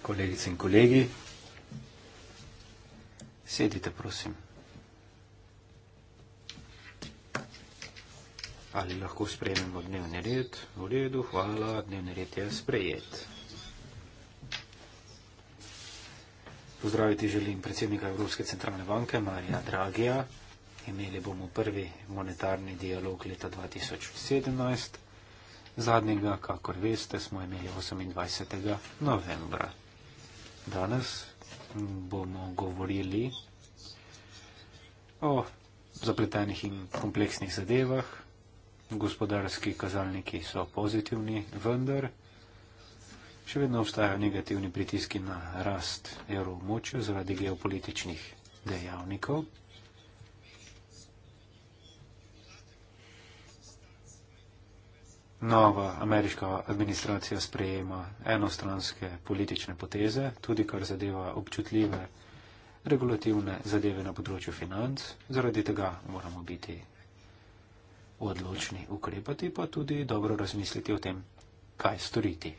Kolegice in kolegi, sedite, prosim. Ali lahko sprejmemo dnevni red? V redu, hvala, dnevni red je sprejet. Pozdraviti želim predsednika Evropske centralne banke Marija Dragija. Imeli bomo prvi monetarni dialog leta 2017. Zadnjega, kakor veste, smo imeli 28. novembra. Danes bomo govorili o zapletenih in kompleksnih zadevah. Gospodarski kazalniki so pozitivni, vendar še vedno obstajajo negativni pritiski na rast evrov močju zaradi geopolitičnih dejavnikov. nova ameriška administracija sprejema enostranske politične poteze, tudi kar zadeva občutljive regulativne zadeve na področju financ. Zaradi tega moramo biti odločni ukrepati, pa tudi dobro razmisliti o tem, kaj storiti.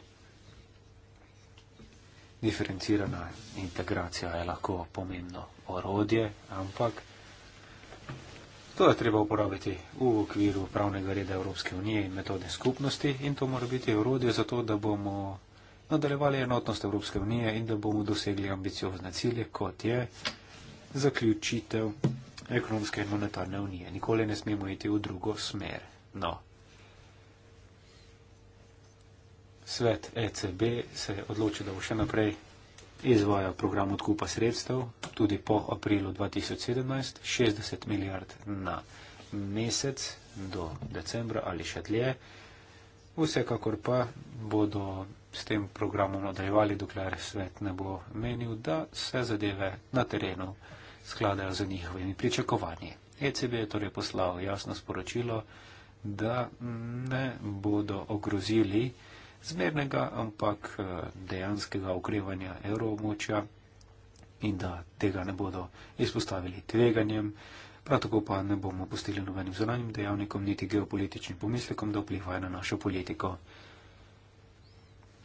Diferencirana integracija je lahko pomembno orodje, ampak To je treba uporabiti v okviru pravnega reda Evropske unije in metode skupnosti in to mora biti urodje za to, da bomo nadaljevali enotnost Evropske unije in da bomo dosegli ambiciozne cilje, kot je zaključitev ekonomske in monetarne unije. Nikoli ne smemo iti v drugo smer. No. Svet ECB se je odločil, da bo še naprej izvaja program odkupa sredstev tudi po aprilu 2017, 60 milijard na mesec do decembra ali še dlje. Vsekakor pa bodo s tem programom nadaljevali, dokler svet ne bo menil, da se zadeve na terenu skladajo z njihovimi pričakovanji. ECB je torej poslal jasno sporočilo, da ne bodo ogrozili zmernega, ampak eh, dejanskega okrevanja evroobmočja in da tega ne bodo izpostavili tveganjem. Prav tako pa ne bomo pustili nobenim zunanjim dejavnikom, niti geopolitičnim pomislekom, da vplivajo na našo politiko.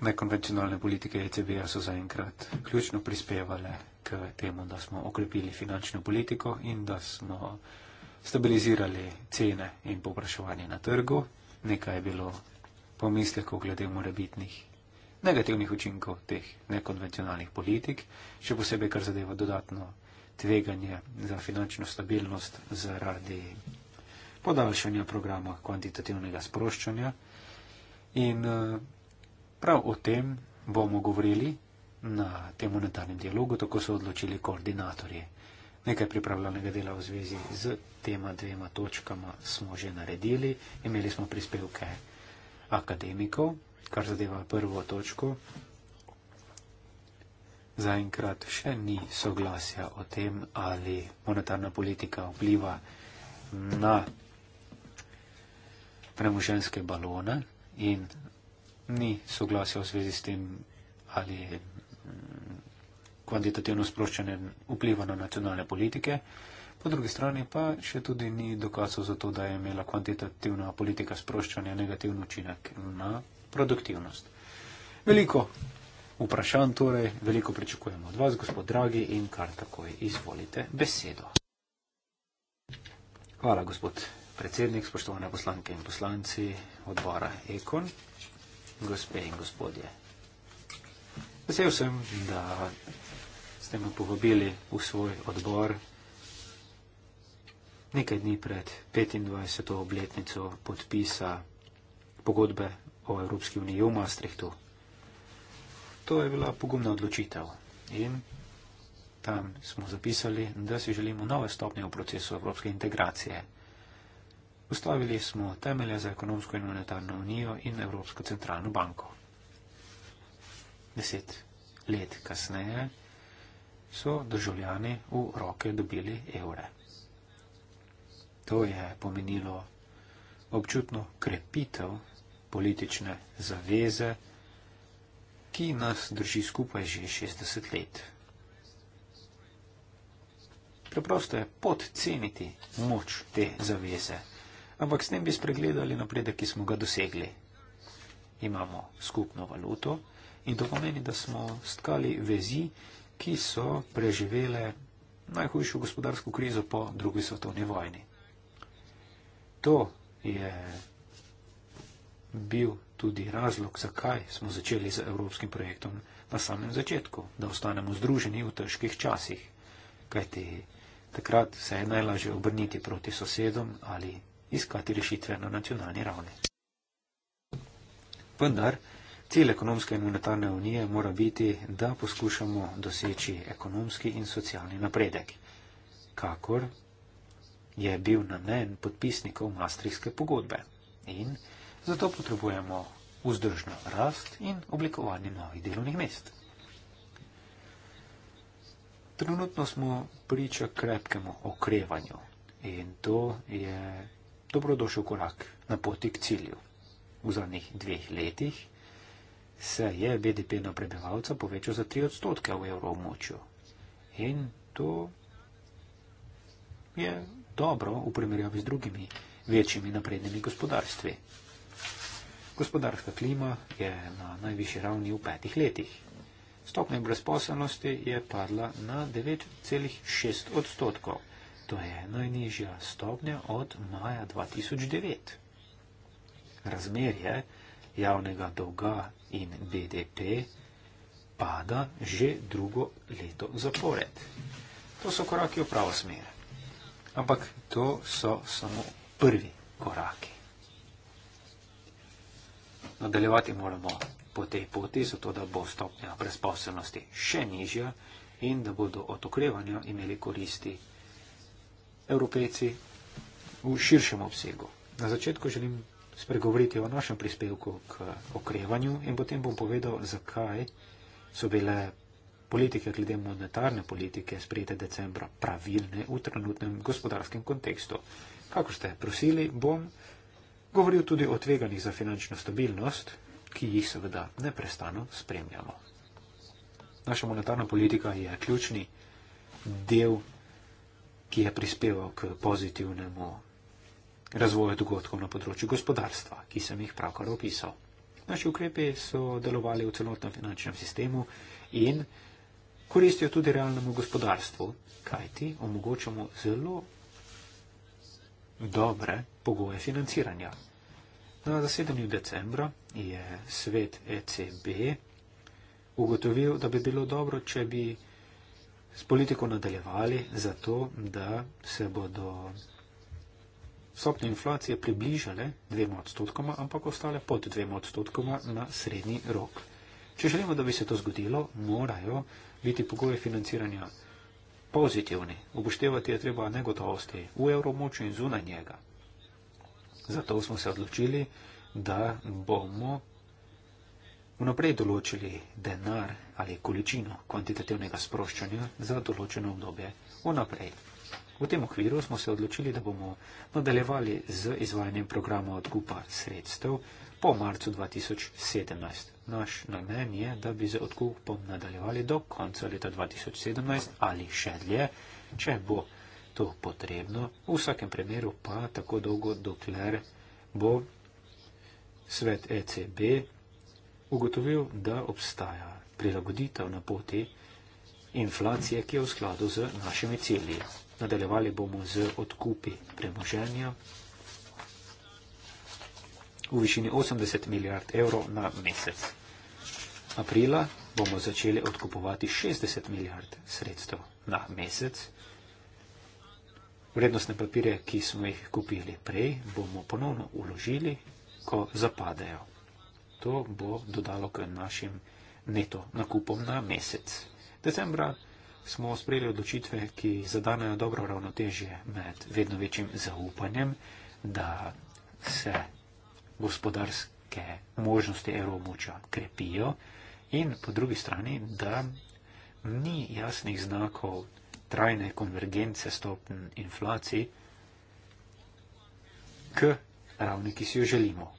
Nekonvencionalne politike ECB-ja so zaenkrat ključno prispevale k temu, da smo okrepili finančno politiko in da smo stabilizirali cene in popraševanje na trgu. Nekaj je bilo pomislekov glede morebitnih negativnih učinkov teh nekonvencionalnih politik, še posebej kar zadeva dodatno tveganje za finančno stabilnost zaradi podaljšanja programa kvantitativnega sproščanja. In eh, prav o tem bomo govorili na tem monetarnem dialogu, tako so odločili koordinatorje. Nekaj pripravljenega dela v zvezi z tema dvema točkama smo že naredili, imeli smo prispevke. Okay akademikov, kar zadeva prvo točko. Zaenkrat še ni soglasja o tem, ali monetarna politika vpliva na premoženske balone in ni soglasja v zvezi s tem, ali mm, kvantitativno sproščanje vpliva na nacionalne politike po drugi strani pa še tudi ni dokazov za to, da je imela kvantitativna politika sproščanja negativen učinek na produktivnost. Veliko vprašanj torej, veliko pričakujemo od vas, gospod Dragi, in kar takoj izvolite besedo. Hvala, gospod predsednik, spoštovane poslanke in poslanci odbora Ekon, gospe in gospodje. Vesel sem, da ste me povabili v svoj odbor nekaj dni pred 25. obletnico podpisa pogodbe o Evropski uniji v Maastrichtu. To je bila pogumna odločitev in tam smo zapisali, da si želimo nove stopnje v procesu evropske integracije. Ustavili smo temelje za ekonomsko in monetarno unijo in Evropsko centralno banko. Deset let kasneje so državljani v roke dobili evre. To je pomenilo občutno krepitev politične zaveze, ki nas drži skupaj že 60 let. Preprosto je podceniti moč te zaveze, ampak s tem bi spregledali napredek, ki smo ga dosegli. Imamo skupno valuto in to pomeni, da smo stkali vezi, ki so preživele najhujšo gospodarsko krizo po drugi svetovni vojni to je bil tudi razlog, zakaj smo začeli z evropskim projektom na samem začetku, da ostanemo združeni v težkih časih. Kajti takrat se je najlažje obrniti proti sosedom ali iskati rešitve na nacionalni ravni. Vendar, cilj ekonomske in monetarne unije mora biti, da poskušamo doseči ekonomski in socialni napredek, kakor je bil namen podpisnikov Maastrichtske pogodbe in zato potrebujemo vzdržno rast in oblikovanje novih delovnih mest. Trenutno smo priča krepkemu okrevanju in to je dobrodošel korak na poti k cilju. V zadnjih dveh letih se je BDP na prebivalca povečal za tri odstotke v evroobmočju in to je dobro v primerjavi z drugimi večjimi naprednimi gospodarstvi. Gospodarska klima je na najvišji ravni v petih letih. Stopnja brezposelnosti je padla na 9,6 odstotkov. To je najnižja stopnja od maja 2009. Razmerje javnega dolga in BDP pada že drugo leto zapored. To so koraki v pravo smer. Ampak to so samo prvi koraki. Nadaljevati moramo po tej poti, zato da bo stopnja brezposobnosti še nižja in da bodo od okrevanja imeli koristi evropejci v širšem obsegu. Na začetku želim spregovoriti o našem prispevku k okrevanju in potem bom povedal, zakaj so bile politike glede monetarne politike sprejete decembra pravilne v trenutnem gospodarskem kontekstu. Kako ste prosili, bom govoril tudi o tveganjih za finančno stabilnost, ki jih seveda neprestano spremljamo. Naša monetarna politika je ključni del, ki je prispeval k pozitivnemu razvoju dogodkov na področju gospodarstva, ki sem jih pravkar opisal. Naši ukrepi so delovali v celotnem finančnem sistemu in koristijo tudi realnemu gospodarstvu, kajti omogočamo zelo dobre pogoje financiranja. Na zasedanju decembra je svet ECB ugotovil, da bi bilo dobro, če bi s politiko nadaljevali za to, da se bodo stopne inflacije približale dvema odstotkoma, ampak ostale pod dvema odstotkoma na srednji rok. Če želimo, da bi se to zgodilo, morajo biti pogoje financiranja pozitivni. Upoštevati je treba negotovosti v evromoču in zunaj njega. Zato smo se odločili, da bomo vnaprej določili denar ali količino kvantitativnega sproščanja za določeno obdobje vnaprej. V tem okviru smo se odločili, da bomo nadaljevali z izvajanjem programa odkupa sredstev po marcu 2017. Naš namen je, da bi z odkupom nadaljevali do konca leta 2017 ali še dlje, če bo to potrebno, v vsakem primeru pa tako dolgo, dokler bo svet ECB ugotovil, da obstaja prilagoditev na poti inflacije, ki je v skladu z našimi cilji. Nadaljevali bomo z odkupi premoženja, v višini 80 milijard evrov na mesec. Aprila bomo začeli odkupovati 60 milijard sredstev na mesec. Vrednostne papirje, ki smo jih kupili prej, bomo ponovno uložili, ko zapadejo. To bo dodalo k našim neto nakupom na mesec. Decembra smo sprejeli odločitve, ki zadanajo dobro ravnotežje med vedno večjim zaupanjem, da se gospodarske možnosti evromoča krepijo in po drugi strani, da ni jasnih znakov trajne konvergence stopn inflacij k ravni, ki si jo želimo.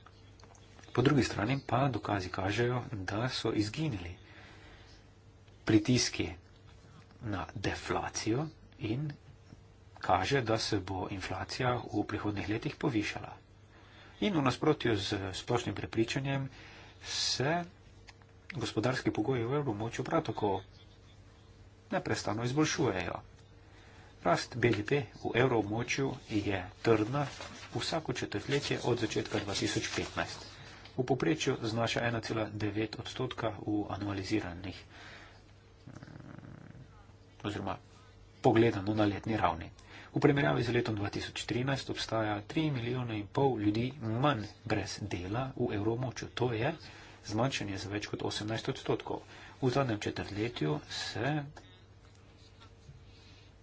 Po drugi strani pa dokazi kažejo, da so izginili pritiski na deflacijo in kaže, da se bo inflacija v prihodnih letih povišala. In v nasprotju z splošnim prepričanjem se gospodarski pogoji v območju prav tako neprestano izboljšujejo. Rast BDP v evroobmočju je trdna vsako četrtletje od začetka 2015. V poprečju znaša 1,9 odstotka v analiziranih mm, oziroma pogledano na letni ravni. V primerjavi z letom 2013 obstaja 3 milijone in pol ljudi manj brez dela v evromočju. To je zmanjšanje za več kot 18 odstotkov. V zadnjem četrtletju se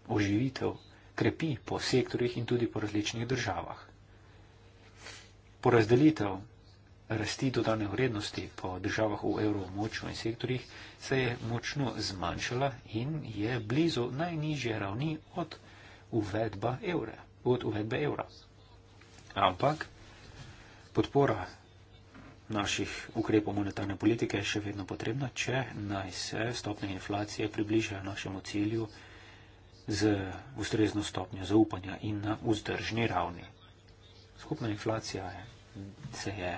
oživitev krepi po sektorjih in tudi po različnih državah. Porazdelitev rasti dodane vrednosti po državah v evromočju in sektorjih se je močno zmanjšala in je blizu najnižje ravni od uvedba evra, od uvedbe evra. Ampak podpora naših ukrepov monetarne politike je še vedno potrebna, če naj se stopne inflacije približajo našemu cilju z ustrezno stopnjo zaupanja in na vzdržni ravni. Skupna inflacija se je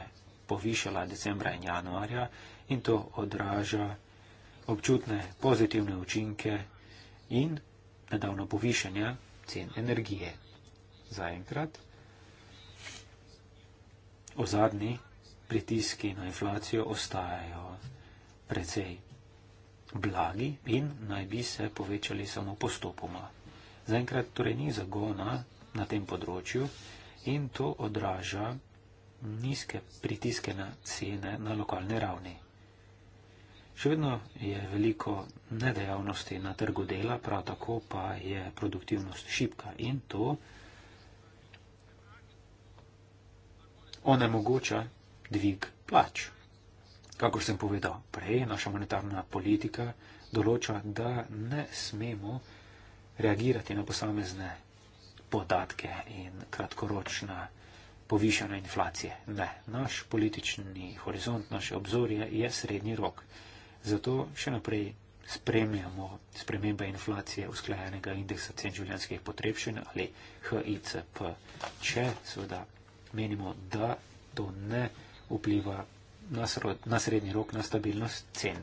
povišala decembra in januarja in to odraža občutne pozitivne učinke in nedavno povišanje cen energije. Zaenkrat ozadni pritiski na inflacijo ostajajo precej blagi in naj bi se povečali samo postopoma. Zaenkrat torej ni zagona na tem področju in to odraža nizke pritiske na cene na lokalni ravni. Še vedno je veliko nedejavnosti na trgu dela, prav tako pa je produktivnost šipka in to onemogoča dvig plač. Kako sem povedal prej, naša monetarna politika določa, da ne smemo reagirati na posamezne podatke in kratkoročna povišanja inflacije. Ne, naš politični horizont, naše obzorje je srednji rok. Zato še naprej spremljamo spremembe inflacije usklajenega indeksa cen življenskih potrebšin ali HICP, če seveda menimo, da to ne vpliva na srednji rok na stabilnost cen.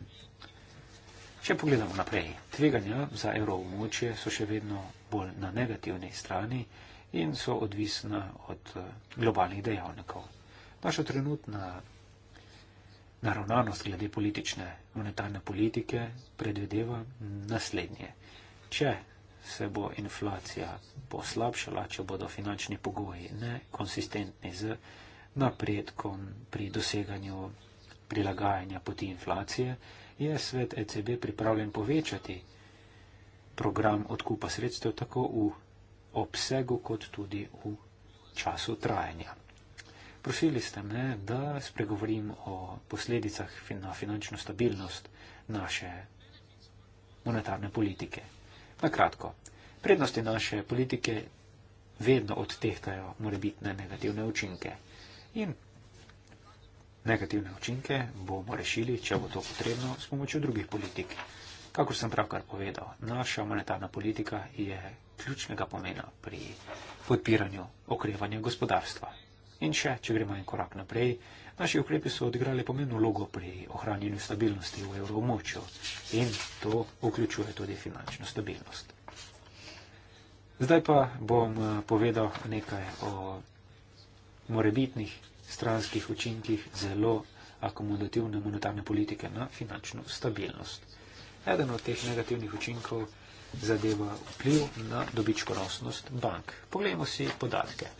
Če pogledamo naprej, tveganja za evroumočje so še vedno bolj na negativni strani in so odvisna od eh, globalnih dejavnikov. Naša trenutna naravnanost glede politične monetarne politike predvideva naslednje. Če se bo inflacija poslabšala, če bodo finančni pogoji nekonsistentni z napredkom pri doseganju prilagajanja poti inflacije, je svet ECB pripravljen povečati program odkupa sredstev tako v obsegu kot tudi v času trajanja prosili ste me, da spregovorim o posledicah na finančno stabilnost naše monetarne politike. Na kratko, prednosti naše politike vedno odtehtajo morebitne negativne učinke. In negativne učinke bomo rešili, če bo to potrebno, s pomočjo drugih politik. Kako sem pravkar povedal, naša monetarna politika je ključnega pomena pri podpiranju okrevanja gospodarstva. In še, če gremo en korak naprej, naši ukrepi so odigrali pomembno vlogo pri ohranjenju stabilnosti v evroobmočju in to vključuje tudi finančno stabilnost. Zdaj pa bom eh, povedal nekaj o morebitnih stranskih učinkih zelo akomodativne monetarne politike na finančno stabilnost. Eden od teh negativnih učinkov zadeva vpliv na dobičkonosnost bank. Poglejmo si podatke.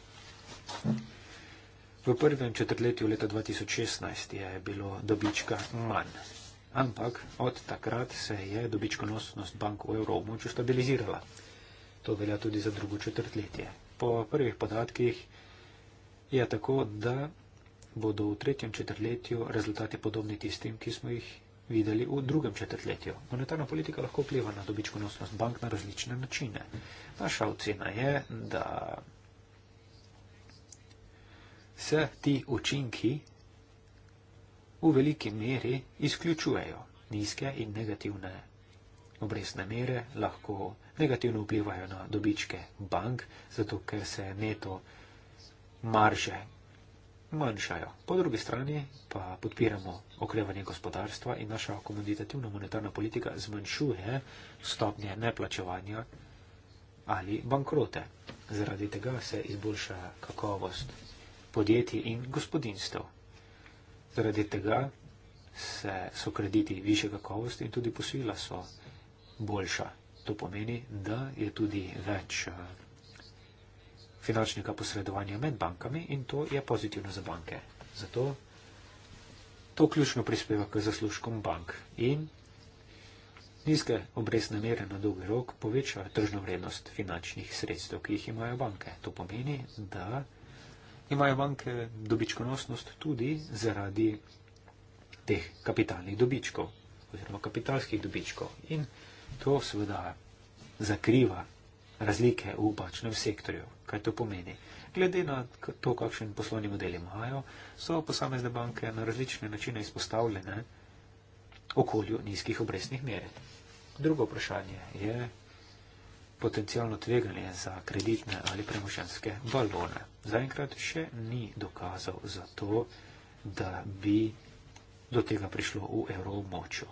V prvem četrtletju leta 2016 je bilo dobička manj. Ampak od takrat se je dobičkonosnost bank v evroobmočju stabilizirala. To velja tudi za drugo četrtletje. Po prvih podatkih je tako, da bodo v tretjem četrtletju rezultati podobni tistim, ki smo jih videli v drugem četrtletju. Monetarna politika lahko vpliva na dobičkonosnost bank na različne načine. Naša ocena je, da se ti učinki v veliki meri izključujejo. Nizke in negativne obrestne mere lahko negativno vplivajo na dobičke bank, zato ker se neto marže manjšajo. Po drugi strani pa podpiramo okrevanje gospodarstva in naša komunitativna monetarna politika zmanjšuje stopnje neplačevanja ali bankrote. Zaradi tega se izboljša kakovost podjetij in gospodinstv. Zaradi tega se, so krediti više kakovosti in tudi posojila so boljša. To pomeni, da je tudi več eh, finančnega posredovanja med bankami in to je pozitivno za banke. Zato to ključno prispeva k zaslužkom bank in nizke obrestne mere na dolgi rok povečajo tržno vrednost finančnih sredstev, ki jih imajo banke. To pomeni, da imajo banke dobičkonosnost tudi zaradi teh kapitalnih dobičkov oziroma kapitalskih dobičkov. In to seveda zakriva razlike v bančnem sektorju. Kaj to pomeni? Glede na to, kakšen poslovni model imajo, so posamezne banke na različne načine izpostavljene okolju nizkih obrestnih mere. Drugo vprašanje je, potencijalno tveganje za kreditne ali premoženske balone. Zaenkrat še ni dokazal za to, da bi do tega prišlo v evroobmočju.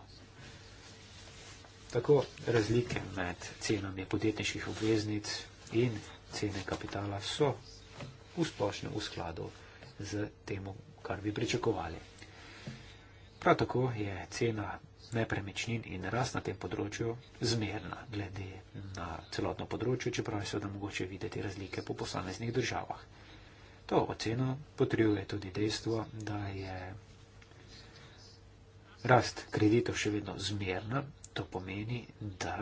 Tako razlike med cenami podjetniških obveznic in cene kapitala so v splošnem v skladu z temu, kar bi pričakovali. Prav tako je cena nepremičnin in rast na tem področju zmerna glede na celotno področje, čeprav je seveda mogoče videti razlike po posameznih državah. To oceno potrjuje tudi dejstvo, da je rast kreditov še vedno zmerna. To pomeni, da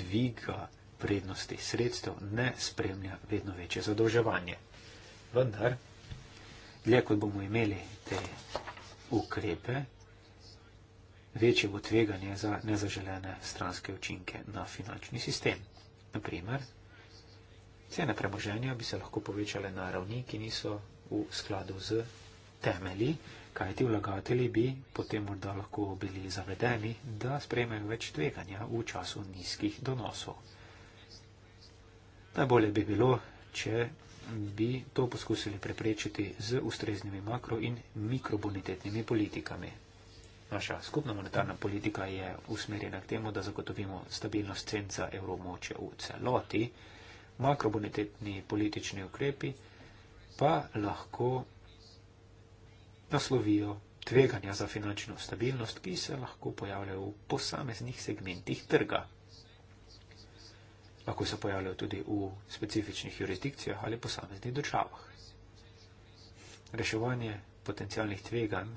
dviga prednosti sredstev ne spremlja vedno večje zadolževanje. Vendar, dlje kot bomo imeli te ukrepe, večje bo tveganje za nezaželene stranske učinke na finančni sistem. Naprimer, cene premoženja bi se lahko povečale na ravni, ki niso v skladu z temeli, kajti vlagatelji bi potem morda lahko bili zavedeni, da sprejmejo več tveganja v času nizkih donosov. Najbolje bi bilo, če bi to poskusili preprečiti z ustreznimi makro- in mikrobonitetnimi politikami. Naša skupna monetarna politika je usmerjena k temu, da zagotovimo stabilnost cen za evromoče v celoti. Makrobonitetni politični ukrepi pa lahko naslovijo tveganja za finančno stabilnost, ki se lahko pojavljajo v posameznih segmentih trga. Lahko se pojavljajo tudi v specifičnih jurisdikcijah ali posameznih državah. Reševanje potencialnih tveganj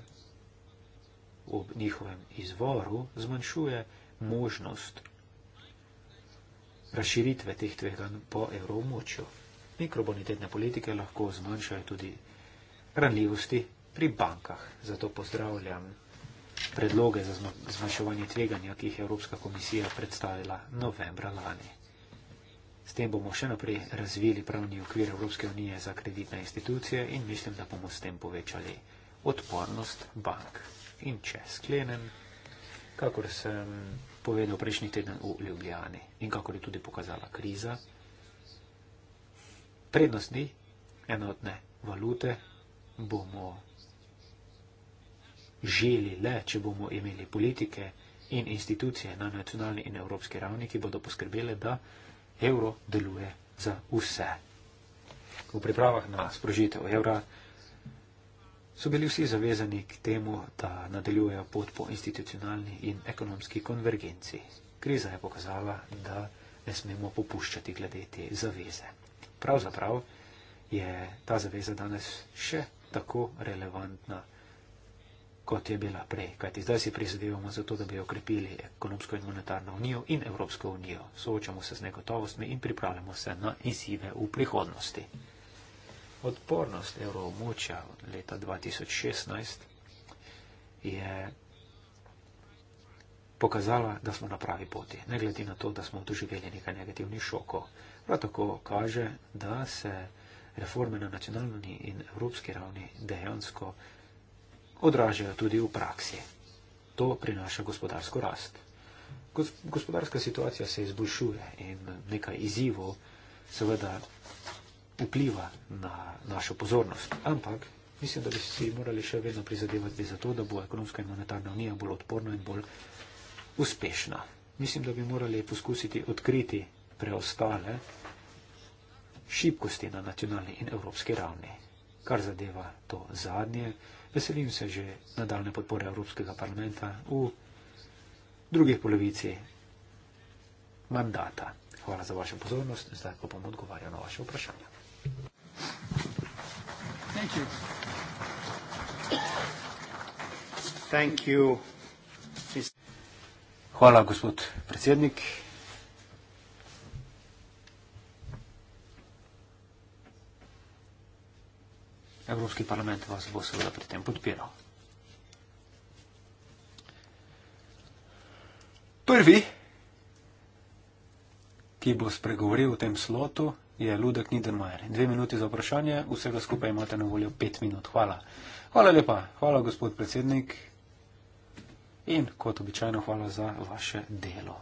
v njihovem izvoru zmanjšuje možnost razširitve teh tveganj po evroobmočju. Mikrobonitetne politike lahko zmanjšajo tudi ranljivosti pri bankah. Zato pozdravljam predloge za zmanjševanje tveganja, ki jih je Evropska komisija predstavila novembra lani. S tem bomo še naprej razvili pravni okvir Evropske unije za kreditne institucije in mislim, da bomo s tem povečali odpornost bank in če sklenem, kakor sem povedal prejšnji teden v Ljubljani in kakor je tudi pokazala kriza, prednostni enotne valute bomo želi le, če bomo imeli politike in institucije na nacionalni in evropski ravni, ki bodo poskrbele, da evro deluje za vse. V pripravah na sprožitev evra so bili vsi zavezani k temu, da nadaljujejo pot po institucionalni in ekonomski konvergenci. Kriza je pokazala, da ne smemo popuščati glede te zaveze. Pravzaprav je ta zaveza danes še tako relevantna, kot je bila prej, kajti zdaj si prizadevamo za to, da bi okrepili ekonomsko in monetarno unijo in Evropsko unijo. Soočamo se z negotovostmi in pripravljamo se na izzive v prihodnosti odpornost evroomočja od leta 2016 je pokazala, da smo na pravi poti, ne glede na to, da smo doživeli nekaj negativnih šokov. Prav tako kaže, da se reforme na nacionalni in evropski ravni dejansko odražajo tudi v praksi. To prinaša gospodarsko rast. Gospodarska situacija se izboljšuje in nekaj izzivov seveda vpliva na našo pozornost. Ampak mislim, da bi si morali še vedno prizadevati za to, da bo ekonomska in monetarna unija bolj odporna in bolj uspešna. Mislim, da bi morali poskusiti odkriti preostale šibkosti na nacionalni in evropski ravni. Kar zadeva to zadnje, veselim se že nadaljne podpore Evropskega parlamenta v drugih polovici mandata. Hvala za vašo pozornost, zdaj pa bom odgovarjal na vaše vprašanje. Thank you. Thank you. Hvala, gospod predsednik. Evropski parlament vas bo seveda pri tem podpiral. Prvi, ki bo spregovoril v tem slotu, je Ludek Niedermayer. Dve minuti za vprašanje, vsega skupaj imate na voljo pet minut. Hvala. Hvala lepa, hvala gospod predsednik in kot običajno hvala za vaše delo.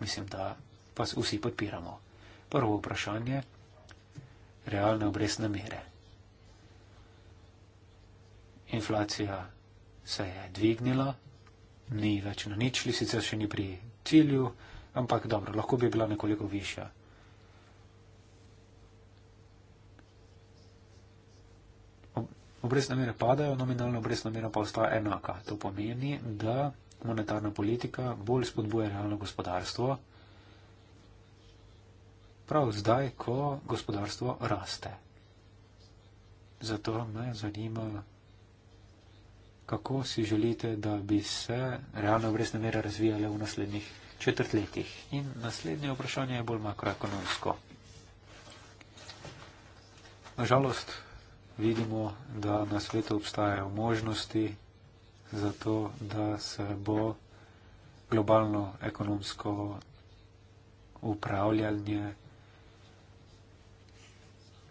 Mislim, da vas vsi podpiramo. Prvo vprašanje, realne obresne mere. Inflacija se je dvignila, ni več na ničli, sicer še ni pri cilju, ampak dobro, lahko bi bila nekoliko višja. obrestne mere padajo, nominalna obrestna mera pa ostaja enaka. To pomeni, da monetarna politika bolj spodbuja realno gospodarstvo, prav zdaj, ko gospodarstvo raste. Zato me zanima, kako si želite, da bi se realno obrestne mere razvijale v naslednjih četrtletjih. In naslednje vprašanje je bolj makroekonomsko. Na žalost, vidimo, da na svetu obstajajo možnosti za to, da se bo globalno ekonomsko upravljanje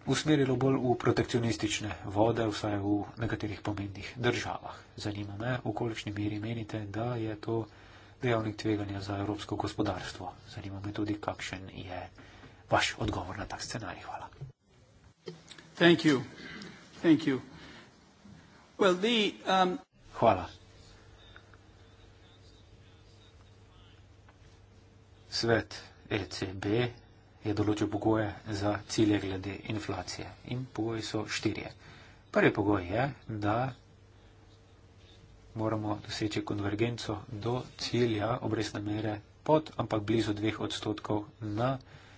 usmerilo bolj v protekcionistične vode, vsaj v nekaterih pomembnih državah. Zanima me, v kolikšni meri menite, da je to dejavnik tveganja za evropsko gospodarstvo. Zanima me tudi, kakšen je vaš odgovor na tak scenarij. Hvala. Thank you. Thank you. Well, the, um... Hvala. Svet ECB je določil pogoje za cilje glede inflacije in pogoji so štirje. Prvi pogoj je, da moramo doseči konvergenco do cilja obresne mere pod, ampak blizu dveh odstotkov na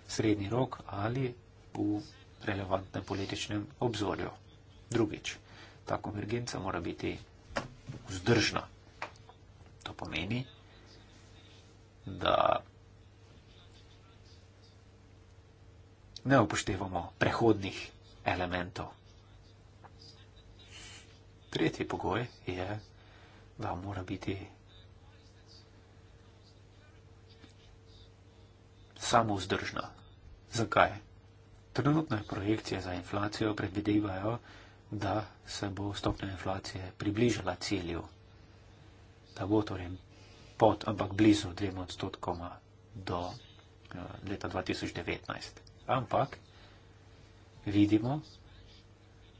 srednji rok ali v relevantnem političnem obzorju. Drugič, ta konvergenca mora biti vzdržna. To pomeni, da ne upoštevamo prehodnih elementov. Tretji pogoj je, da mora biti samo vzdržna. Zakaj? Trenutne projekcije za inflacijo predvidevajo, da se bo stopnja inflacije približala cilju, da bo torej pod, ampak blizu dvema odstotkoma do eh, leta 2019. Ampak vidimo,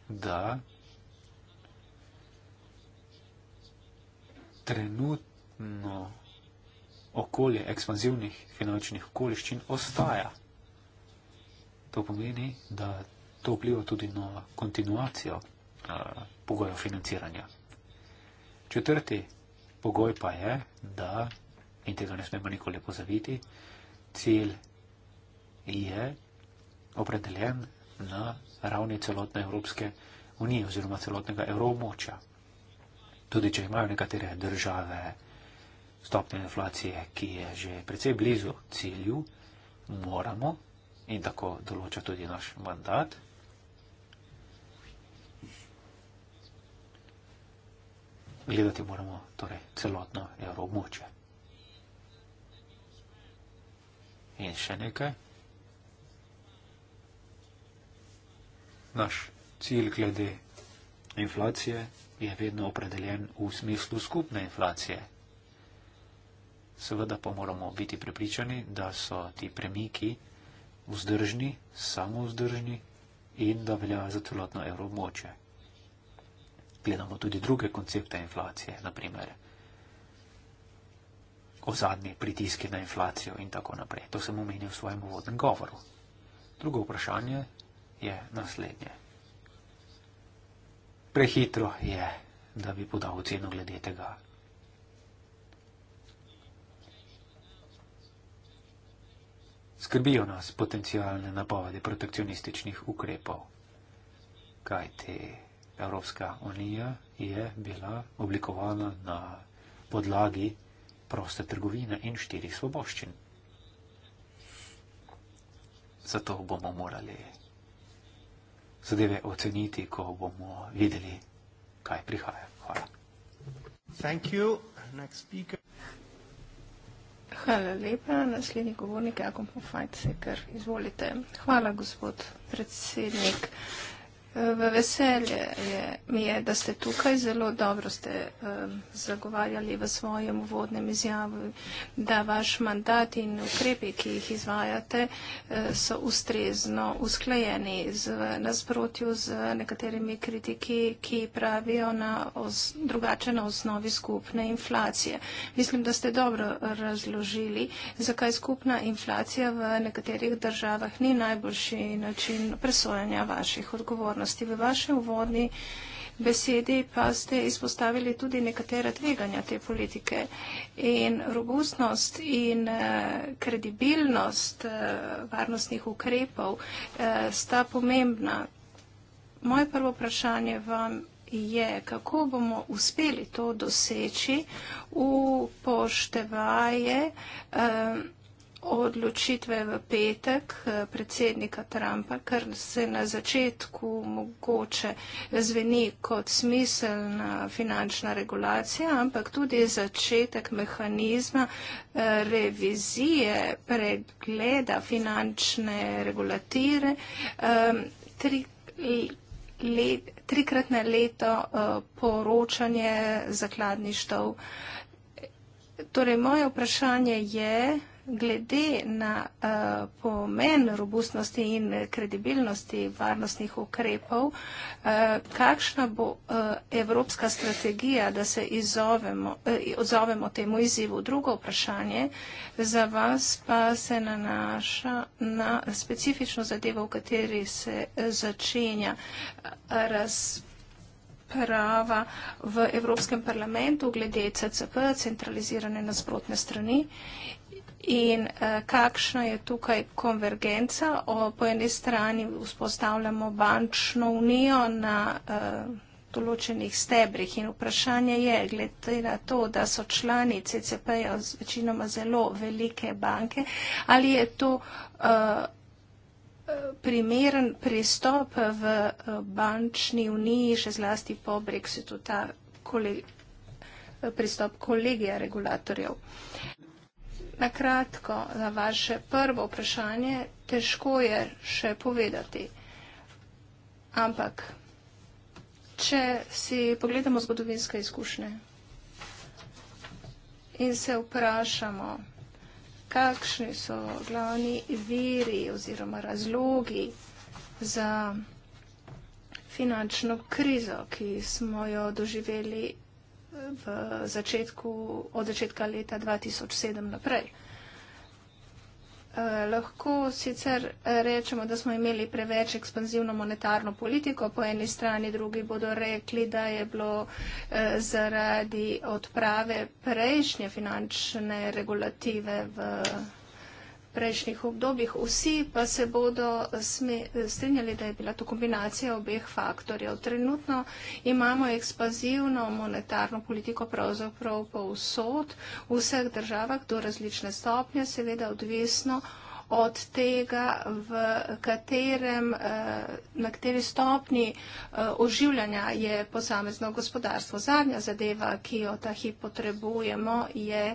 da trenutno okolje ekspanzivnih finančnih okoliščin ostaja. To pomeni, da to vpliva tudi na kontinuacijo uh, pogojev financiranja. Četrti pogoj pa je, da, in tega ne smemo nikoli pozaviti, cilj je opredeljen na ravni celotne Evropske unije oziroma celotnega evromoča. Tudi, če imajo nekatere države stopne inflacije, ki je že precej blizu cilju, moramo, in tako določa tudi naš mandat, gledati moramo torej, celotno evroobmočje. In še nekaj. Naš cilj glede inflacije je vedno opredeljen v smislu skupne inflacije. Seveda pa moramo biti prepričani, da so ti premiki vzdržni, samo vzdržni in da velja za celotno evroobmočje gledamo tudi druge koncepte inflacije, naprimer ozadnje pritiske na inflacijo in tako naprej. To sem omenil v svojem uvodnem govoru. Drugo vprašanje je naslednje. Prehitro je, da bi podal oceno glede tega. Skrbijo nas potencijalne napovedi protekcionističnih ukrepov. Kaj ti? Te... Evropska unija je bila oblikovana na podlagi proste trgovine in štirih svoboščin. Zato bomo morali zadeve oceniti, ko bomo videli, kaj prihaja. Hvala. Hvala lepa. Naslednji govornik je Akom Pofajt Sekar. Izvolite. Hvala, gospod predsednik. V veselje je, mi je, da ste tukaj. Zelo dobro ste um, zagovarjali v svojem uvodnem izjavu, da vaš mandat in ukrepi, ki jih izvajate, uh, so ustrezno usklajeni z nasprotju z nekaterimi kritiki, ki pravijo na os, drugače na osnovi skupne inflacije. Mislim, da ste dobro razložili, zakaj skupna inflacija v nekaterih državah ni najboljši način presojanja vaših odgovornosti varnosti. V vaše uvodni besedi pa ste izpostavili tudi nekatera tveganja te politike in robustnost in uh, kredibilnost uh, varnostnih ukrepov uh, sta pomembna. Moje prvo vprašanje vam je, kako bomo uspeli to doseči v poštevaje. Uh, odločitve v petek eh, predsednika Trumpa, kar se na začetku mogoče zveni kot smiselna finančna regulacija, ampak tudi začetek mehanizma eh, revizije pregleda finančne regulatire. Ehm, tri let, trikrat na leto eh, poročanje zakladništv. Torej, moje vprašanje je, Glede na uh, pomen robustnosti in kredibilnosti varnostnih ukrepov, uh, kakšna bo uh, evropska strategija, da se izovemo, uh, odzovemo temu izzivu? Drugo vprašanje za vas pa se nanaša na specifično zadevo, v kateri se začenja razpravljanje prava v Evropskem parlamentu glede CCP, centralizirane nasprotne strani In uh, kakšna je tukaj konvergenca? O, po eni strani vzpostavljamo bančno unijo na uh, določenih stebrih in vprašanje je, glede na to, da so člani CCP-ja večinoma zelo velike banke, ali je to uh, primeren pristop v uh, bančni uniji, še zlasti po Brexitu, ta kole pristop kolegija regulatorjev. Na kratko, na vaše prvo vprašanje, težko je še povedati. Ampak, če si pogledamo zgodovinske izkušnje in se vprašamo, kakšni so glavni viri oziroma razlogi za finančno krizo, ki smo jo doživeli v začetku, od začetka leta 2007 naprej. Eh, lahko sicer rečemo, da smo imeli preveč ekspanzivno monetarno politiko, po eni strani drugi bodo rekli, da je bilo eh, zaradi odprave prejšnje finančne regulative v prejšnjih obdobjih. Vsi pa se bodo strinjali, da je bila to kombinacija obeh faktorjev. Trenutno imamo ekspazivno monetarno politiko pravzaprav po vsod, v vseh državah do različne stopnje, seveda odvisno od tega, v katerem, eh, na kateri stopni eh, oživljanja je posamezno gospodarstvo. Zadnja zadeva, ki jo ta hip potrebujemo, je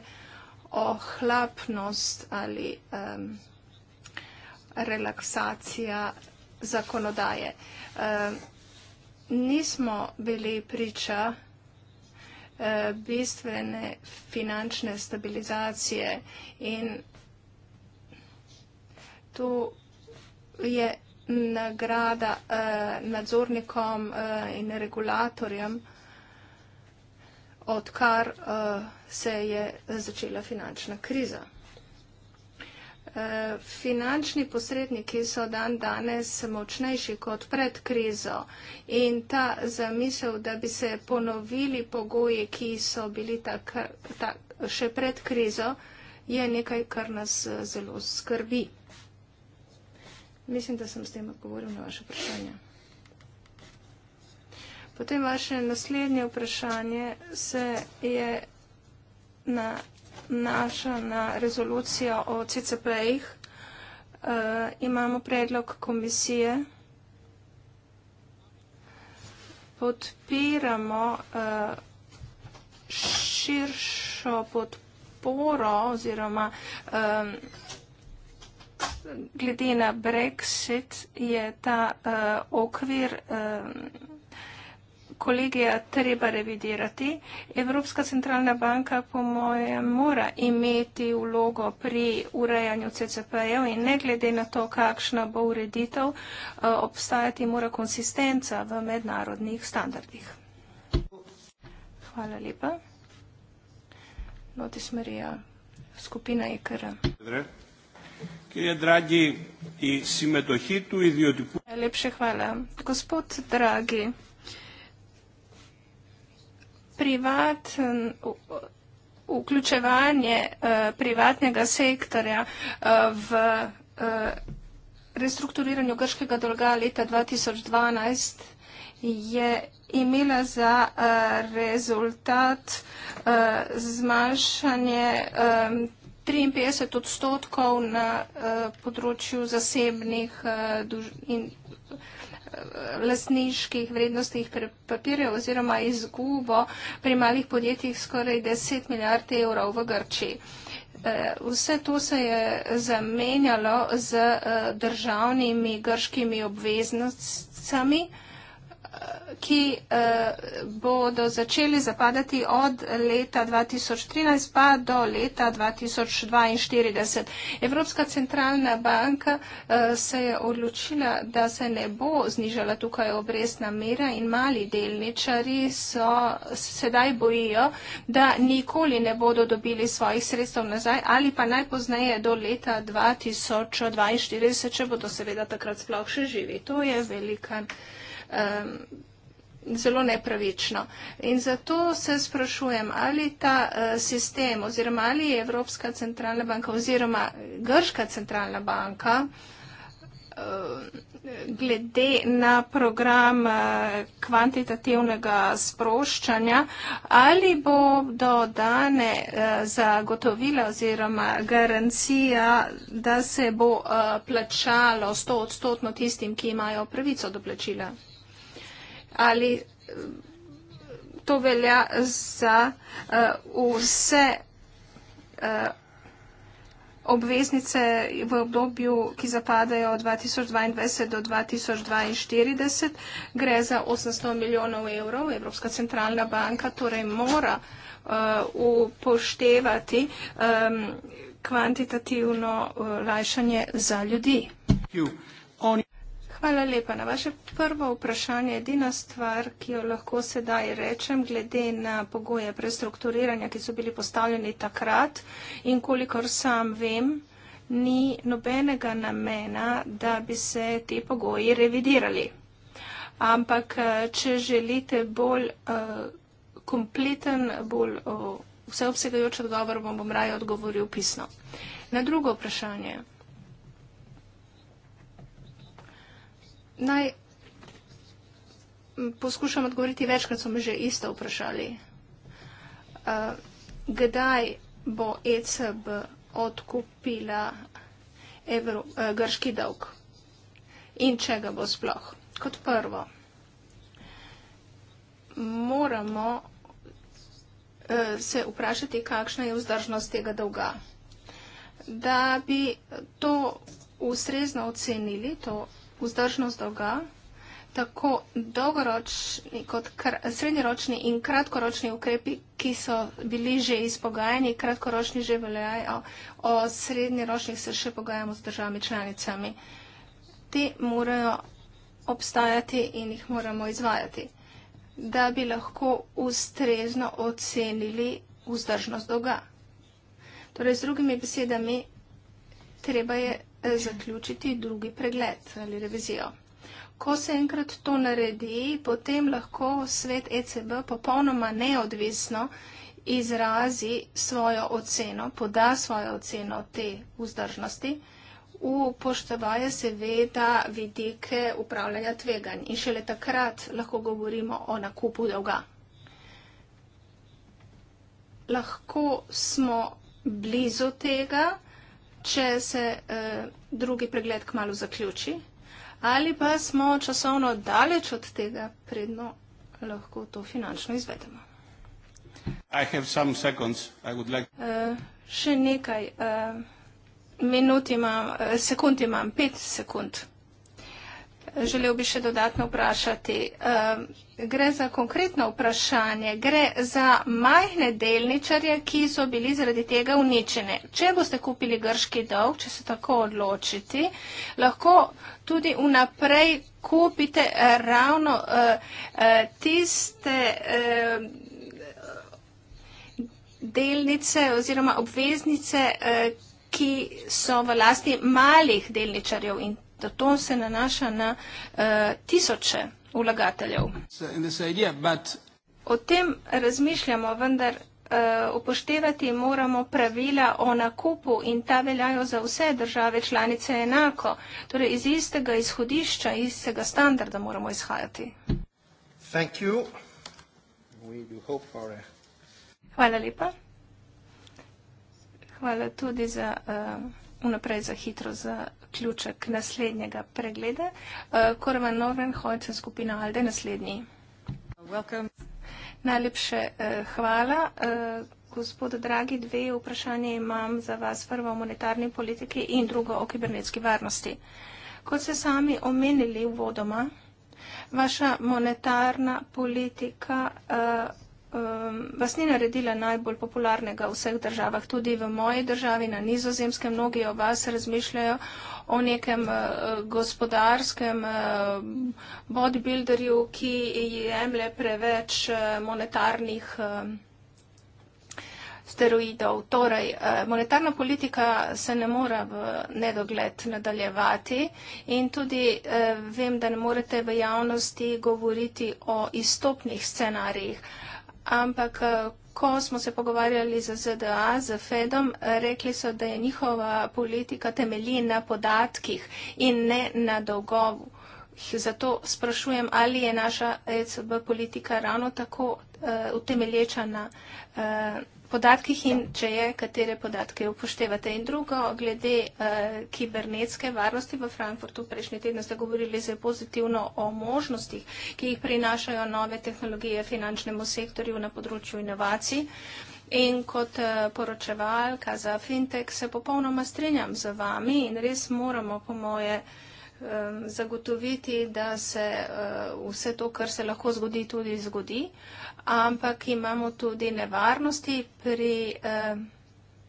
ohlapnost ali um, relaksacija zakonodaje. Um, nismo bili priča e, bistvene finančne stabilizacije in tu je nagrada eh, nadzornikom eh, in regulatorjem eh, odkar uh, se je začela finančna kriza. Uh, finančni posredniki so dan danes močnejši kot pred krizo in ta zamisel, da bi se ponovili pogoji, ki so bili tak, tak, še pred krizo, je nekaj, kar nas uh, zelo skrbi. Mislim, da sem s tem odgovoril na vaše vprašanje. Potem vaše naslednje vprašanje se je na, naša na rezolucijo o CCP-jih. E, eh, imamo predlog komisije. Podpiramo e, širšo podporo oziroma e, glede na Brexit je ta e, okvir. E, kolegija treba revidirati. Evropska centralna banka, po mojem, mora imeti vlogo pri urejanju CCP-jev in ne glede na to, kakšna bo ureditev, eh, obstajati mora konsistenca v mednarodnih standardih. Hvala lepa. Notis Marija, skupina IKR. E Kje dragi in simetohitu, idioti. Najlepše hvala. Gospod dragi privaten vključevanje uh, privatnega sektorja uh, v uh, restrukturiranju grškega dolga leta 2012 je imela za uh, rezultat uh, zmanjšanje um, 53 odstotkov na uh, področju zasebnih uh, in uh, lasniških vrednostih papirjev oziroma izgubo pri malih podjetjih skoraj 10 milijard evrov v Grčiji. Eh, vse to se je zamenjalo z eh, državnimi grškimi obveznostmi ki eh, bodo začeli zapadati od leta 2013 pa do leta 2042. Evropska centralna banka eh, se je odločila, da se ne bo znižala tukaj obrestna mera in mali delničari so sedaj bojijo, da nikoli ne bodo dobili svojih sredstev nazaj ali pa najpoznaje do leta 2042, če bodo seveda takrat sploh še živi. To je velika um, zelo nepravično. In zato se sprašujem, ali ta uh, sistem oziroma ali je Evropska centralna banka oziroma Grška centralna banka e, glede na program e, kvantitativnega sproščanja, ali bo dodane zagotovila oziroma garancija, da se bo plačalo 100 odstotno tistim, ki imajo pravico do plačila ali eh, to velja za eh, vse eh, obveznice v obdobju, ki zapadajo od 2022 do 2042, gre za 800 milijonov evrov. Evropska centralna banka torej mora upoštevati kvantitativno lajšanje za ljudi. Hvala lepa. Na vaše prvo vprašanje, edina stvar, ki jo lahko sedaj rečem, glede na pogoje prestrukturiranja, ki so bili postavljeni takrat in kolikor sam vem, ni nobenega namena, da bi se ti pogoji revidirali. Ampak, če želite bolj uh, kompleten, bolj uh, vseobsegajoč odgovor, bom, bom raje odgovoril pisno. Na drugo vprašanje. Naj poskušam odgovoriti večkrat, so me že isto vprašali. Uh, kdaj bo ECB odkupila evro, uh, grški dolg in čega bo sploh? Kot prvo, moramo uh, se vprašati, kakšna je vzdržnost tega dolga. Da bi to ustrezno ocenili, to vzdržnost dolga, tako dolgoročni kot kr srednjeročni in kratkoročni ukrepi, ki so bili že izpogajani, kratkoročni že veljajo, o srednjeročnih se še pogajamo z državami članicami. Te morajo obstajati in jih moramo izvajati, da bi lahko ustrezno ocenili vzdržnost dolga. Torej, z drugimi besedami, treba je zaključiti drugi pregled ali revizijo. Ko se enkrat to naredi, potem lahko svet ECB popolnoma neodvisno izrazi svojo oceno, poda svojo oceno te vzdržnosti, upoštevaje seveda vidike upravljanja tveganj in šele takrat lahko govorimo o nakupu dolga. Lahko smo blizu tega, če se eh, drugi pregled kmalo zaključi, ali pa smo časovno daleč od tega, predno lahko to finančno izvedemo. Like... Eh, še nekaj eh, minut imam, eh, sekund imam, pet sekund. Želel bi še dodatno vprašati. Um, gre za konkretno vprašanje. Gre za majhne delničarje, ki so bili zaradi tega uničene. Če boste kupili grški dolg, če se tako odločiti, lahko tudi vnaprej kupite ravno uh, uh, tiste um, delnice oziroma obveznice, uh, ki so v lasti malih delničarjev in ta ton se nanaša na uh, tisoče vlagateljev. O tem razmišljamo, vendar uh, upoštevati moramo pravila o nakupu in ta veljajo za vse države članice enako. Torej iz istega izhodišča, iz istega standarda moramo izhajati. Hvala lepa. Hvala tudi za, uh, vnaprej za hitro za ključek naslednjega pregleda. Eh, Korman Norven, Hojcen skupina Alde, naslednji. Najlepše eh, hvala. Eh, gospod Dragi, dve vprašanje imam za vas. Prvo o monetarni politiki in drugo o kibernetski varnosti. Kot ste sami omenili v vodoma, vaša monetarna politika vas ni naredila najbolj popularnega v vseh državah. Tudi v moji državi na nizozemske mnogi o vas razmišljajo o nekem uh, gospodarskem uh, bodybuilderju, ki jemlje preveč uh, monetarnih. Uh, Steroidov. Torej, monetarna politika se ne mora v nedogled nadaljevati in tudi vem, da ne morete v javnosti govoriti o izstopnih scenarijih, ampak ko smo se pogovarjali z ZDA, z Fedom, rekli so, da je njihova politika temelji na podatkih in ne na dolgovu. Zato sprašujem, ali je naša ECB politika ravno tako uh, utemelječa na uh, podatkih in če je, katere podatke upoštevate. In drugo, glede eh, kibernetske varnosti v Frankfurtu prejšnji teden ste govorili zelo pozitivno o možnostih, ki jih prinašajo nove tehnologije finančnemu sektorju na področju inovacij. In kot eh, poročevalka za fintech se popolnoma strinjam z vami in res moramo, po moje, zagotoviti, da se eh, vse to, kar se lahko zgodi, tudi zgodi ampak imamo tudi nevarnosti pri eh,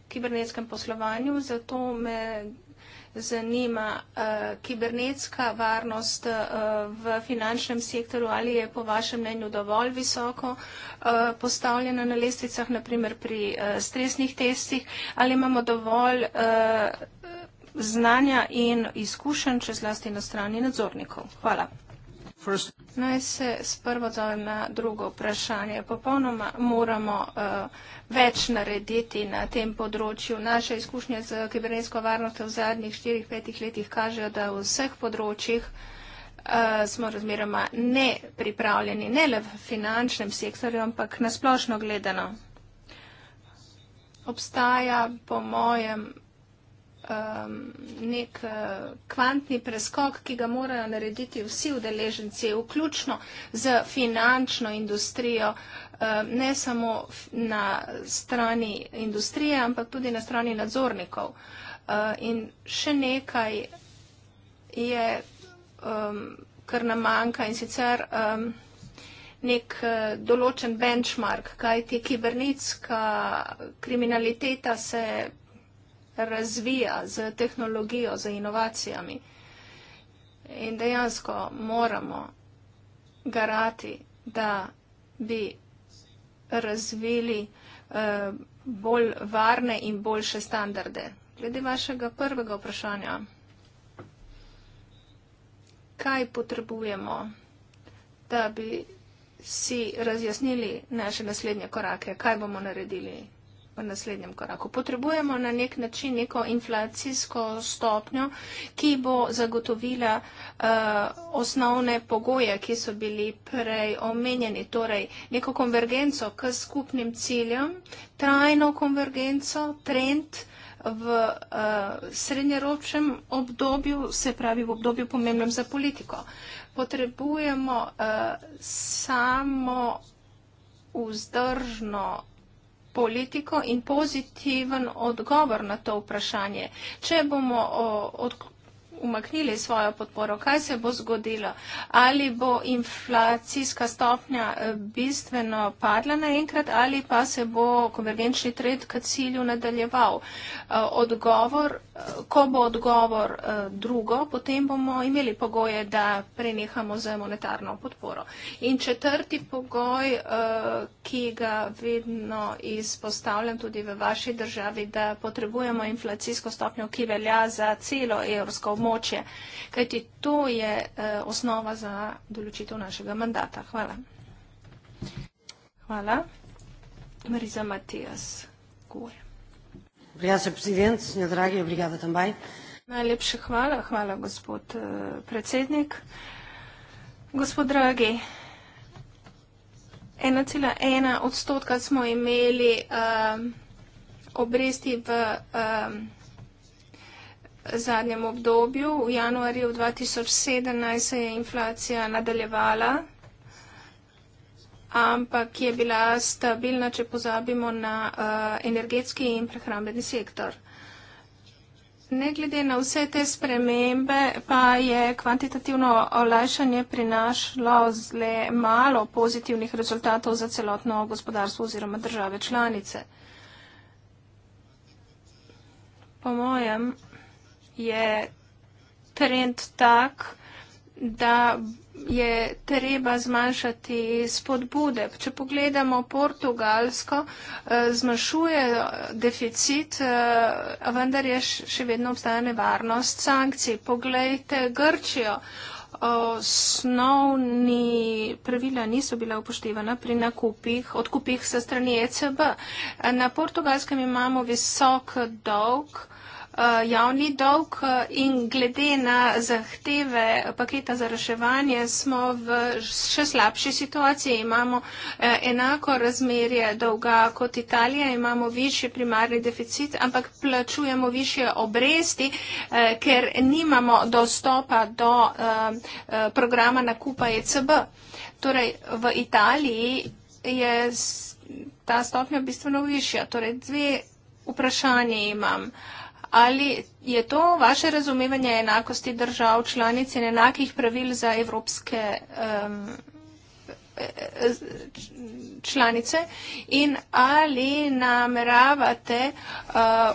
kibernetskem poslovanju. Zato me zanima eh, kibernetska varnost eh, v finančnem sektorju, ali je po vašem mnenju dovolj visoko eh, postavljena na lestvicah, naprimer pri eh, stresnih testih, ali imamo dovolj eh, znanja in izkušenj, če zlasti na strani nadzornikov. Hvala. Naj se sprvo zovem na drugo vprašanje. Popolnoma moramo uh, več narediti na tem področju. Naše izkušnje z kibernetsko varnostjo v zadnjih 4-5 letih kažejo, da v vseh področjih uh, smo razmeroma nepripravljeni, ne le v finančnem sektorju, ampak nasplošno gledano. Obstaja, po mojem um, nek uh, kvantni preskok, ki ga morajo narediti vsi udeleženci, vključno z finančno industrijo, um, ne samo na strani industrije, ampak tudi na strani nadzornikov. Uh, in še nekaj je, um, kar nam manjka in sicer um, nek uh, določen benchmark, kaj ti kibernetska kriminaliteta se razvija z tehnologijo, z inovacijami. In dejansko moramo garati, da bi razvili eh, bolj varne in boljše standarde. Glede vašega prvega vprašanja, kaj potrebujemo, da bi si razjasnili naše naslednje korake, kaj bomo naredili v naslednjem koraku. Potrebujemo na nek način neko inflacijsko stopnjo, ki bo zagotovila uh, osnovne pogoje, ki so bili prej omenjeni, torej neko konvergenco k skupnim ciljem, trajno konvergenco, trend v uh, srednjeročnem obdobju, se pravi v obdobju pomembnem za politiko. Potrebujemo uh, samo vzdržno politiko in pozitiven odgovor na to vprašanje. Če bomo odklonili umaknili svojo podporo, kaj se bo zgodilo? Ali bo inflacijska stopnja eh, bistveno padla naenkrat ali pa se bo konvergenčni trend k cilju nadaljeval? Eh, odgovor, eh, ko bo odgovor drugo, potem bomo imeli pogoje, da prenehamo za monetarno podporo. In četrti pogoj, ki ga vedno izpostavljam tudi v vaši državi, da potrebujemo inflacijsko stopnjo, ki velja za celo evropsko območje območje. Kajti to je eh, osnova za določitev našega mandata. Hvala. Hvala. Mariza Matijas Gore. Obrigada, se prezident, senjo dragi, obrigada tambaj. Najlepše hvala, hvala gospod eh, predsednik. Gospod dragi, 1,1 odstotka smo imeli eh, obresti v 2020 zadnjem obdobju. V januarju 2017 se je inflacija nadaljevala, ampak je bila stabilna, če pozabimo na uh, energetski in prehrambeni sektor. Ne glede na vse te spremembe, pa je kvantitativno olajšanje prinašlo zle malo pozitivnih rezultatov za celotno gospodarstvo oziroma države članice. Po mojem je trend tak, da je treba zmanjšati spodbude. Če pogledamo Portugalsko, eh, zmanjšuje deficit, eh, vendar je še vedno obstaja nevarnost sankcij. Poglejte Grčijo. Osnovni pravila niso bila upoštevana pri nakupih, odkupih se strani ECB. Na portugalskem imamo visok dolg. Eh, javni dolg eh, in glede na zahteve paketa za reševanje smo v še slabši situaciji. Imamo eh, enako razmerje dolga kot Italija, imamo višji primarni deficit, ampak plačujemo više obresti, ker nimamo dostopa do programa nakupa ECB. Torej, v Italiji je ta stopnja bistveno višja. Torej, dve vprašanje imam. Uh, Ali je to vaše razumevanje enakosti držav članic in enakih pravil za evropske um, članice in ali nameravate uh,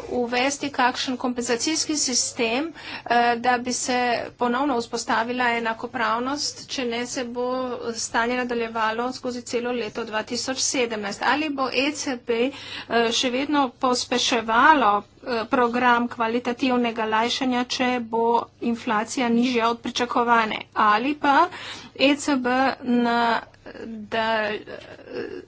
uvesti kakšen kompenzacijski sistem, uh, da bi se ponovno vzpostavila enakopravnost, če ne se bo stanje nadaljevalo skozi celo leto 2017. Ali bo ECB uh, še vedno pospeševalo uh, program kvalitativnega lajšanja, če bo inflacija nižja od pričakovane. Ali pa ECB na da eh,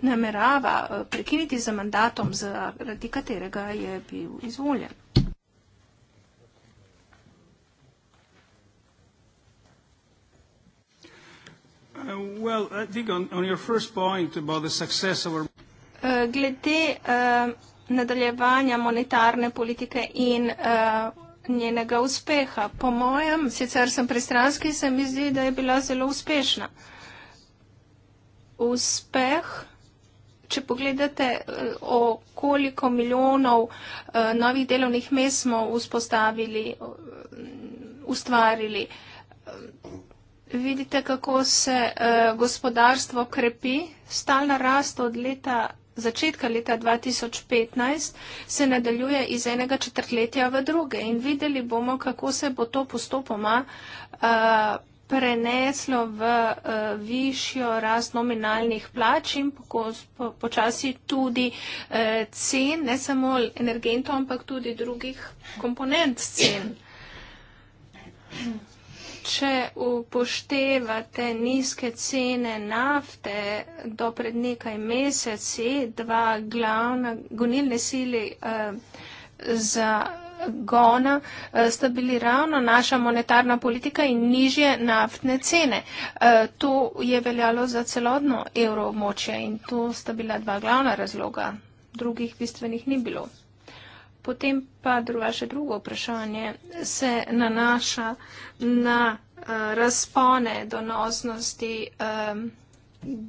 namerava eh, prekiniti za mandatom, zaradi katerega je bil izvoljen. Uh, eh, glede nadaljevanja monetarne politike in njenega uspeha, po mojem, sicer sem pristranski, se mi zdi, da je bila zelo uspešna uspeh. Če pogledate, eh, o koliko milijonov eh, novih delovnih mest smo vzpostavili, eh, ustvarili, vidite, kako se gospodarstvo krepi. Stalna rast od leta, začetka leta 2015 se nadaljuje iz enega četrtletja v druge in videli bomo, kako se bo to postopoma preneslo v uh, višjo rast nominalnih plač in počasi po, po tudi uh, cen, ne samo energentov, ampak tudi drugih komponent cen. Če upoštevate nizke cene nafte do pred nekaj meseci, dva glavna gonilne sili uh, za gona eh, sta bili ravno naša monetarna politika in nižje naftne cene. Eh, to je veljalo za celodno evroobmočje in to sta bila dva glavna razloga. Drugih bistvenih ni bilo. Potem pa vaše drugo vprašanje se nanaša na eh, razpone donosnosti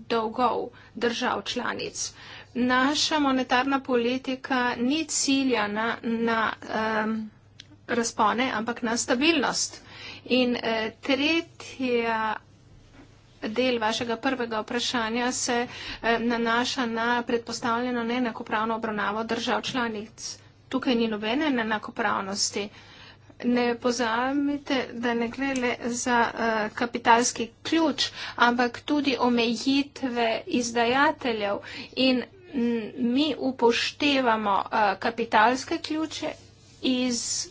dolgov držav članic naša monetarna politika ni ciljana na um, razpone, ampak na stabilnost. In uh, tretja del vašega prvega vprašanja se uh, nanaša na predpostavljeno neenakopravno obravnavo držav članic. Tukaj ni nobene neenakopravnosti. Ne pozamite, da ne gre le za uh, kapitalski ključ, ampak tudi omejitve izdajateljev in mi upoštevamo uh, kapitalske ključe iz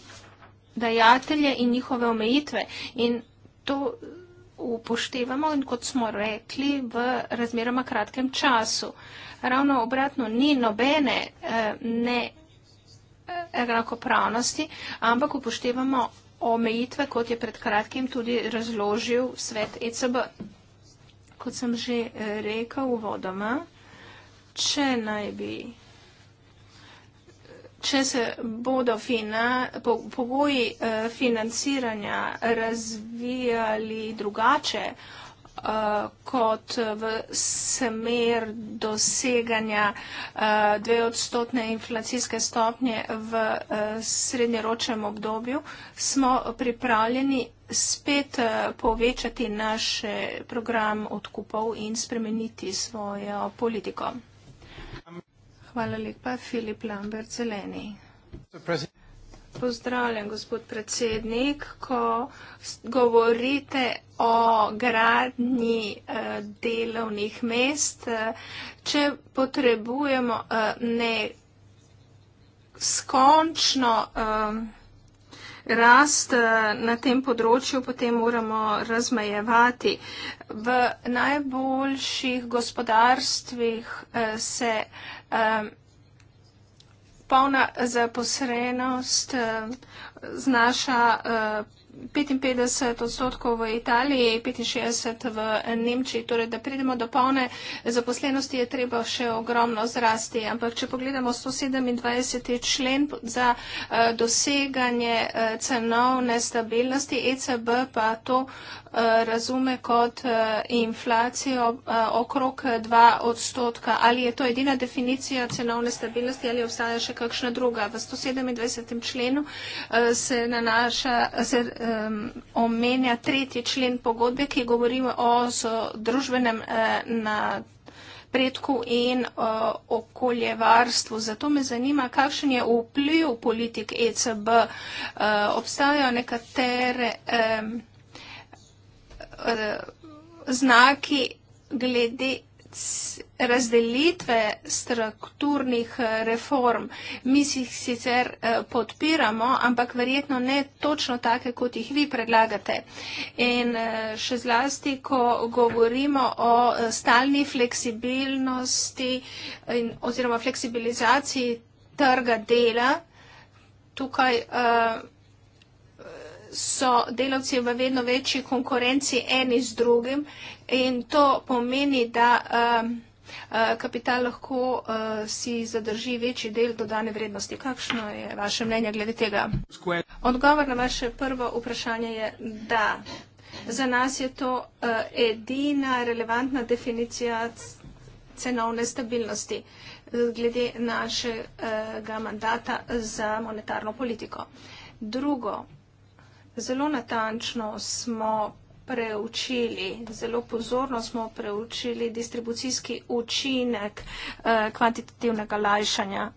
dajatelje in njihove omejitve. In to upoštevamo in kot smo rekli v razmeroma kratkem času. Ravno obratno ni nobene uh, ne uh, enakopravnosti, ampak upoštevamo omejitve, kot je pred kratkim tudi razložil svet ECB. Kot sem že rekel v vodoma, če naj bi, če se bodo fina, po, pogoji uh, financiranja razvijali drugače uh, kot v smer doseganja uh, eh, dveodstotne inflacijske stopnje v uh, srednjeročnem obdobju, smo pripravljeni spet povečati naš program odkupov in spremeniti svojo politiko. Hvala lepa. Filip Lambert, Zeleni. Pozdravljen, gospod predsednik. Ko govorite o gradnji eh, delovnih mest, eh, če potrebujemo eh, ne skončno eh, rast eh, na tem področju, potem moramo razmejevati. V najboljših gospodarstvih eh, se polna zaposlenost znaša 55 odstotkov v Italiji, 65 v Nemčiji. Torej, da pridemo do polne zaposlenosti, je treba še ogromno zrasti. Ampak, če pogledamo 127. člen za eh, doseganje eh, cenovne stabilnosti, ECB pa to eh, razume kot inflacijo okrog 2 odstotka. Ali je to edina definicija cenovne stabilnosti ali obstaja še kakšna druga? V 127. členu se nanaša. Se, um, omenja tretji člen pogodbe, ki govori o družbenem eh, napredku in eh, okoljevarstvu. Zato me zanima, kakšen je vpliv politik ECB. Eh, obstajajo nekatere eh, eh, znaki glede razdelitve strukturnih eh, reform. Mi si jih sicer eh, podpiramo, ampak verjetno ne točno take, kot jih vi predlagate. In eh, še zlasti, ko govorimo o stalni fleksibilnosti in, oziroma fleksibilizaciji trga dela, tukaj uh, so delavci v vedno večji konkurenci eni z drugim in to pomeni, da um, uh, kapital lahko uh, si zadrži večji del dodane vrednosti. Kakšno je vaše mnenje glede tega? Odgovor na vaše prvo vprašanje je da. Za nas je to uh, edina relevantna definicija cenovne stabilnosti glede našega mandata za monetarno politiko. Drugo, zelo natančno smo preučili, zelo pozorno smo preučili distribucijski učinek eh, kvantitativnega lajšanja.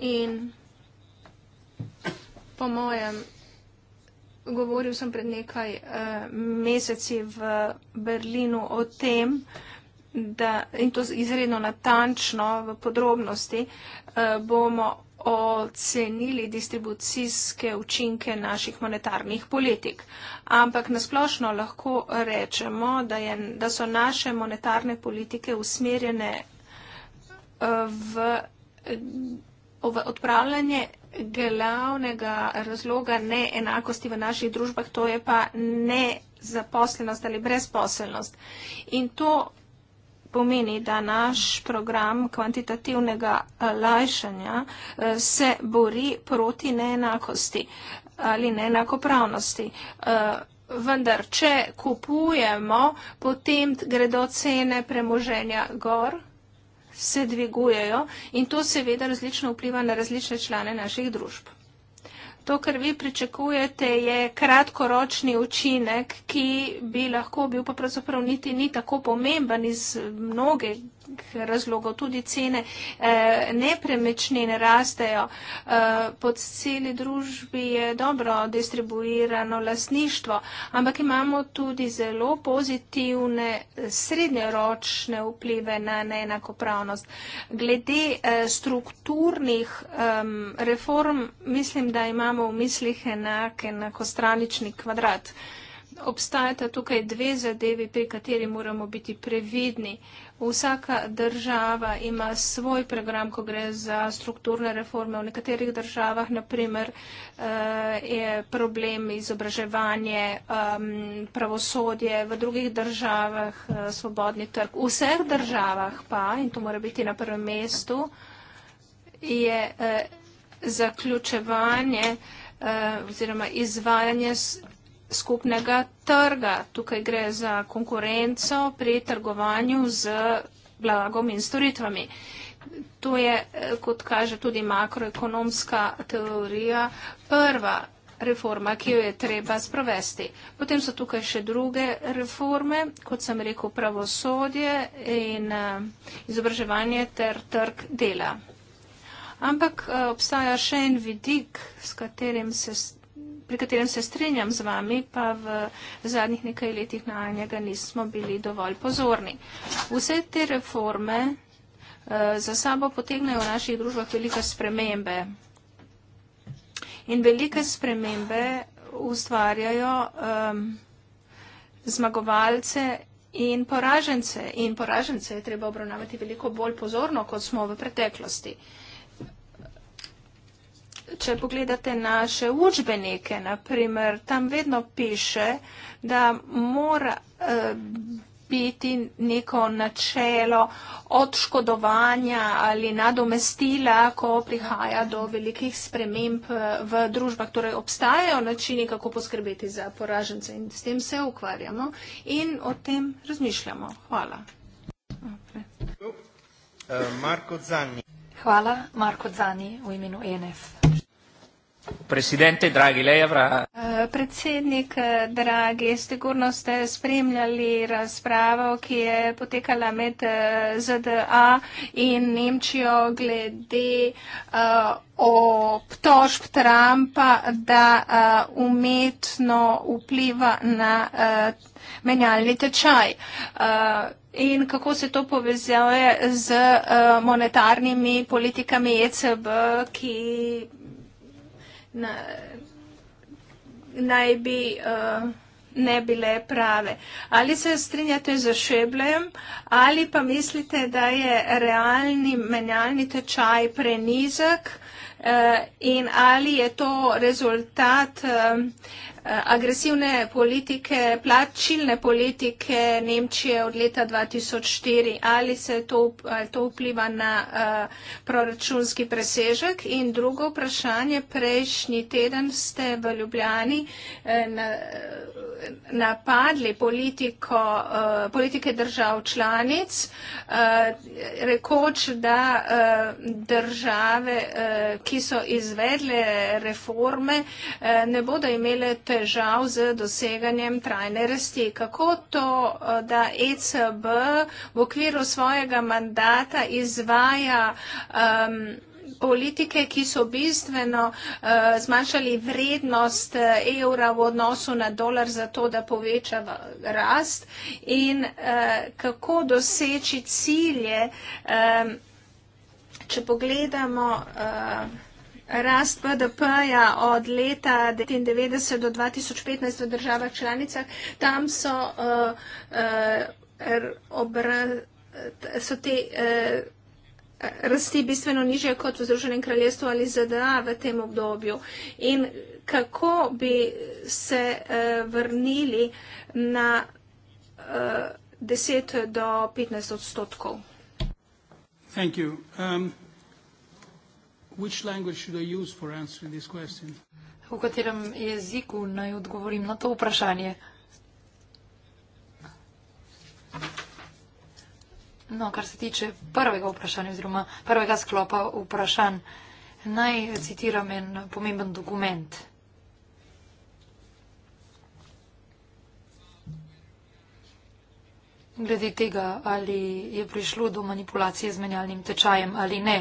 In po mojem, govoril sem pred nekaj eh, meseci v Berlinu o tem, da, in to izredno natančno v podrobnosti, eh, bomo ocenili distribucijske učinke naših monetarnih politik. Ampak nasplošno lahko rečemo, da, je, da so naše monetarne politike usmerjene eh, v, v odpravljanje glavnega razloga neenakosti v naših družbah, to je pa nezaposlenost ali brezposelnost. In to pomeni, da naš program kvantitativnega eh, lajšanja eh, se bori proti neenakosti ali neenakopravnosti. Eh, vendar, če kupujemo, potem gredo cene premoženja gor, se dvigujejo in to seveda različno vpliva na različne člane naših družb. To, kar vi pričakujete, je kratkoročni učinek, ki bi lahko bil pa pravzaprav niti ni tako pomemben iz mnogih razlogov, tudi cene eh, nepremičnine rastejo. Eh, po celi družbi je dobro distribuirano lasništvo, ampak imamo tudi zelo pozitivne srednjeročne vplive na neenakopravnost. Glede eh, strukturnih reform mislim, da imamo v mislih enak enakostranični kvadrat. Obstajata tukaj dve zadevi, pri kateri moramo biti previdni. Vsaka država ima svoj program, ko gre za strukturne reforme. V nekaterih državah, naprimer, eh, je problem izobraževanje, pravosodje, v drugih državah eh, svobodni trg. V vseh državah pa, in to mora biti na prvem mestu, je eh, zaključevanje oziroma izvajanje skupnega trga. Tukaj gre za konkurenco pri trgovanju z blagom in storitvami. To je, eh, kot kaže tudi makroekonomska teorija, prva reforma, ki jo je treba sprovesti. Potem so tukaj še druge reforme, kot sem rekel, pravosodje in eh, izobraževanje ter trg dela. Ampak eh, obstaja še en vidik, s katerim se pri katerem se strinjam z vami, pa v zadnjih nekaj letih na njega nismo bili dovolj pozorni. Vse te reforme eh, za sabo potegnejo v naših družbah velike spremembe. In velike spremembe ustvarjajo um, zmagovalce in poražence. In poražence je treba obravnavati veliko bolj pozorno, kot smo v preteklosti. Uh, če pogledate naše učbenike, naprimer, tam vedno piše, da mora eh, biti neko načelo odškodovanja ali nadomestila, ko prihaja do velikih sprememb eh, v družbah. Torej obstajajo načini, kako poskrbeti za poražence in s tem se ukvarjamo in o tem razmišljamo. Hvala. Marko Zani. Hvala, Marko Zani v imenu ENF. Presidente, dragi, lei avrà. Eh, predsednik, eh, dragi, sigurno ste spremljali razpravo, ki je potekala med eh, ZDA in Nemčijo glede obtožb Trumpa, da umetno vpliva na menjalni tečaj. In kako se to povezuje z monetarnimi politikami ECB, ki na, naj bi uh, ne bile prave. Ali se strinjate z Šeblejem ali pa mislite, da je realni menjalni tečaj prenizek uh, in ali je to rezultat uh, Eh, agresivne politike, plačilne politike Nemčije od leta 2004, ali se to, ali to vpliva na uh, proračunski presežek. In drugo vprašanje, prejšnji teden ste v Ljubljani uh, na, napadli politiko, uh, politike držav članic, uh, rekoč, da uh, države, uh, ki so izvedle reforme, uh, ne bodo imele te težav z doseganjem trajne rasti. Kako to, eh, da ECB v okviru svojega mandata izvaja um, politike, ki so bistveno uh, zmanjšali vrednost eh, evra v odnosu na dolar za to, da poveča rast in uh, kako doseči cilje, um, če pogledamo. Uh, rast BDP-ja od leta 1999 do 2015 v državah članicah, tam so, uh, uh, obra, so te uh, rasti bistveno niže kot v Združenem kraljestvu ali ZDA v tem obdobju. In kako bi se uh, vrnili na uh, 10 do 15 odstotkov? Thank you. Um, Which language should I use for answering this question? V katerem jeziku naj odgovorim na to vprašanje? No, kar se tiče prvega vprašanja oziroma prvega sklopa vprašanj, naj citiram en pomemben dokument. Glede tega, ali je prišlo do manipulacije z menjalnim tečajem ali ne,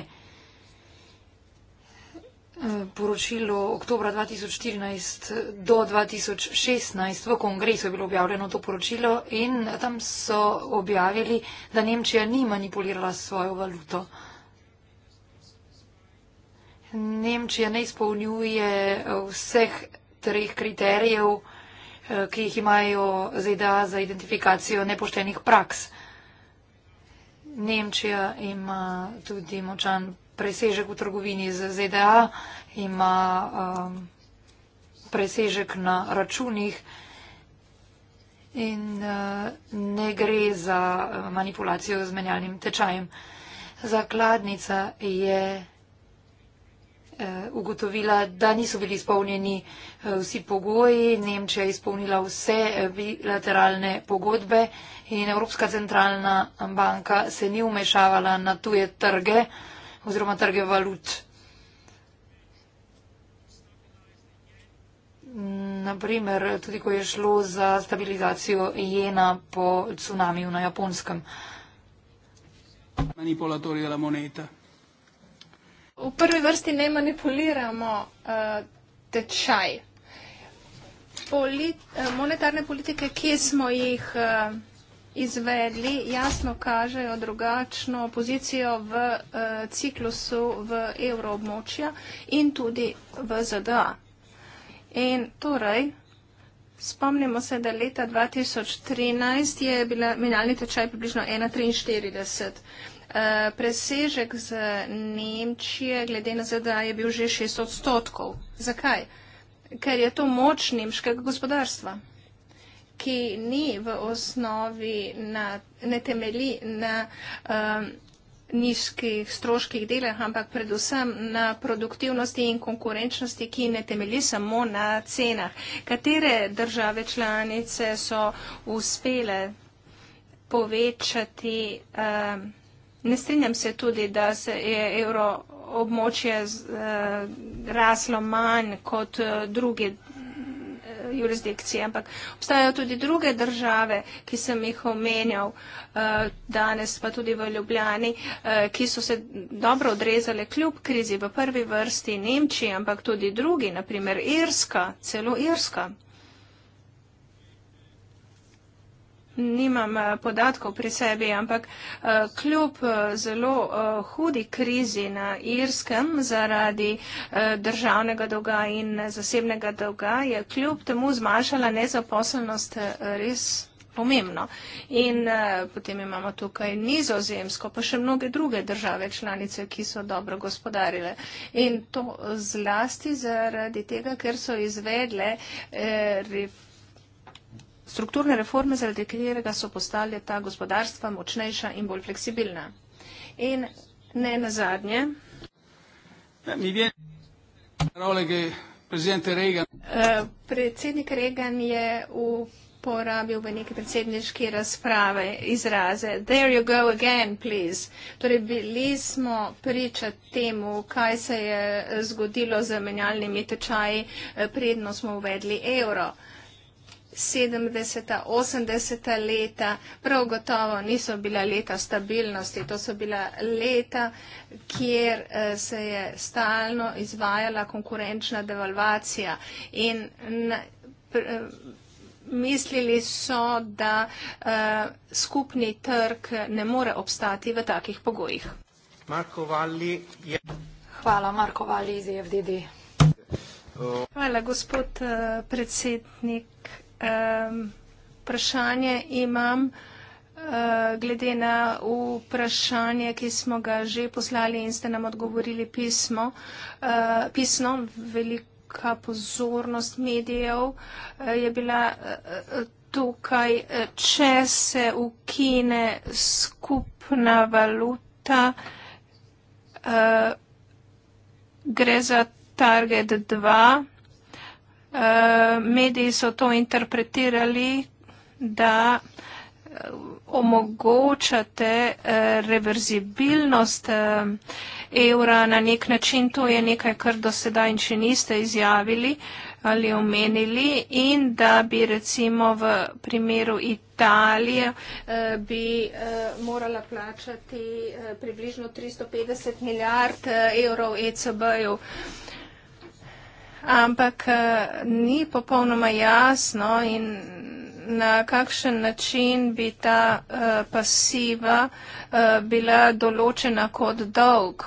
poročilo oktobra 2014 do 2016 v kongresu je bilo objavljeno to poročilo in tam so objavili, da Nemčija ni manipulirala svojo valuto. Nemčija ne izpolnjuje eh, vseh treh kriterijev, eh, ki jih imajo ZDA za identifikacijo nepoštenih praks. Nemčija ima tudi močan presežek v trgovini z ZDA, ima um, presežek na računih in uh, ne gre za uh, manipulacijo z menjalnim tečajem. Zakladnica je uh, ugotovila, da niso bili izpolnjeni uh, vsi pogoji. Nemčija je izpolnila vse uh, bilateralne pogodbe in Evropska centralna banka se ni umešavala na tuje trge. Uh, oziroma trge valut. Naprimer, tudi ko je šlo za stabilizacijo jena po tsunamiju na japonskem. V prvi vrsti ne manipuliramo uh, tečaj. Poli, uh, eh, monetarne politike, ki smo jih. Uh, izvedli, jasno kažejo drugačno pozicijo v eh, ciklusu v evroobmočja in tudi v ZDA. In torej, spomnimo se, da leta 2013 je bil minalni tečaj približno 1,43. Eh, presežek z Nemčije glede na ZDA je bil že 6 odstotkov. Zakaj? Ker je to moč nemškega gospodarstva ki ni v osnovi na, ne temeli na um, nizkih stroških dela, ampak predvsem na produktivnosti in konkurenčnosti, ki ne temeli samo na cenah. Katere države članice so uspele povečati, um, ne strinjam se tudi, da se je euro območje z, uh, raslo manj kot uh, druge jurisdikcije, ampak obstajajo tudi druge države, ki sem jih omenjal eh, danes, pa tudi v Ljubljani, eh, ki so se dobro odrezale kljub krizi v prvi vrsti Nemčiji, ampak tudi drugi, naprimer Irska, celo Irska, nimam eh, podatkov pri sebi, ampak eh, kljub eh, zelo hudi krizi na Irskem zaradi državnega dolga in zasebnega dolga je kljub temu zmanjšala nezaposlenost res. Pomembno. In uh, potem imamo tukaj nizozemsko, pa še mnoge druge države članice, ki so dobro gospodarile. In to zlasti zaradi tega, ker so izvedle eh, reforme strukturne reforme, zaradi katerega so postale ta gospodarstva močnejša in bolj fleksibilna. In ne na zadnje. Eh, eh, predsednik Reagan je uporabil v neki predsedniški razprave izraze There you go again, please. Torej bili smo priča temu, kaj se je zgodilo z menjalnimi tečaji, eh, predno smo uvedli evro sedemdeseta, osemdeseta leta, prav gotovo niso bila leta stabilnosti, to so bila leta, kjer eh, se je stalno izvajala konkurenčna devalvacija in eh, mislili so, da eh, skupni trg ne more obstati v takih pogojih. Marko Valli je... Hvala, Marko Valli iz EFDD. Hvala, gospod predsednik um, vprašanje imam uh, glede na vprašanje, ki smo ga že poslali in ste nam odgovorili pismo, uh, pisno. Velika pozornost medijev uh, je bila uh, tukaj, če se ukine skupna valuta. Uh, gre za target 2. Eh, mediji so to interpretirali, da eh, omogočate eh, reverzibilnost evra na nek način. To je nekaj, kar do sedaj in še niste izjavili ali omenili in da bi recimo v primeru Italije bi morala plačati približno 350 milijard evrov ECB-ju ampak eh, ni popolnoma jasno in na kakšen način bi ta uh, pasiva uh, bila določena kot dolg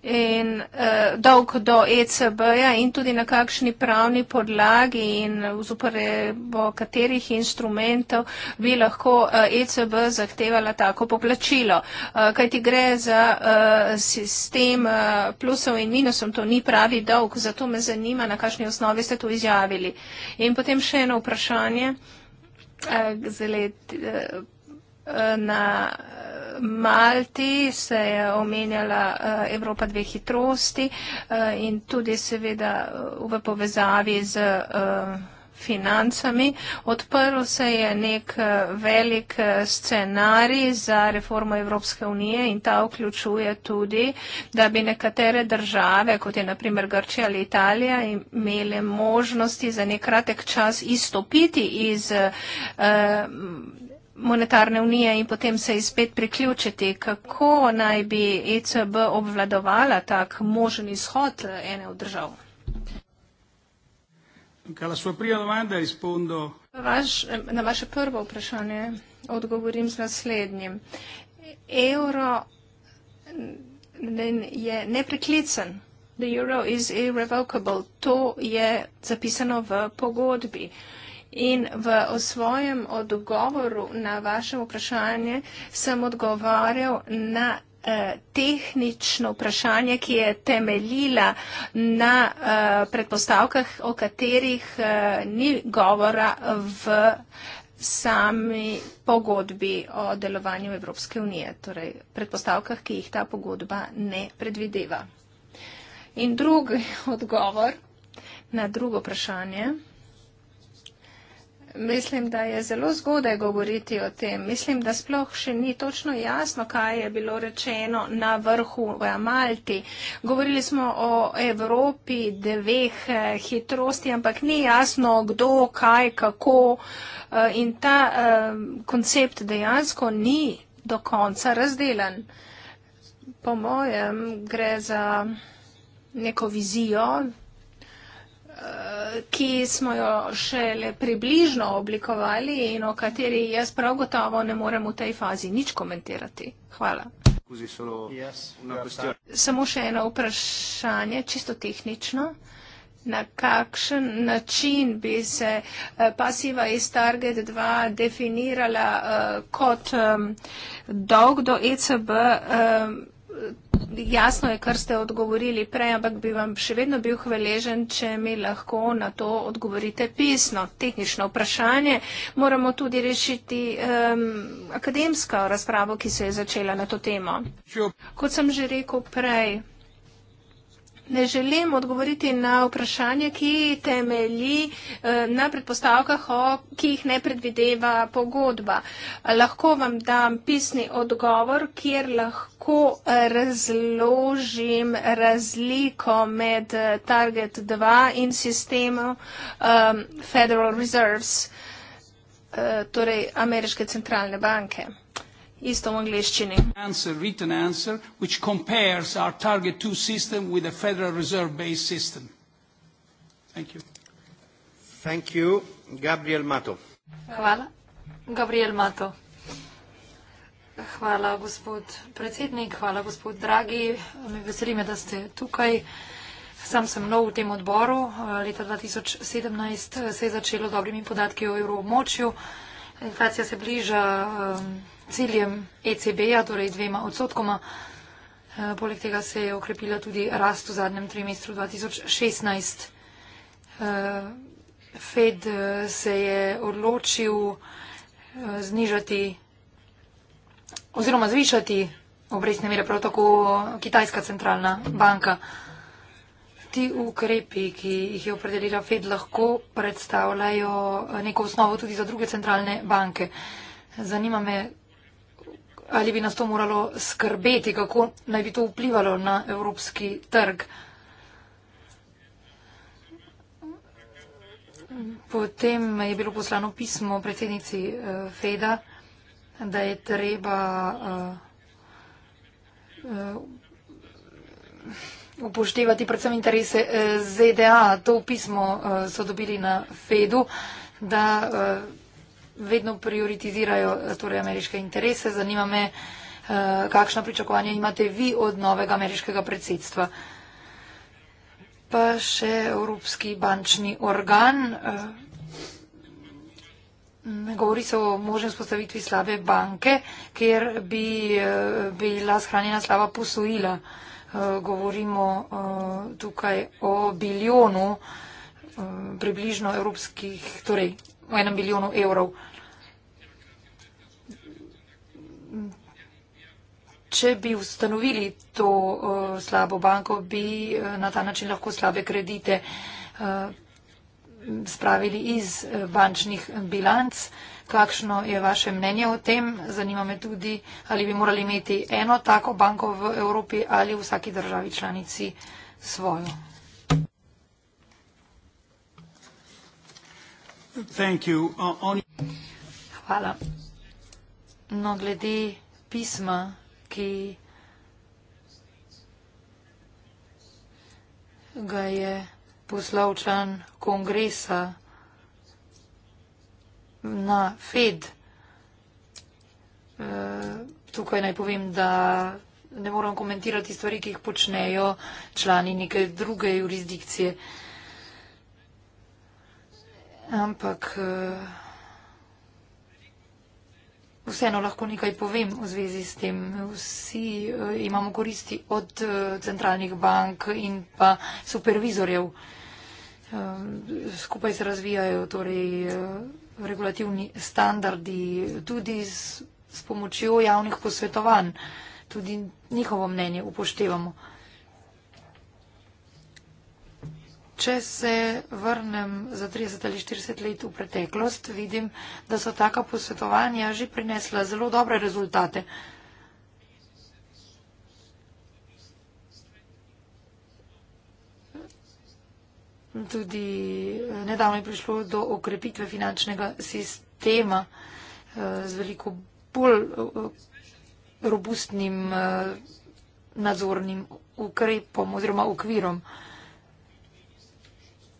in uh, dolg do ECB-ja in tudi na kakšni pravni podlagi in z uporebo katerih instrumentov bi lahko uh, eh, ECB zahtevala tako poplačilo. Uh, eh, Kaj ti gre za uh, sistem uh, plusov in minusov, to ni pravi dolg, zato me zanima, na kakšni osnovi ste to izjavili. In potem še eno vprašanje. Uh, zelet, uh, na eh, Malti se je omenjala eh, Evropa dve hitrosti eh, in tudi seveda v povezavi z financami. Odprl se je nek velik scenarij za reformo Evropske unije in ta vključuje tudi, da bi nekatere države, kot je naprimer Grčija ali Italija, imele možnosti za nek kratek čas izstopiti iz eh, monetarne unije in potem se ji spet priključiti. Kako naj bi ECB obvladovala tak možen izhod ene od držav? Vaš, na vaše prvo vprašanje odgovorim z naslednjim. Euro je nepreklican. The euro is irrevocable. To je zapisano v pogodbi. Uh, In v svojem odgovoru na vaše vprašanje sem odgovarjal na eh, tehnično vprašanje, ki je temeljila na eh, predpostavkah, o katerih eh, ni govora v sami pogodbi o delovanju Evropske unije, torej predpostavkah, ki jih ta pogodba ne predvideva. In drugi odgovor na drugo vprašanje mislim, da je zelo zgodaj govoriti o tem. Mislim, da sploh še ni točno jasno, kaj je bilo rečeno na vrhu v Malti. Govorili smo o Evropi dveh eh, hitrosti, ampak ni jasno, kdo, kaj, kako. Eh, in ta eh, koncept dejansko ni do konca razdelen. Po mojem gre za neko vizijo, ki smo jo šele približno oblikovali in o kateri jaz prav gotovo ne morem v tej fazi nič komentirati. Hvala. Samo še eno vprašanje, čisto tehnično. Na kakšen način bi se eh, pasiva iz Target 2 definirala eh, kot dolg do ECB? jasno je, kar ste odgovorili prej, ampak bi vam še vedno bil hvaležen, če mi lahko na to odgovorite pisno. Tehnično vprašanje moramo tudi rešiti um, akademsko razpravo, ki se je začela na to temo. Kot sem že rekel prej, Ne želim odgovoriti na vprašanje, ki temelji eh, na predpostavkah, o, ki jih ne predvideva pogodba. Lahko vam dam pisni odgovor, kjer lahko eh, razložim razliko med eh, Target 2 in sistemom Federal Reserves, torej Ameriške centralne banke istom angleščini. Answer, written answer, which compares our target 2 system with a Federal Reserve based system. Thank you. Thank you, Gabriel Mato. Hvala, Gabriel Mato. Hvala, gospod predsednik, hvala, gospod Dragi. Me veseli me, da ste tukaj. Sam sem nov v tem odboru. Leta 2017 se je začelo dobrimi podatki o evroobmočju. Inflacija se bliža um, ciljem ECB-ja, torej dvema odstotkoma. Eh, poleg tega se je okrepila tudi rast v zadnjem trimestru 2016. Eh, Fed eh, se je odločil znižati oziroma zvišati obrestne mere, prav tako Kitajska centralna banka. Ti ukrepi, ki jih je opredelila Fed, lahko predstavljajo neko osnovo tudi za druge centralne banke. Zanima me, ali bi nas to moralo skrbeti, kako naj bi to vplivalo na evropski trg. Potem je bilo poslano pismo predsednici eh, Feda, da je treba eh, eh, upoštevati predvsem interese ZDA. To pismo so dobili na Fedu, da vedno prioritizirajo eh, torej, ameriške interese. Zanima me, eh, kakšna pričakovanja imate vi od novega ameriškega predsedstva. Pa še Evropski bančni organ. Eh, govori se o možnem spostavitvi slabe banke, kjer bi bila shranjena slaba posojila. Govorimo tukaj o biljonu približno evropskih, torej o enem biljonu evrov. Če bi ustanovili to uh, slabo banko, bi uh, na ta način lahko slabe kredite uh, spravili iz uh, bančnih bilanc. Kakšno je vaše mnenje o tem? Zanima me tudi, ali bi morali imeti eno tako banko v Evropi ali v vsaki državi članici svojo. Hvala. No, glede pisma, ki ga je poslal član kongresa na Fed. Eh, tukaj naj povem, da ne moram komentirati stvari, ki jih počnejo člani neke druge jurisdikcije. Ampak. Uh, Vseeno lahko nekaj povem v zvezi s tem. Vsi uh, imamo koristi od uh, centralnih bank in pa supervizorjev. Um, skupaj se razvijajo torej, uh, regulativni standardi tudi s, s pomočjo javnih posvetovanj. Tudi njihovo mnenje upoštevamo. Uh, Če se vrnem za 30 ali 40 let v preteklost, vidim, da so taka posvetovanja že prinesla zelo dobre rezultate. Tudi eh, nedavno je prišlo do okrepitve finančnega sistema eh, z veliko bolj eh, robustnim nadzornim ukrepom oziroma okvirom.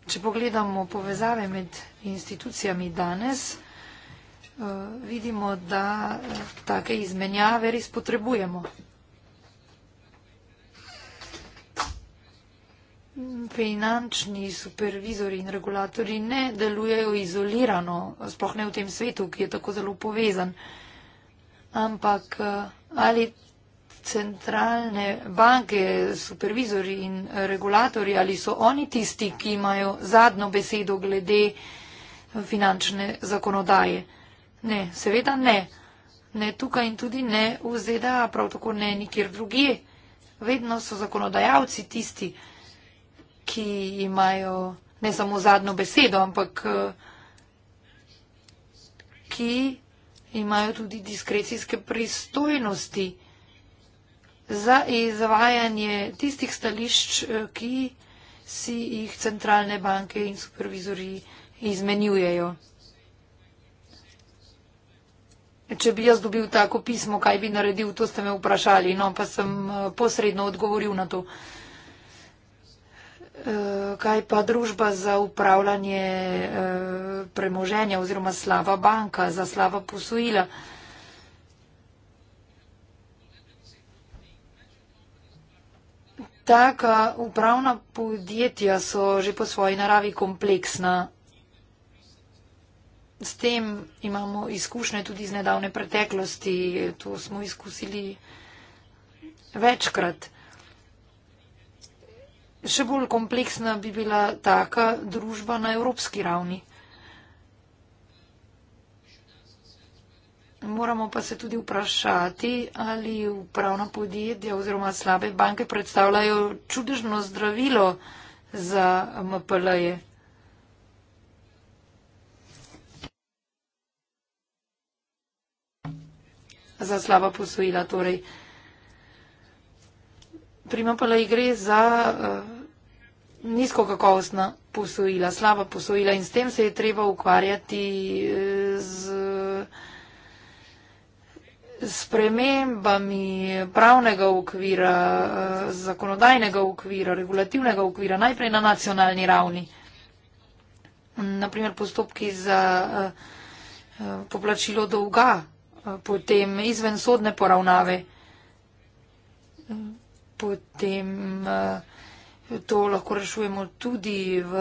Če pogledamo povezave med institucijami danes, eh, vidimo, da eh, take izmenjave res potrebujemo. Finančni supervizori in regulatori ne delujejo izolirano, sploh ne v tem svetu, ki je tako zelo povezan. Ampak eh, ali centralne banke, supervizori in regulatori, ali so oni tisti, ki imajo zadnjo besedo glede finančne zakonodaje? Ne, seveda ne. Ne tukaj in tudi ne v ZDA, prav tako ne nikjer drugje. Vedno so zakonodajalci tisti, ki imajo ne samo zadnjo besedo, ampak ki imajo tudi diskrecijske pristojnosti za izvajanje tistih stališč, eh, ki si jih centralne banke in supervizori izmenjujejo. Če bi jaz dobil tako pismo, kaj bi naredil, to ste me vprašali, no pa sem eh, posredno odgovoril na to. Eh, kaj pa družba za upravljanje premoženja oziroma slava banka za slava posojila? taka upravna podjetja so že po svoji naravi kompleksna. S tem imamo izkušnje tudi iz nedavne preteklosti. To smo izkusili večkrat. Še bolj kompleksna bi bila taka družba na evropski ravni. moramo pa se tudi vprašati, ali upravna podjetja oziroma slabe banke predstavljajo čudežno zdravilo za MPL-je. Za slaba posojila torej. Pri MPL-ji e gre za uh, nizkokakovostna posojila, slaba posojila in s tem se je treba ukvarjati uh, z spremembami pravnega okvira, eh, zakonodajnega okvira, regulativnega okvira, najprej na nacionalni ravni. Naprimer postopki za eh, eh, poplačilo dolga, potem izven sodne poravnave, potem to lahko rešujemo tudi v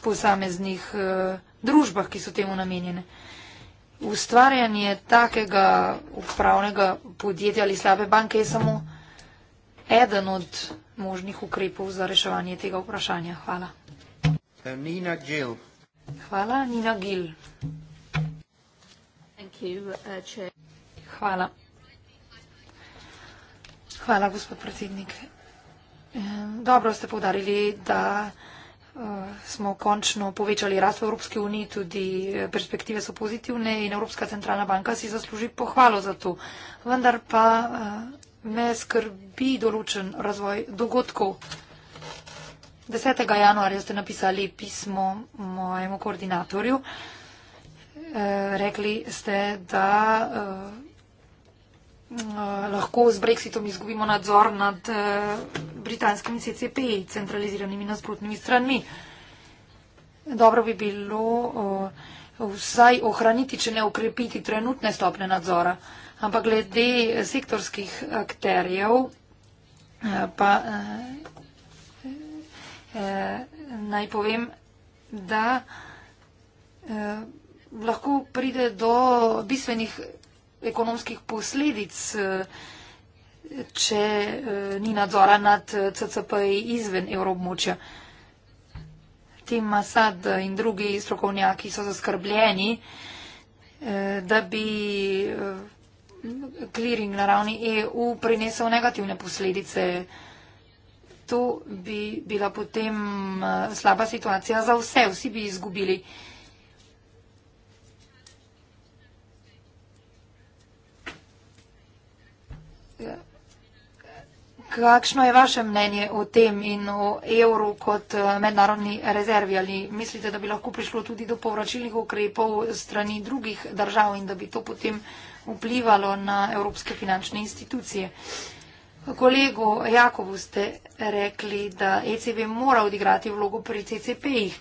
posameznih družbah, ki so temu namenjene ustvarjanje takega upravnega podjetja ali slabe banke je samo eden od možnih ukrepov za reševanje tega vprašanja. Hvala. Nina Gill. Hvala, Nina Gill. Uh, Hvala. Hvala, gospod predsednik. Ehm, dobro ste povdarili, da smo končno povečali rast v Evropski uniji, tudi perspektive so pozitivne in Evropska centralna banka si zasluži pohvalo za to. Vendar pa eh, me skrbi določen razvoj dogodkov. 10. januarja ste napisali pismo mojemu koordinatorju. Eh, rekli ste, da eh, lahko z brexitom izgubimo nadzor nad britanskimi CCP-ji, centraliziranimi nasprotnimi stranmi. Dobro bi bilo uh, vsaj ohraniti, če ne ukrepiti trenutne stopne nadzora. Ampak glede sektorskih akterjev, uh, pa uh, uh, naj povem, da uh, lahko pride do bistvenih ekonomskih posledic. Uh, če eh, ni nadzora nad eh, CCP-ji izven evrobmočja. Tim Masad in drugi strokovnjaki so zaskrbljeni, eh, da bi kliring na ravni EU prinesel negativne posledice. To bi bila potem slaba situacija za vse, vsi bi izgubili. Yeah. Ja. Kakšno je vaše mnenje o tem in o evru kot eh, mednarodni rezervi? Ali mislite, da bi lahko prišlo tudi do povračilnih ukrepov strani drugih držav in da bi to potem vplivalo na evropske finančne institucije? Kolegu Jakobu ste rekli, da ECB mora odigrati vlogo pri CCP-jih.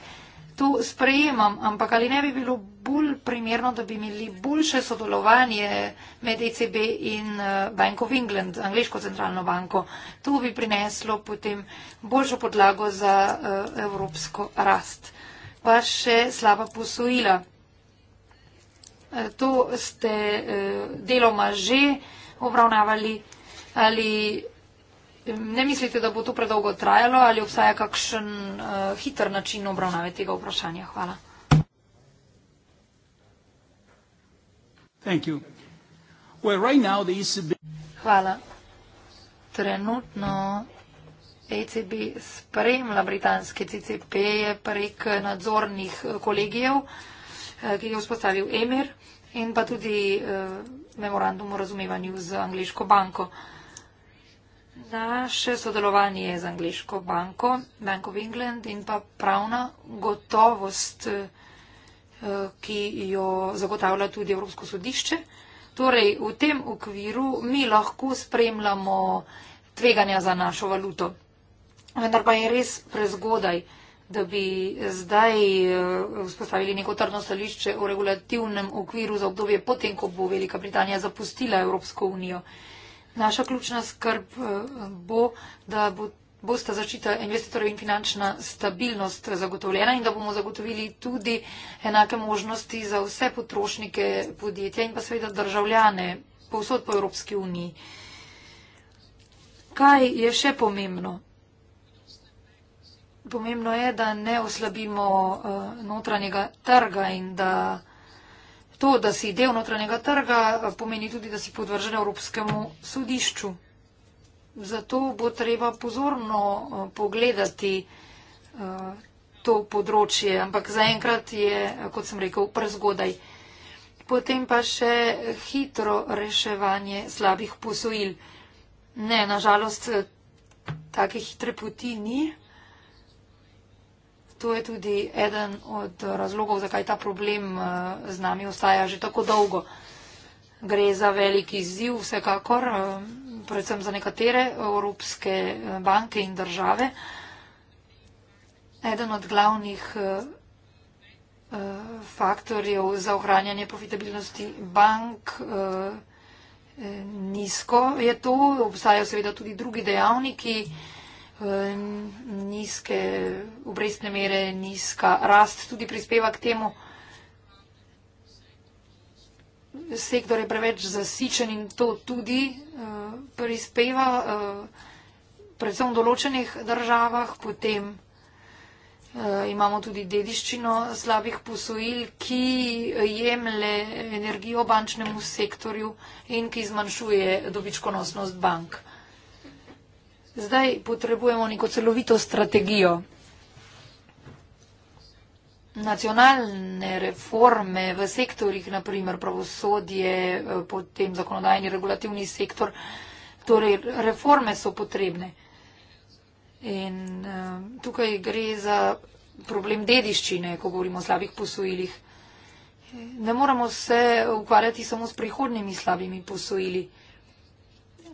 To sprejemam, ampak ali ne bi bilo bolj primerno, da bi imeli boljše sodelovanje med ECB in eh, Bank of England, angliško centralno banko. To bi prineslo potem boljšo podlago za uh, evropsko rast. Pa še slaba posojila. Eh, to ste uh, deloma že obravnavali ali ne mislite, da bo to predolgo trajalo ali obstaja kakšen uh, hiter način obravnave tega vprašanja? Hvala. Well, right now, ECB... E Hvala. Trenutno ECB spremlja britanske CCP prek nadzornih eh, kolegijev, eh, ki je vzpostavil Emir in pa tudi uh, memorandum o razumevanju z angliško banko. Uh, Naše sodelovanje z angliško banko, Bank of England in pa pravna gotovost, eh, ki jo zagotavlja tudi Evropsko sodišče. Torej, v tem okviru mi lahko spremljamo tveganja za našo valuto. Vendar pa je res prezgodaj, da bi zdaj eh, vzpostavili neko trdno stališče o regulativnem okviru za obdobje potem, ko bo Velika Britanija zapustila Evropsko unijo. Naša ključna skrb eh, bo, da bo, bosta zaščita investitorjev in finančna stabilnost zagotovljena in da bomo zagotovili tudi enake možnosti za vse potrošnike podjetja in pa seveda državljane povsod po Evropski uniji. Kaj je še pomembno? Pomembno je, da ne oslabimo eh, notranjega trga in da To, da si del notranjega trga, pomeni tudi, da si podvržen Evropskemu sodišču. Zato bo treba pozorno eh, pogledati eh, to področje, ampak zaenkrat je, kot sem rekel, prezgodaj. Potem pa še hitro reševanje slabih posojil. Ne, nažalost, eh, take hitre poti ni. To je tudi eden od razlogov, zakaj ta problem eh, z nami ostaja že tako dolgo. Gre za veliki izziv vsekakor, eh, predvsem za nekatere evropske eh, banke in države. Eden od glavnih faktorjev za ohranjanje profitabilnosti bank nizko je to. Obstajajo seveda tudi drugi dejavniki. Mm nizke obrestne mere, nizka rast tudi prispeva k temu. Sektor je preveč zasičen in to tudi eh, prispeva, eh, predvsem v določenih državah, potem eh, imamo tudi dediščino slabih posojil, ki jemle energijo bančnemu sektorju in ki zmanjšuje dobičkonosnost bank. Zdaj potrebujemo neko celovito strategijo. Nacionalne reforme v sektorjih, naprimer pravosodje, eh, potem zakonodajni regulativni sektor, torej reforme so potrebne. In eh, tukaj gre za problem dediščine, ko govorimo o slabih posojilih. Ne moramo se ukvarjati samo s prihodnimi slabimi posojili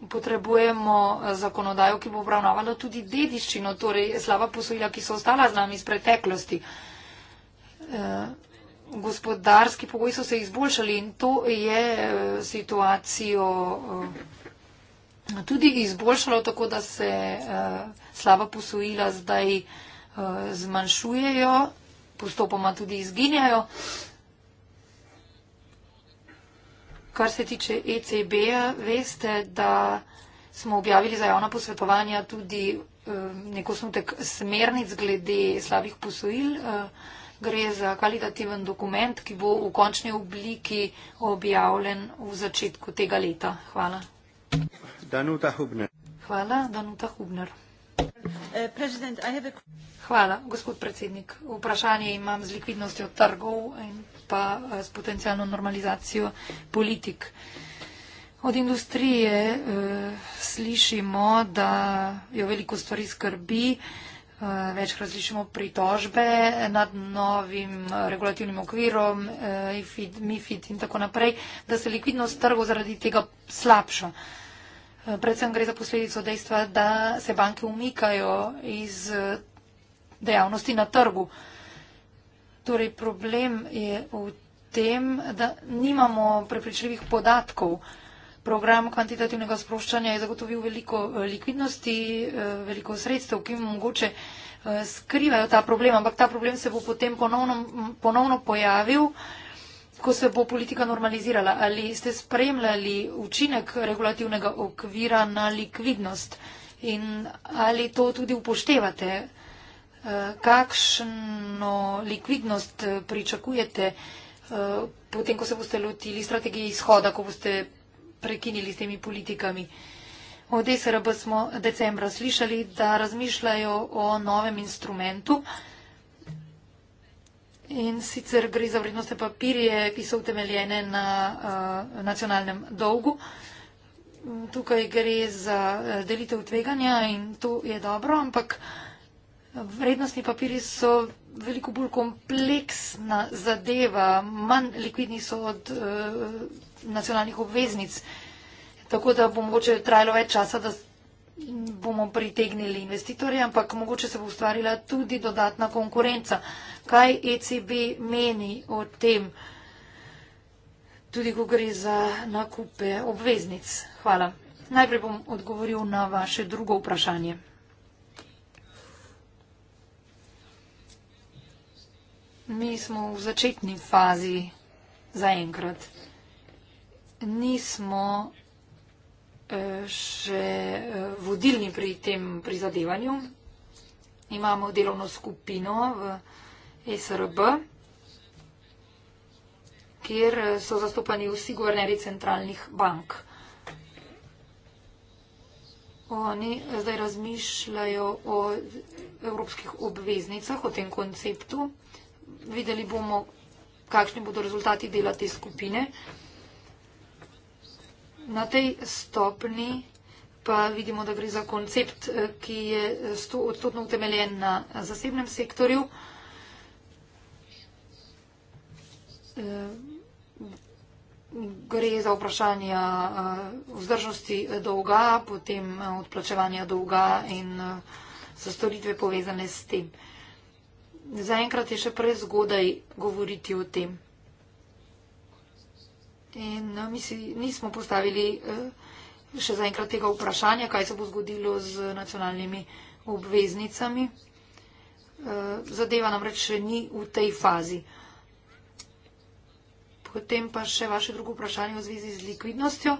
potrebujemo eh, zakonodajo, ki bo obravnavala tudi dediščino, torej slaba posojila, ki so ostala z nami iz preteklosti. Eh, gospodarski pogoji so se izboljšali in to je eh, situacijo tudi izboljšalo, tako da se slaba posojila zdaj zmanjšujejo, postopoma tudi izginjajo. Kar se tiče ECB-a, veste, da smo objavili za javna posvetovanja tudi eh, neko snutek smernic glede slabih posojil. Eh, gre za kvalitativen dokument, ki bo v končni obliki objavljen v začetku tega leta. Hvala. Danuta Hubner. Hvala, Danuta Hubner. Eh, Hvala, gospod predsednik. Vprašanje imam z likvidnostjo trgov in pa eh, s potencijalno normalizacijo politik. Od industrije uh, slišimo, da jo veliko stvari skrbi, uh, večkrat slišimo pritožbe nad novim regulativnim okvirom, uh, IFID, MIFID in tako naprej, da se likvidnost trgov zaradi tega slabša. Predvsem gre za posledico dejstva, da se banke umikajo iz dejavnosti na trgu. Uh, Torej, problem je v tem, da nimamo prepričljivih podatkov. Program kvantitativnega sproščanja je zagotovil veliko eh, likvidnosti, eh, veliko sredstev, ki mogoče eh, skrivajo ta problem, ampak ta problem se bo potem ponovno, ponovno pojavil, ko se bo politika normalizirala. Ali ste spremljali učinek regulativnega okvira na likvidnost in ali to tudi upoštevate? kakšno likvidnost eh, pričakujete, eh, potem ko se boste lotili strategije izhoda, ko boste prekinili s temi politikami. Od SRB smo decembra slišali, da razmišljajo o novem instrumentu in sicer gre za vrednostne papirje, ki so utemeljene na uh, nacionalnem dolgu. Tukaj gre za delitev tveganja in to je dobro, ampak uh, Vrednostni papiri so veliko bolj kompleksna zadeva, manj likvidni so od uh, eh, nacionalnih obveznic, tako da bo mogoče trajalo več časa, da bomo pritegnili investitorje, ampak mogoče se bo ustvarila tudi dodatna konkurenca. Kaj ECB meni o tem, tudi ko gre za nakupe obveznic? Hvala. Najprej bom odgovoril na vaše drugo vprašanje. Mi smo v začetni fazi zaenkrat. Nismo eh, še eh, vodilni pri tem prizadevanju. Imamo delovno skupino v SRB, kjer so zastopani vsi guvernerji centralnih bank. Oni zdaj razmišljajo o evropskih obveznicah, o tem konceptu videli bomo, kakšni bodo rezultati dela te skupine. Na tej stopni pa vidimo, da gre za koncept, eh, ki je eh, odstotno utemeljen na eh, zasebnem sektorju. Gre za vprašanje vzdržnosti dolga, potem odplačevanja dolga in za storitve povezane s tem zaenkrat je še prezgodaj govoriti o tem. In no, mi si nismo postavili eh, še zaenkrat tega vprašanja, kaj se bo zgodilo z nacionalnimi obveznicami. Eh, zadeva namreč še ni v tej fazi. Potem pa še vaše drugo vprašanje v zvezi z likvidnostjo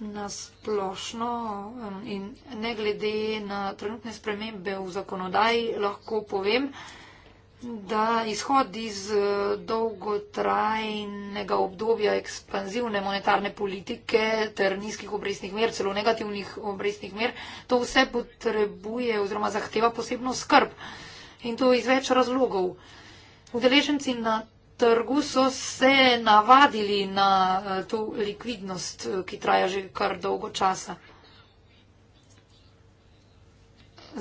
na splošno um, in ne glede na trenutne spremembe v zakonodaji, lahko povem, da izhod iz uh, dolgotrajnega obdobja ekspanzivne monetarne politike ter nizkih obrestnih mer, celo negativnih obrestnih mer, to vse potrebuje oziroma zahteva posebno skrb. In to iz več razlogov. Udeleženci na trgu so se navadili na eh, to likvidnost, eh, ki traja že kar dolgo časa.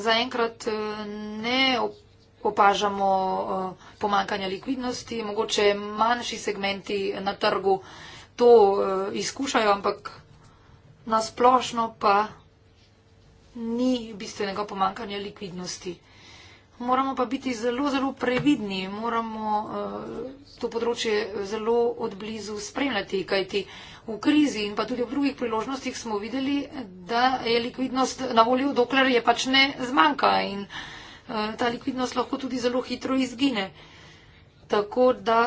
Zaenkrat eh, ne opažamo pomankanja likvidnosti, mogoče manjši segmenti na trgu to izkušajo, ampak nasplošno pa ni bistvenega pomankanja likvidnosti. Moramo pa biti zelo, zelo previdni, moramo uh, to področje zelo odblizu spremljati, kajti v krizi in pa tudi v drugih priložnostih smo videli, da je likvidnost na voljo, dokler je pač ne zmanjka in uh, ta likvidnost lahko tudi zelo hitro izgine. Tako da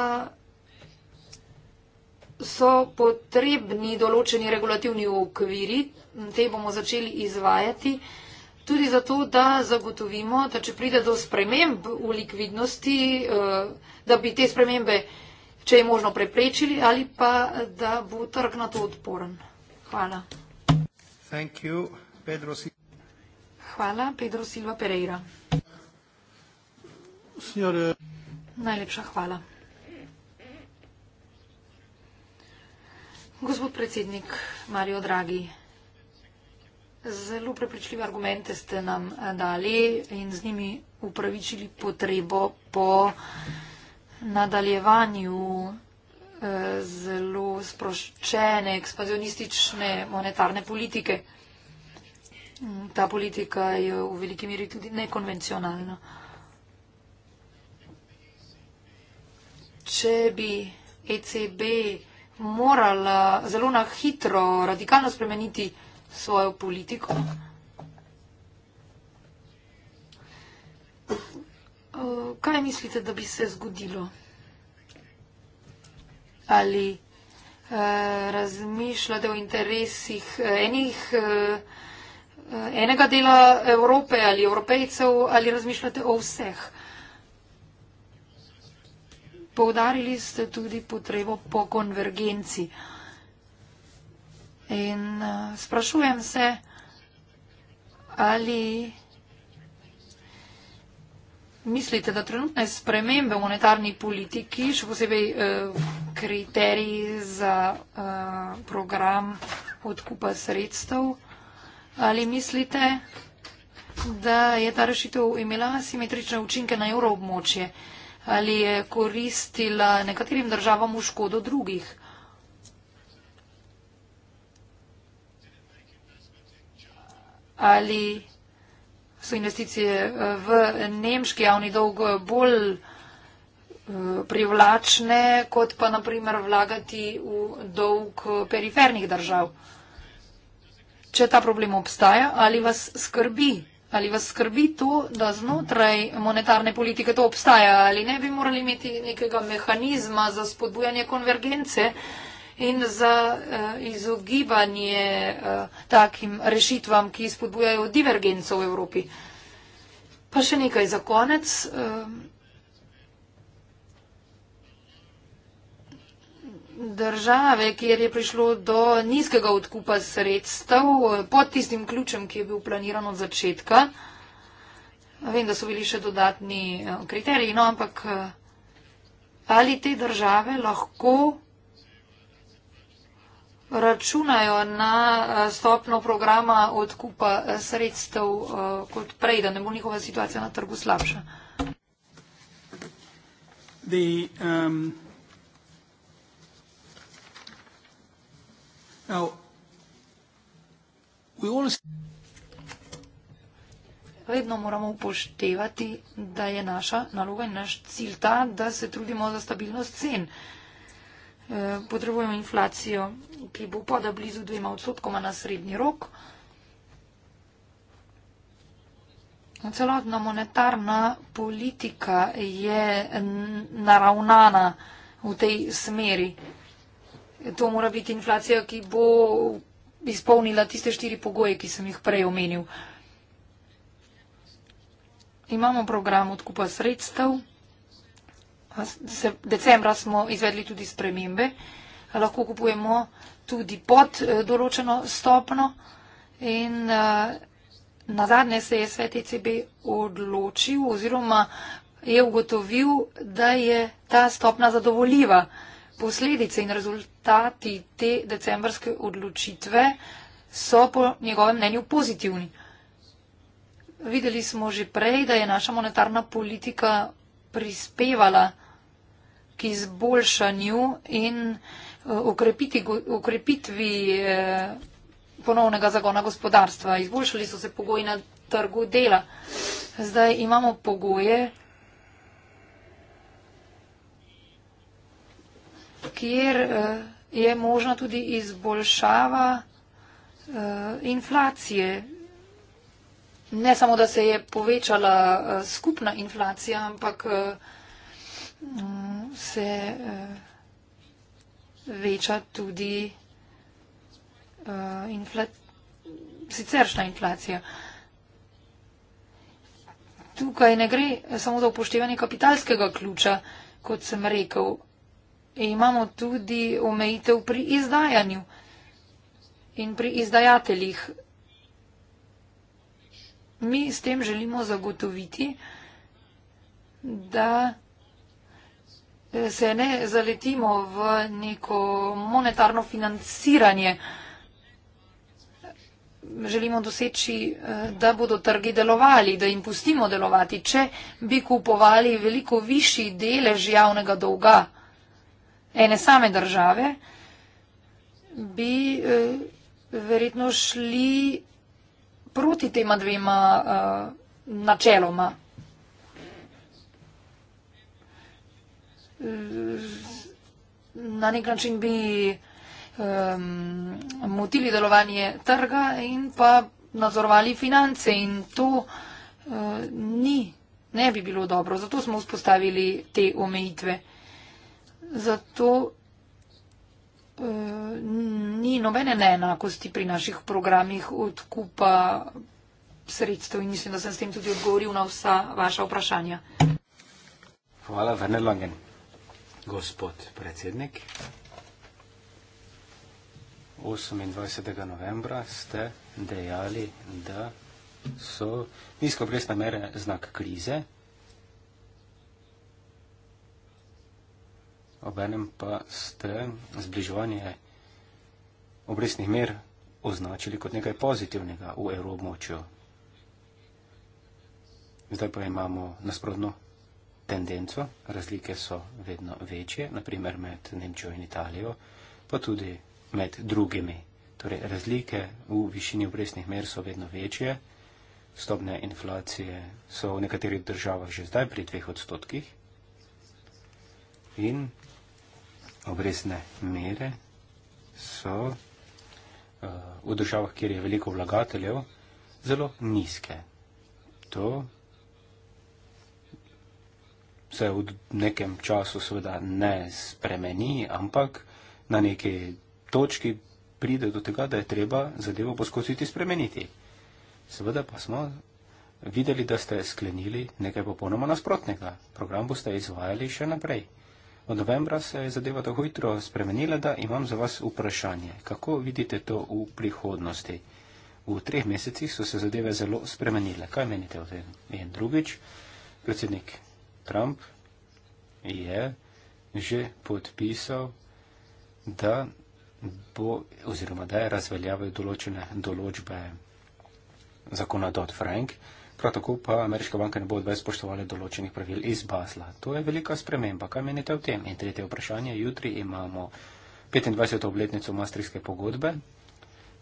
so potrebni določeni regulativni okviri, te bomo začeli izvajati. Uh, tudi zato, da zagotovimo, da če pride do sprememb v likvidnosti, eh, da bi te spremembe, če je možno, preprečili ali pa da bo trg na to odporen. Hvala. Thank you, Pedro Hvala, Pedro Silva Pereira. Signore. Eh. Najlepša hvala. Gospod predsednik Mario Draghi. Zelo prepričljive argumente ste nam eh, dali in z njimi upravičili potrebo po nadaljevanju eh, zelo sproščene ekspanzionistične monetarne politike. Mm, ta politika je v veliki meri tudi nekonvencionalna. Če bi ECB morala zelo na hitro radikalno spremeniti svojo politiko. Eh, kaj mislite, da bi se zgodilo? Ali eh, razmišljate o interesih eh, enih, enega dela Evrope ali evropejcev ali razmišljate o vseh? Povdarili ste tudi potrebo po konvergenciji. In eh, sprašujem se, ali mislite, da trenutne spremembe v monetarni politiki, še posebej eh, kriteriji za eh, program odkupa sredstev, ali mislite, da je ta rešitev imela simetrične učinke na evroobmočje, ali je koristila nekaterim državam v škodo drugih. ali so investicije eh, v nemški javni dolg bolj eh, privlačne, kot pa naprimer vlagati v dolg perifernih držav. Če ta problem obstaja, ali vas skrbi? Ali vas skrbi to, da znotraj monetarne politike to obstaja? Ali ne bi morali imeti nekega mehanizma za spodbujanje konvergence? in za uh, izogibanje uh, takim rešitvam, ki spodbujajo divergenco v Evropi. Pa še nekaj za konec. Eh, države, kjer je prišlo do nizkega odkupa sredstev pod tistim ključem, ki je bil planiran od začetka. Vem, da so bili še dodatni kriteriji, no, ampak ali te države lahko računajo na eh, stopno programa odkupa eh, sredstev eh, kot prej, da ne bo njihova situacija na trgu slabša. The, um, now, we always... Vedno moramo upoštevati, da je naša naloga in naš cilj ta, da se trudimo za stabilnost cen. Potrebujemo inflacijo ki bo pada blizu dvema odstotkoma na srednji rok. No, celotna monetarna politika je naravnana v tej smeri. To mora biti inflacija, ki bo izpolnila tiste štiri pogoje, ki sem jih prej omenil. Imamo program odkupa sredstev. Decembra smo izvedli tudi spremembe lahko kupujemo tudi pod eh, določeno stopno. In eh, na zadnje se je svet ECB odločil oziroma je ugotovil, da je ta stopna zadovoljiva. Posledice in rezultati te decembrske odločitve so po njegovem mnenju pozitivni. Videli smo že prej, da je naša monetarna politika prispevala k izboljšanju in Eh, ukrepiti, ukrepitvi eh, ponovnega zagona gospodarstva. Izboljšali so se pogoji na trgu dela. Zdaj imamo pogoje, kjer eh, je možna tudi izboljšava inflacije. Ne samo, da se je povečala skupna inflacija, ampak mm, se veča tudi uh, eh, infla siceršna inflacija. Tukaj ne gre samo za upoštevanje kapitalskega ključa, kot sem rekel. E imamo tudi omejitev pri izdajanju in pri izdajateljih. Mi s tem želimo zagotoviti, da se ne zaletimo v neko monetarno financiranje. Želimo doseči, eh, da bodo trgi delovali, da jim pustimo delovati. Če bi kupovali veliko višji delež javnega dolga ene same države, bi eh, verjetno šli proti tema dvema eh, načeloma. na nek način bi um, motili delovanje trga in pa nadzorovali finance in to uh, ni, ne bi bilo dobro. Zato smo vzpostavili te omejitve. Zato uh, ni nobene neenakosti pri naših programih odkupa sredstev in mislim, da sem s tem tudi odgovoril na vsa vaša vprašanja. Hvala, Werner Langen gospod predsednik. 28. novembra ste dejali, da so nizko obrestne mere znak krize, obenem pa ste zbližovanje obrestnih mer označili kot nekaj pozitivnega v evroobmočju. Zdaj pa imamo nasprotno tendenco, razlike so vedno večje, naprimer med Nemčijo in Italijo, pa tudi med drugimi. Torej, razlike v višini obrestnih mer so vedno večje, stopne inflacije so v nekaterih državah že zdaj pri dveh odstotkih in obrestne mere so uh, v državah, kjer je veliko vlagateljev, zelo nizke. To se v nekem času seveda ne spremeni, ampak na neki točki pride do tega, da je treba zadevo poskusiti spremeniti. Seveda pa smo videli, da ste sklenili nekaj popolnoma nasprotnega. Program boste izvajali še naprej. Od novembra se je zadeva tako hitro spremenila, da imam za vas vprašanje. Kako vidite to v prihodnosti? V treh mesecih so se zadeve zelo spremenile. Kaj menite o tem? In drugič, predsednik Trump je že podpisal, da bo oziroma da je razveljavil določene določbe zakona Dodd-Frank, prav tako pa ameriške banke ne bodo več spoštovali določenih pravil iz Basla. To je velika sprememba. Kaj menite o tem? In tretje vprašanje. Jutri imamo 25. obletnico Maastrichtske pogodbe.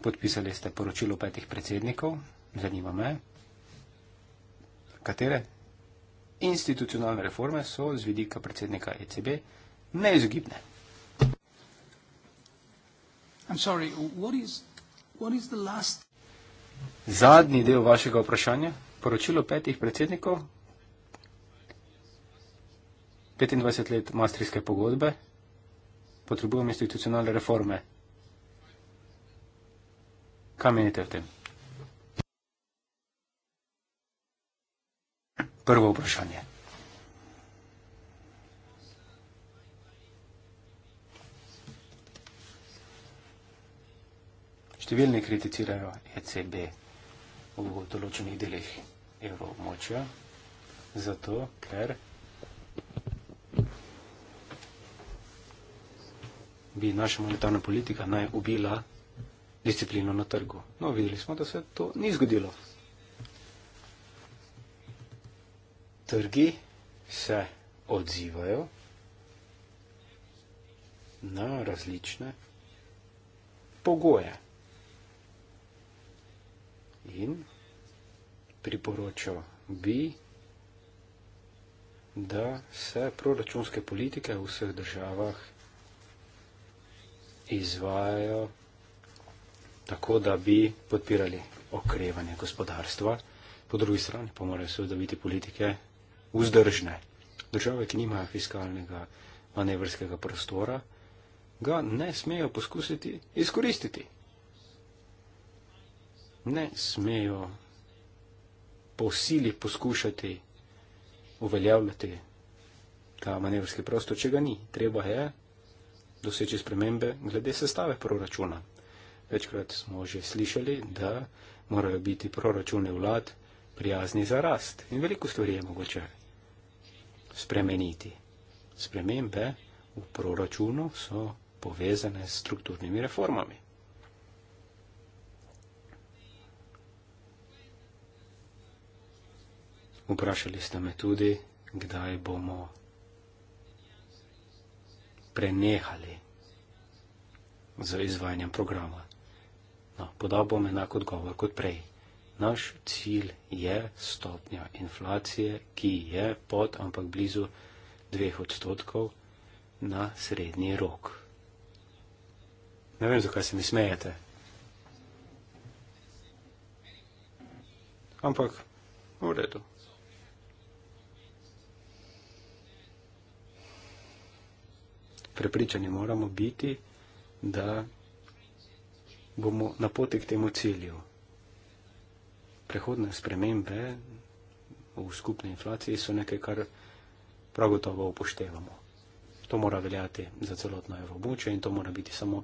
Podpisali ste poročilo petih predsednikov. Zanima me, katere institucionalne reforme so z vidika predsednika ECB neizogibne. Zadnji del vašega vprašanja, poročilo petih predsednikov, 25 let maastrijske pogodbe, potrebujem institucionalne reforme. Kaj menite v tem? prvo vprašanje. Številni kritizirajo ECB v določenih delih evroobmočja, zato ker bi naša monetarna politika naj ubila disciplino na trgu. No, videli smo, da se to ni zgodilo. trgi se odzivajo na različne pogoje in priporočal bi, da se proračunske politike v vseh državah izvajajo tako, da bi podpirali okrevanje gospodarstva, po drugi strani pa morajo seveda biti politike vzdržne. Države, ki nimajo fiskalnega manevrskega prostora, ga ne smejo poskusiti izkoristiti. Ne smejo po sili poskušati uveljavljati ta manevrski prostor, če ga ni. Treba je doseči spremembe glede sestave proračuna. Večkrat smo že slišali, da morajo biti proračune vlad prijazni za rast. In veliko stvari je mogoče spremeniti. Spremembe v proračunu so povezane s strukturnimi reformami. Vprašali ste me tudi, kdaj bomo prenehali z izvajanjem programa. No, podal bom enak odgovor kot prej. Naš cilj je stopnja inflacije, ki je pod, ampak blizu dveh odstotkov na srednji rok. Ne vem, zakaj se mi smejete. Ampak v redu. Prepričani moramo biti, da bomo na poti k temu cilju prehodne spremembe v skupni inflaciji so nekaj, kar prav gotovo upoštevamo. To mora veljati za celotno evobočje in to mora biti samo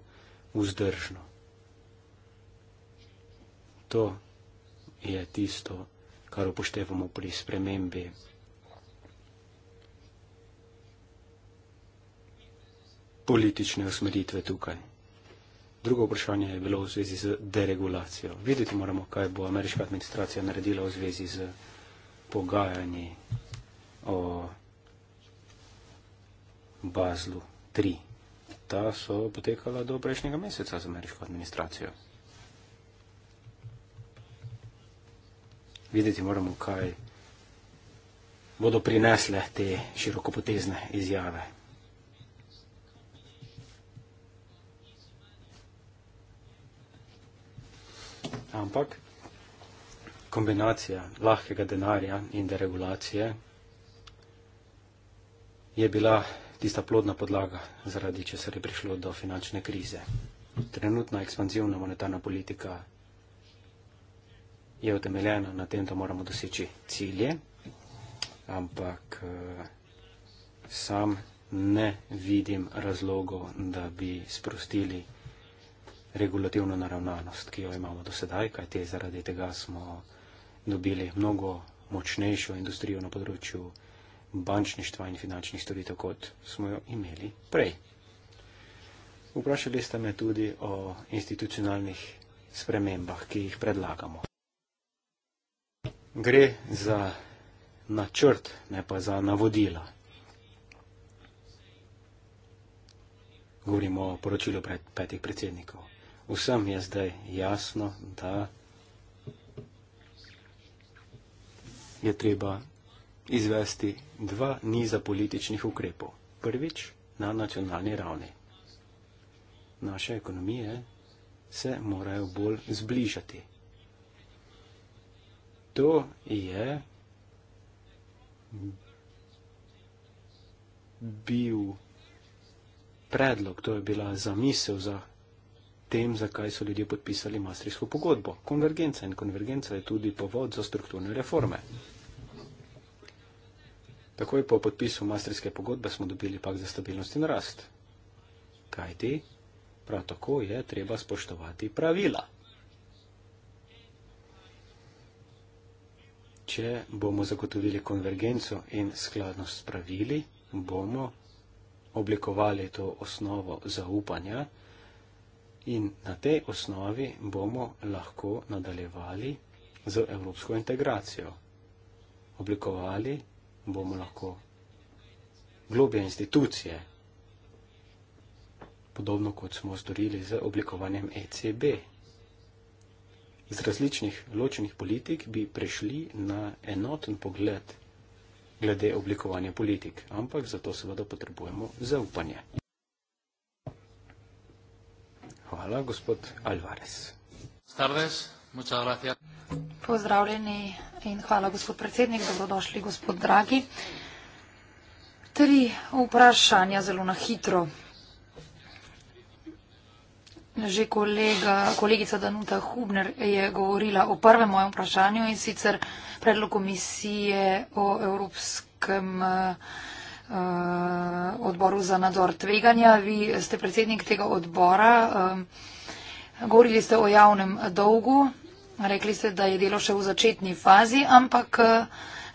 vzdržno. To je tisto, kar upoštevamo pri spremembi politične usmeritve tukaj. Drugo vprašanje je bilo v zvezi z deregulacijo. Videti moramo, kaj bo ameriška administracija naredila v zvezi z pogajanji o Bazlu 3. Ta so potekala do prejšnjega meseca z ameriško administracijo. Videti moramo, kaj bodo prinesle te širokopotezne izjave. ampak kombinacija lahkega denarja in deregulacije je bila tista plodna podlaga, zaradi česar je prišlo do finančne krize. Trenutna ekspanzivna monetarna politika je utemeljena na tem, da moramo doseči cilje, ampak eh, sam ne vidim razlogov, da bi sprostili regulativno naravnanost, ki jo imamo do sedaj, kajte zaradi tega smo dobili mnogo močnejšo industrijo na področju bančništva in finančnih storitev, kot smo jo imeli prej. Vprašali ste me tudi o institucionalnih spremembah, ki jih predlagamo. Gre za načrt, ne pa za navodila. Govorimo o poročilu pred petih predsednikov. Vsem je zdaj jasno, da je treba izvesti dva niza političnih ukrepov. Prvič na nacionalni ravni. Naše ekonomije se morajo bolj zbližati. To je bil predlog, to je bila zamisel za tem, zakaj so ljudje podpisali Maastrichtsko pogodbo. Konvergenca in konvergenca je tudi povod za strukturne reforme. Takoj po podpisu Maastrichtske pogodbe smo dobili pak za stabilnost in rast. Kaj ti? Prav tako je treba spoštovati pravila. Če bomo zagotovili konvergenco in skladnost s pravili, bomo oblikovali to osnovo zaupanja. In na tej osnovi bomo lahko nadaljevali z evropsko integracijo. Oblikovali bomo lahko globje institucije, podobno kot smo storili z oblikovanjem ECB. Z različnih ločenih politik bi prišli na enoten pogled glede oblikovanja politik, ampak za to seveda potrebujemo zaupanje. Hvala, gospod Alvarez. Stardes, muchas gracias. Pozdravljeni in hvala, gospod predsednik, dobrodošli, gospod Dragi. Tri vprašanja zelo na hitro. Že kolega, kolegica Danuta Hubner je govorila o prvem mojem vprašanju in sicer predlog komisije o evropskem uh, Eh, odboru za nadzor tveganja. Vi ste predsednik tega odbora. Govorili ste o javnem dolgu. Rekli ste, da je delo še v začetni fazi, ampak eh,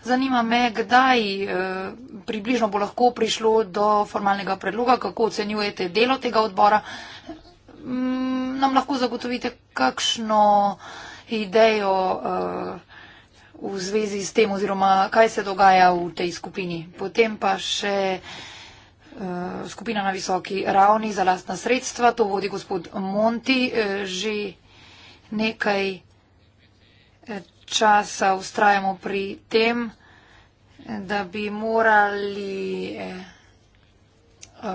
zanima me, kdaj eh, približno bo lahko prišlo do formalnega predloga, kako ocenjujete delo tega odbora. Mm, nam lahko zagotovite kakšno idejo v zvezi s tem oziroma kaj se dogaja v tej skupini. Potem pa še uh, skupina na visoki ravni za lastna sredstva, to vodi gospod Monti uh, že nekaj eh, časa ustrajamo pri tem, da bi morali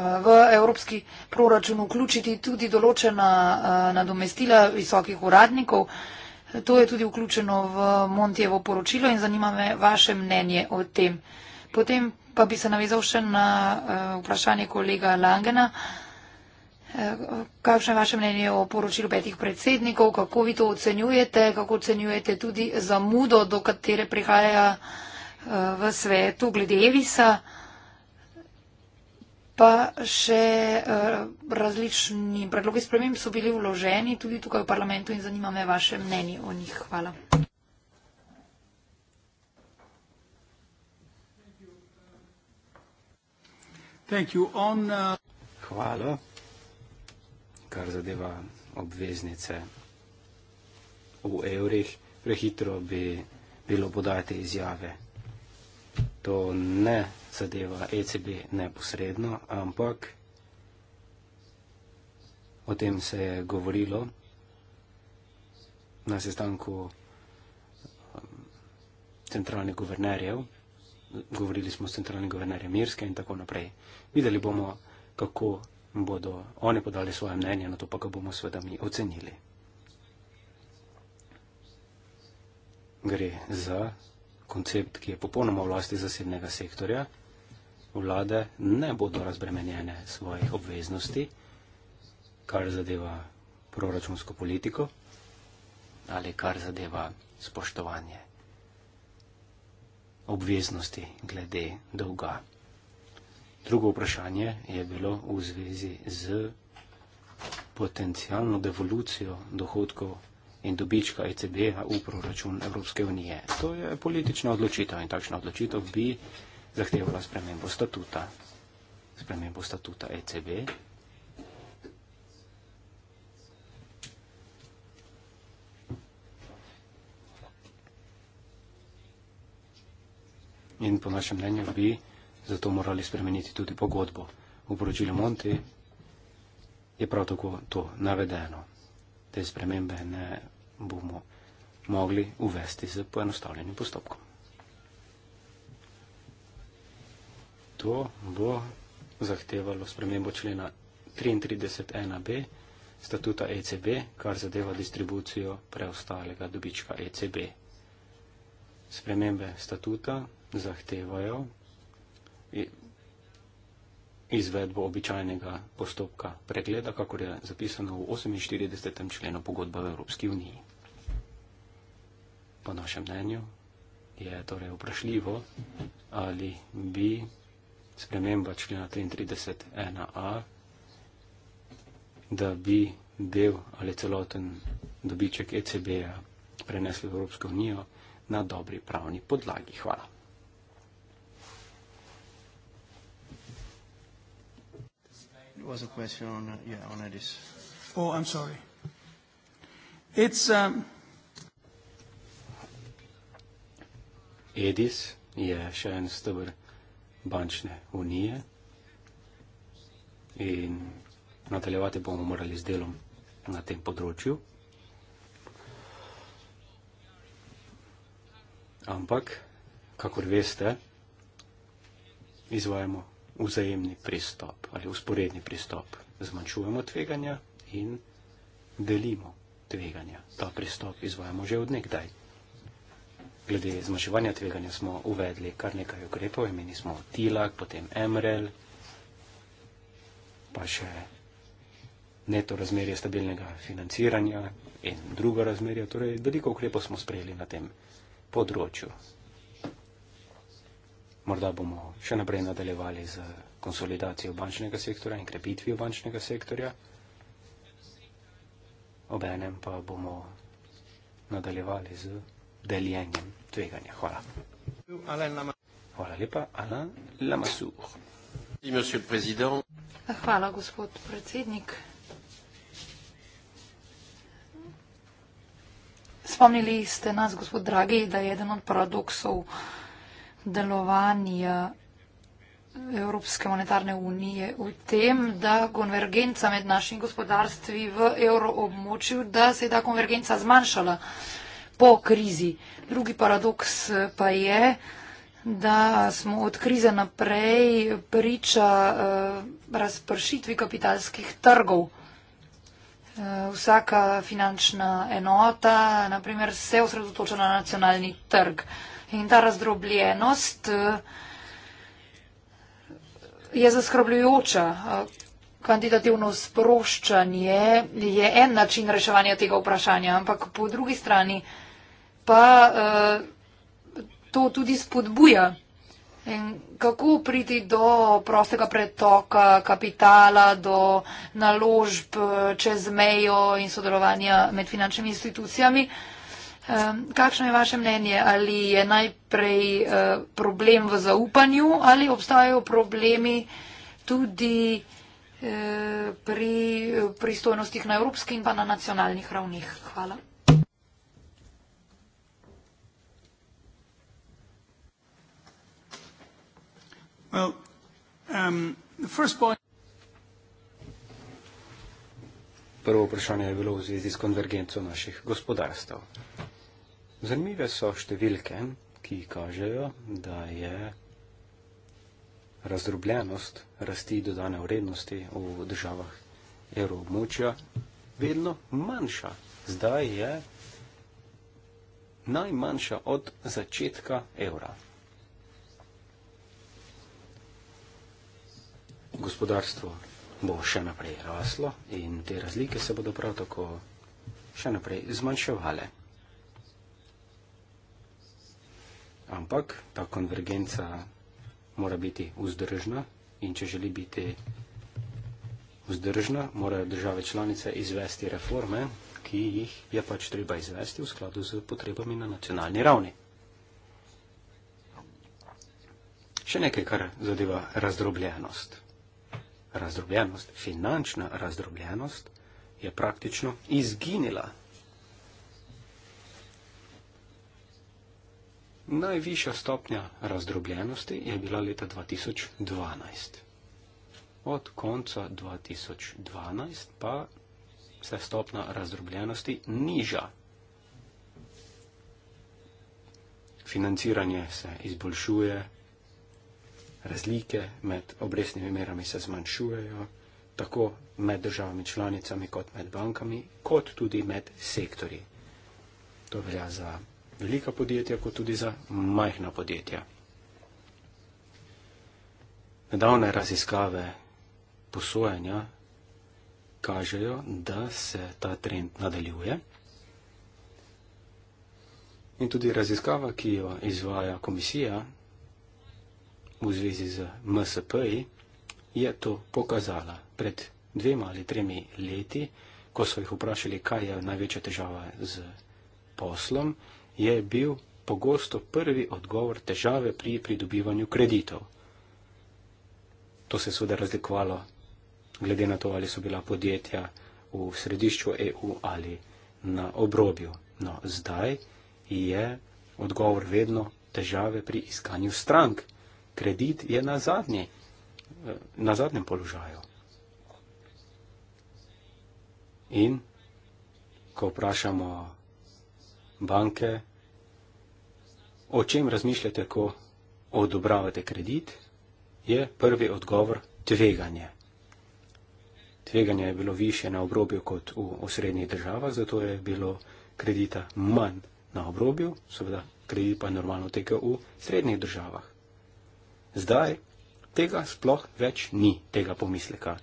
v evropski proračun vključiti tudi določena nadomestila visokih uradnikov. To je tudi vključeno v Montjevo poročilo in zanima me vaše mnenje o tem. Potem pa bi se navezal še na eh, vprašanje kolega Langena. Eh, kakšno je vaše mnenje o poročilu petih predsednikov, kako vi to ocenjujete, kako ocenjujete tudi zamudo, do katere prihaja eh, v svetu glede Evisa? pa še eh, različni predlogi sprememb so bili vloženi tudi tukaj v parlamentu in zanima me vaše mnenje o njih. Hvala. Uh, Hvala, kar zadeva obveznice v evrih. Prehitro bi bilo podati izjave to ne zadeva ECB neposredno, ampak o tem se je govorilo na sestanku um, centralnih guvernerjev. Govorili smo s centralnim guvernerjem Mirske in tako naprej. Videli bomo, kako bodo oni podali svoje mnenje, na to pa ga bomo seveda mi ocenili. Gre za koncept, ki je popolnoma v lasti zasebnega sektorja, vlade ne bodo razbremenjene svojih obveznosti, kar zadeva proračunsko politiko ali kar zadeva spoštovanje obveznosti glede dolga. Drugo vprašanje je bilo v zvezi z potencijalno devolucijo dohodkov in dobička ECB-ja v proračun Evropske unije. To je politična odločitev in takšna odločitev bi zahtevala spremembo statuta, spremembo statuta ECB. In po našem mnenju bi zato morali spremeniti tudi pogodbo. V poročilu Monti je prav tako to navedeno te spremembe ne bomo mogli uvesti z poenostavljenim postopkom. To bo zahtevalo spremembo člena 33.1b statuta ECB, kar zadeva distribucijo preostalega dobička ECB. Spremembe statuta zahtevajo izvedbo običajnega postopka pregleda, kakor je zapisano v 48. členu pogodbe v Evropski uniji. Po našem mnenju je torej vprašljivo, ali bi sprememba člena 33.1a, da bi del ali celoten dobiček ECB-ja prenesli v Evropsko unijo na dobri pravni podlagi. Hvala. was a question on uh, yeah on Edis. Oh, I'm sorry. It's um, Edis je še en stebr bančne unije in nadaljevati bomo morali z delom na tem področju. Ampak, kakor veste, izvajamo vzajemni pristop ali usporedni pristop. Zmanjšujemo tveganja in delimo tveganja. Ta pristop izvajamo že odnegdaj. Glede zmanjševanja tveganja smo uvedli kar nekaj ukrepov, imeli smo TILAK, potem MREL, pa še neto razmerje stabilnega financiranja in druga razmerja. Torej, veliko ukrepov smo sprejeli na tem področju morda bomo še naprej nadaljevali z konsolidacijo bančnega sektorja in krepitvijo bančnega sektorja. Obenem pa bomo nadaljevali z deljenjem tveganja. Hvala. Hvala lepa, Alain Lamassur. Hvala, gospod predsednik. Spomnili ste nas, gospod Dragi, da je eden od paradoksov delovanja Evropske monetarne unije v tem, da konvergenca med našim gospodarstvi v euroobmočju, da se je ta konvergenca zmanjšala po krizi. Drugi paradoks pa je, da smo od krize naprej priča eh, razpršitvi kapitalskih trgov. Eh, vsaka finančna enota, naprimer, se osredotoča na nacionalni trg. In ta razdrobljenost eh, je zaskrbljujoča. Kvantitativno sproščanje je en način reševanja tega vprašanja, ampak po drugi strani pa eh, to tudi spodbuja. In kako priti do prostega pretoka kapitala, do naložb eh, čez mejo in sodelovanja med finančnimi institucijami? Uh, Um, kakšno je vaše mnenje? Ali je najprej uh, problem v zaupanju ali obstajajo problemi tudi uh, pri pristojnostih na evropski in pa na nacionalnih ravnih? Hvala. Well, um, Prvo vprašanje je bilo v zvezi s konvergenco naših gospodarstv. Zanimive so številke, ki kažejo, da je razdrobljenost rasti dodane vrednosti v državah evroobmočja vedno manjša. Zdaj je najmanjša od začetka evra. Gospodarstvo bo še naprej raslo in te razlike se bodo prav tako še naprej zmanjševale. Ampak ta konvergenca mora biti vzdržna in če želi biti vzdržna, morajo države članice izvesti reforme, ki jih je pač treba izvesti v skladu z potrebami na nacionalni ravni. Še nekaj, kar zadeva razdrobljenost. Razdrobljenost, finančna razdrobljenost je praktično izginila Najvišja stopnja razdrobljenosti je bila leta 2012. Od konca 2012 pa se stopnja razdrobljenosti niža. Financiranje se izboljšuje, razlike med obresnimi merami se zmanjšujejo, tako med državami članicami kot med bankami, kot tudi med sektori. To velja za velika podjetja, kot tudi za majhna podjetja. Nedavne raziskave posojanja kažejo, da se ta trend nadaljuje. In tudi raziskava, ki jo izvaja komisija v zvezi z MSP, je to pokazala pred dvema ali tremi leti, ko so jih vprašali, kaj je največja težava z poslom je bil pogosto prvi odgovor težave pri pridobivanju kreditov. To se je seveda razlikovalo glede na to, ali so bila podjetja v središču EU ali na obrobju. No, zdaj je odgovor vedno težave pri iskanju strank. Kredit je na, zadnji, eh, na zadnjem položaju. In ko vprašamo banke, o čem razmišljate, ko odobravate kredit, je prvi odgovor tveganje. Tveganje je bilo više na obrobju kot v osrednjih državah, zato je bilo kredita manj na obrobju, seveda kredit pa je normalno tekel v srednjih državah. Zdaj tega sploh več ni, tega pomisleka.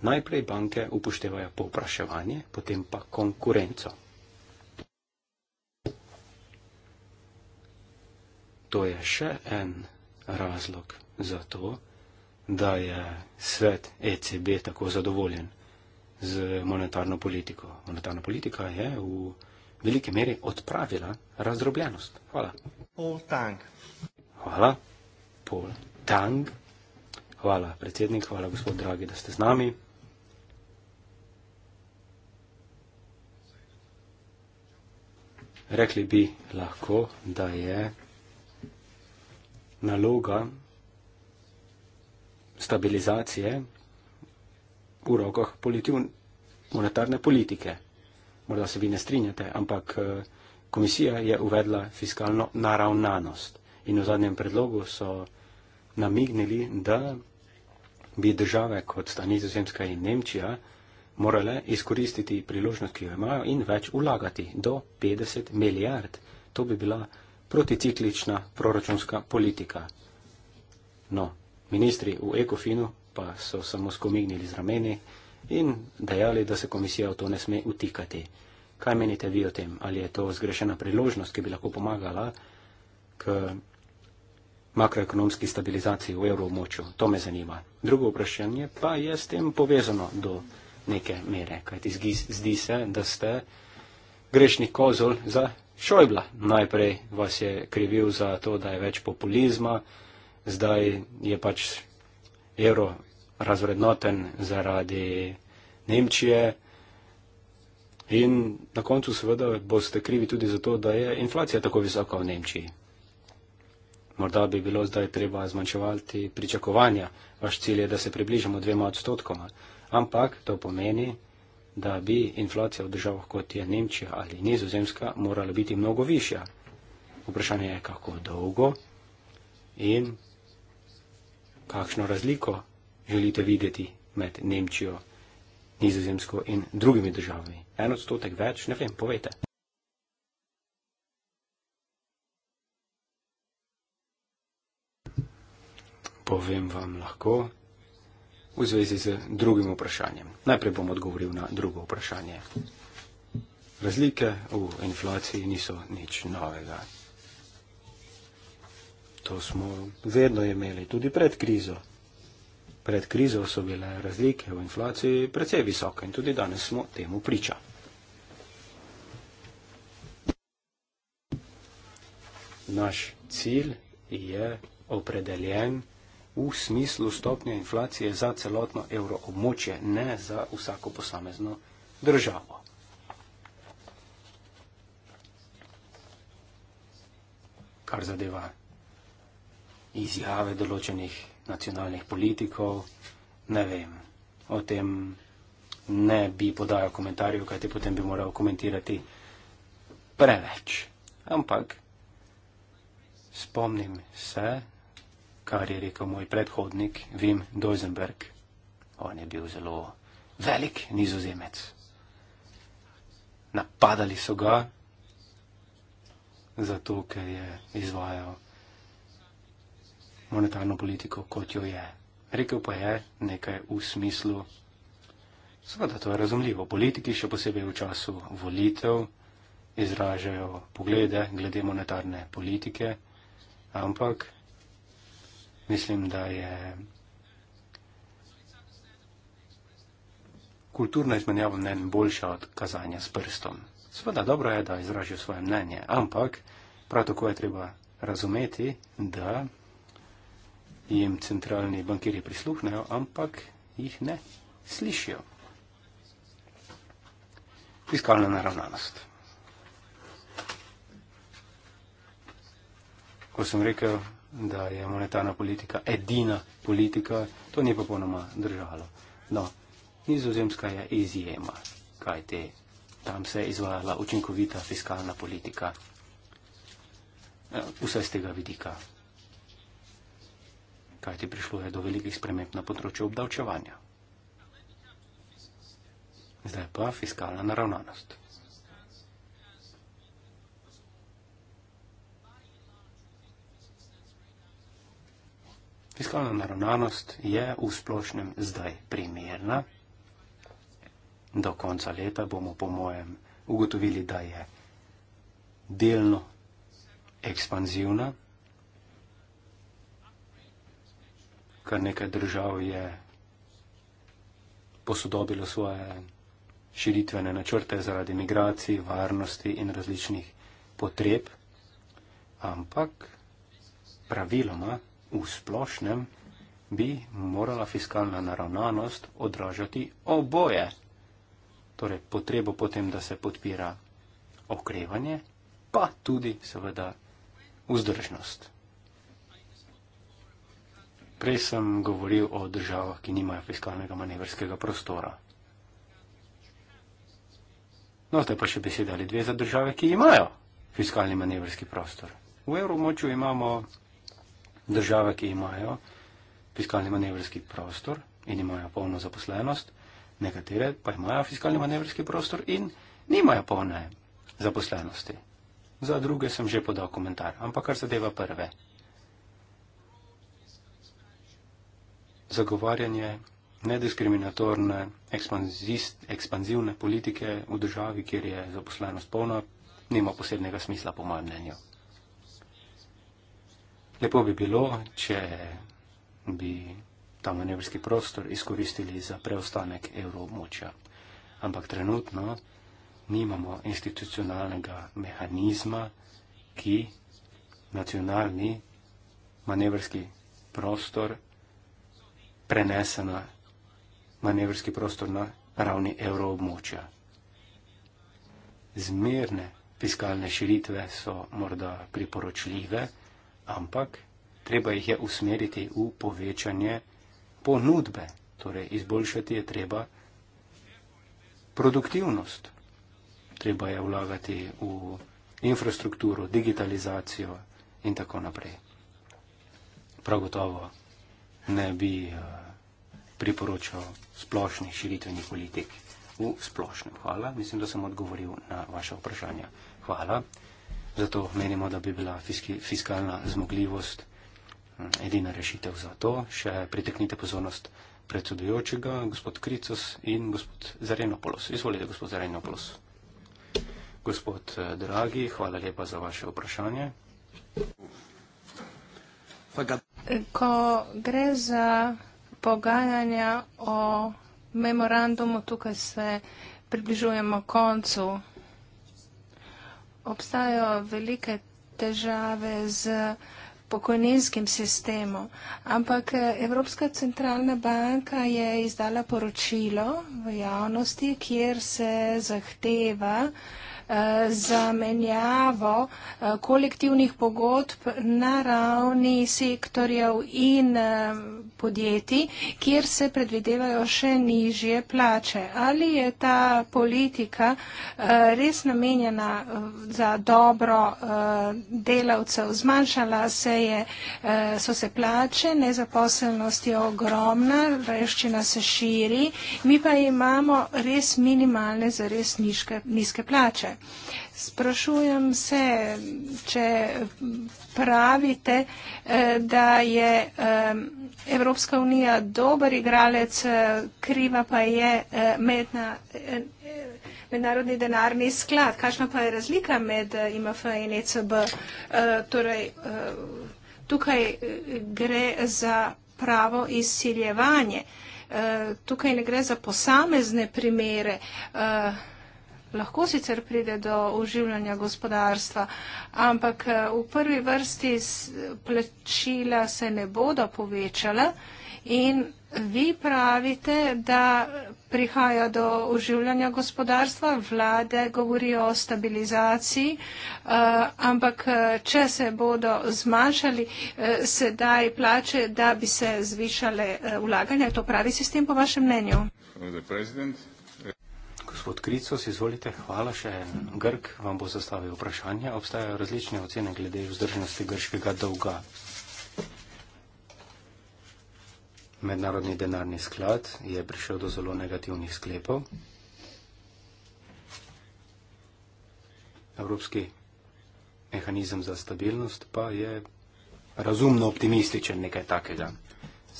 Najprej banke upoštevajo povpraševanje, potem pa konkurenco. to je še en razlog za to, da je svet ECB tako zadovoljen z monetarno politiko. Monetarna politika je v veliki meri odpravila razdrobljenost. Hvala. Pol Tang. Hvala. Pol Tang. Hvala, predsednik. Hvala, gospod Dragi, da ste z nami. Rekli bi lahko, da je naloga stabilizacije v rokah monetarne politike. Morda se vi ne strinjate, ampak eh, komisija je uvedla fiskalno naravnanost in v zadnjem predlogu so namignili, da bi države kot sta Nizozemska in Nemčija morale izkoristiti priložnost, ki jo imajo in več ulagati do 50 milijard. To bi bila proticiklična proračunska politika. No, ministri v Ekofinu pa so samo skomignili z rameni in dejali, da se komisija v to ne sme utikati. Kaj menite vi o tem? Ali je to zgrešena priložnost, ki bi lahko pomagala k makroekonomski stabilizaciji v evroobmočju? To me zanima. Drugo vprašanje pa je s tem povezano do neke mere, kajti zdi se, da ste grešni kozol za Šojbla najprej vas je krivil za to, da je več populizma, zdaj je pač evro razrednoten zaradi Nemčije in na koncu seveda boste krivi tudi za to, da je inflacija tako visoka v Nemčiji. Morda bi bilo zdaj treba zmanjševati pričakovanja. Vaš cilj je, da se približamo dvema odstotkoma. Ampak to pomeni, da bi inflacija v državah kot je Nemčija ali Nizozemska morala biti mnogo višja. Vprašanje je, kako dolgo in kakšno razliko želite videti med Nemčijo, Nizozemsko in drugimi državami. En odstotek več, ne vem, povejte. Povem vam lahko, v zvezi z drugim vprašanjem. Najprej bom odgovoril na drugo vprašanje. Razlike v inflaciji niso nič novega. To smo vedno imeli, tudi pred krizo. Pred krizo so bile razlike v inflaciji precej visoke in tudi danes smo temu priča. Naš cilj je opredeljen v smislu stopnje inflacije za celotno evroobmočje, ne za vsako posamezno državo. Kar zadeva izjave določenih nacionalnih politikov, ne vem, o tem ne bi podajal komentarjev, kajti potem bi moral komentirati preveč. Ampak spomnim se kar je rekel moj predhodnik Wim Doisenberg. On je bil zelo velik nizozemec. Napadali so ga, zato ker je izvajal monetarno politiko, kot jo je. Rekel pa je nekaj v smislu, seveda to je razumljivo, politiki še posebej v času volitev izražajo poglede glede monetarne politike, ampak Mislim, da je kulturna izmenjava mnen boljša od kazanja s prstom. Sveda, dobro je, da izražijo svoje mnenje, ampak prav tako je treba razumeti, da jim centralni bankiri prisluhnejo, ampak jih ne slišijo. Fiskalna naravnanost. Ko sem rekel, da je monetarna politika edina politika, to ni popolnoma držalo. No, nizozemska je izjema, kaj te. Tam se je izvajala učinkovita fiskalna politika. Eh, vse z tega vidika. Kaj ti prišlo je do velikih sprememb na področju obdavčevanja. Zdaj pa fiskalna naravnanost. Fiskalna naravnanost je v splošnem zdaj primerna. Do konca leta bomo po mojem ugotovili, da je delno ekspanzivna. Kar nekaj držav je posodobilo svoje širitvene načrte zaradi migracij, varnosti in različnih potreb, ampak praviloma v splošnem bi morala fiskalna naravnanost odražati oboje. Torej potrebo potem, da se podpira okrevanje, pa tudi seveda vzdržnost. Prej sem govoril o državah, ki nimajo fiskalnega manevrskega prostora. No, zdaj pa še besede ali dve za države, ki imajo fiskalni manevrski prostor. V evromoču imamo države, ki imajo fiskalni manevrski prostor in imajo polno zaposlenost, nekatere pa imajo fiskalni manevrski prostor in nimajo polne zaposlenosti. Za druge sem že podal komentar, ampak kar zadeva prve. Zagovarjanje nediskriminatorne ekspanzivne politike v državi, kjer je zaposlenost polna, nima posebnega smisla, po mojem mnenju. Lepo bi bilo, če bi ta manevrski prostor izkoristili za preostanek evroobmočja. Ampak trenutno nimamo institucionalnega mehanizma, ki nacionalni manevrski prostor prenese na manevrski prostor na ravni evroobmočja. Zmerne fiskalne širitve so morda priporočljive, ampak treba jih je usmeriti v povečanje ponudbe, torej izboljšati je treba produktivnost. Treba je vlagati v infrastrukturo, digitalizacijo in tako naprej. Prav gotovo ne bi eh, priporočal splošnih širitvenih politik v splošnem. Hvala, mislim, da sem odgovoril na vaše vprašanje. Hvala. Zato menimo, da bi bila fiskalna zmogljivost mm, edina rešitev za to. Še priteknite pozornost predsedujočega, gospod Kricos in gospod Zarenopolos. Izvolite, gospod Zarenopolos. Gospod eh, Dragi, hvala lepa za vaše vprašanje. Ko gre za pogajanja o memorandumu, tukaj se približujemo koncu obstajajo velike težave z pokojninskim sistemom. Ampak eh, Evropska centralna banka je izdala poročilo v javnosti, kjer se zahteva, Eh, zamenjavo eh, kolektivnih pogodb na ravni sektorjev in eh, podjetij, kjer se predvidevajo še nižje plače. Ali je ta politika res namenjena za dobro delavcev? Zmanjšala se je, so se plače, nezaposlenost je ogromna, reščina se širi, mi pa imamo res minimalne za res nižke, nizke plače. Sprašujem se, če pravite, eh, da je eh, Evropska unija dober igralec, eh, kriva pa je medna, mednarodni denarni sklad. Kakšna pa je razlika med IMF in ECB? Torej, tukaj gre za pravo izsiljevanje. Tukaj ne gre za posamezne primere lahko sicer pride do oživljanja gospodarstva, ampak eh, v prvi vrsti plačila se ne bodo povečala in vi pravite, da prihaja do oživljanja gospodarstva, vlade govorijo o stabilizaciji, eh, ampak eh, če se bodo zmanjšali sedaj plače, da bi se zvišale vlaganja, to pravi sistem po vašem mnenju. Hvala, predsednik gospod Kricos, izvolite, hvala. Še en Grk vam bo zastavil vprašanje. Obstajajo različne ocene glede vzdržnosti grškega dolga. Mednarodni denarni sklad je prišel do zelo negativnih sklepov. Evropski mehanizem za stabilnost pa je razumno optimističen nekaj takega.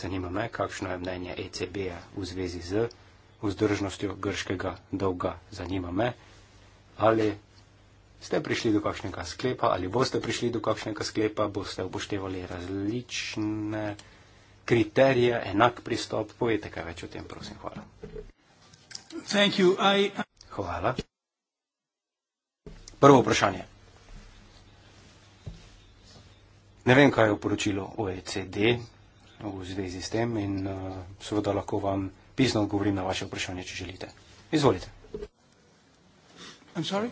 Zanima me, kakšno je mnenje ECB-a v zvezi z vzdržnostjo grškega dolga. Zanima me, ali ste prišli do kakšnega sklepa, ali boste prišli do kakšnega sklepa, boste upoštevali različne kriterije, enak pristop. Povejte kaj več o tem, prosim. Hvala. Hvala. Prvo vprašanje. Ne vem, kaj je v poročilu OECD v zvezi s tem in uh, seveda lahko vam pisno odgovorim na vaše vprašanje, če želite. Izvolite. I'm sorry?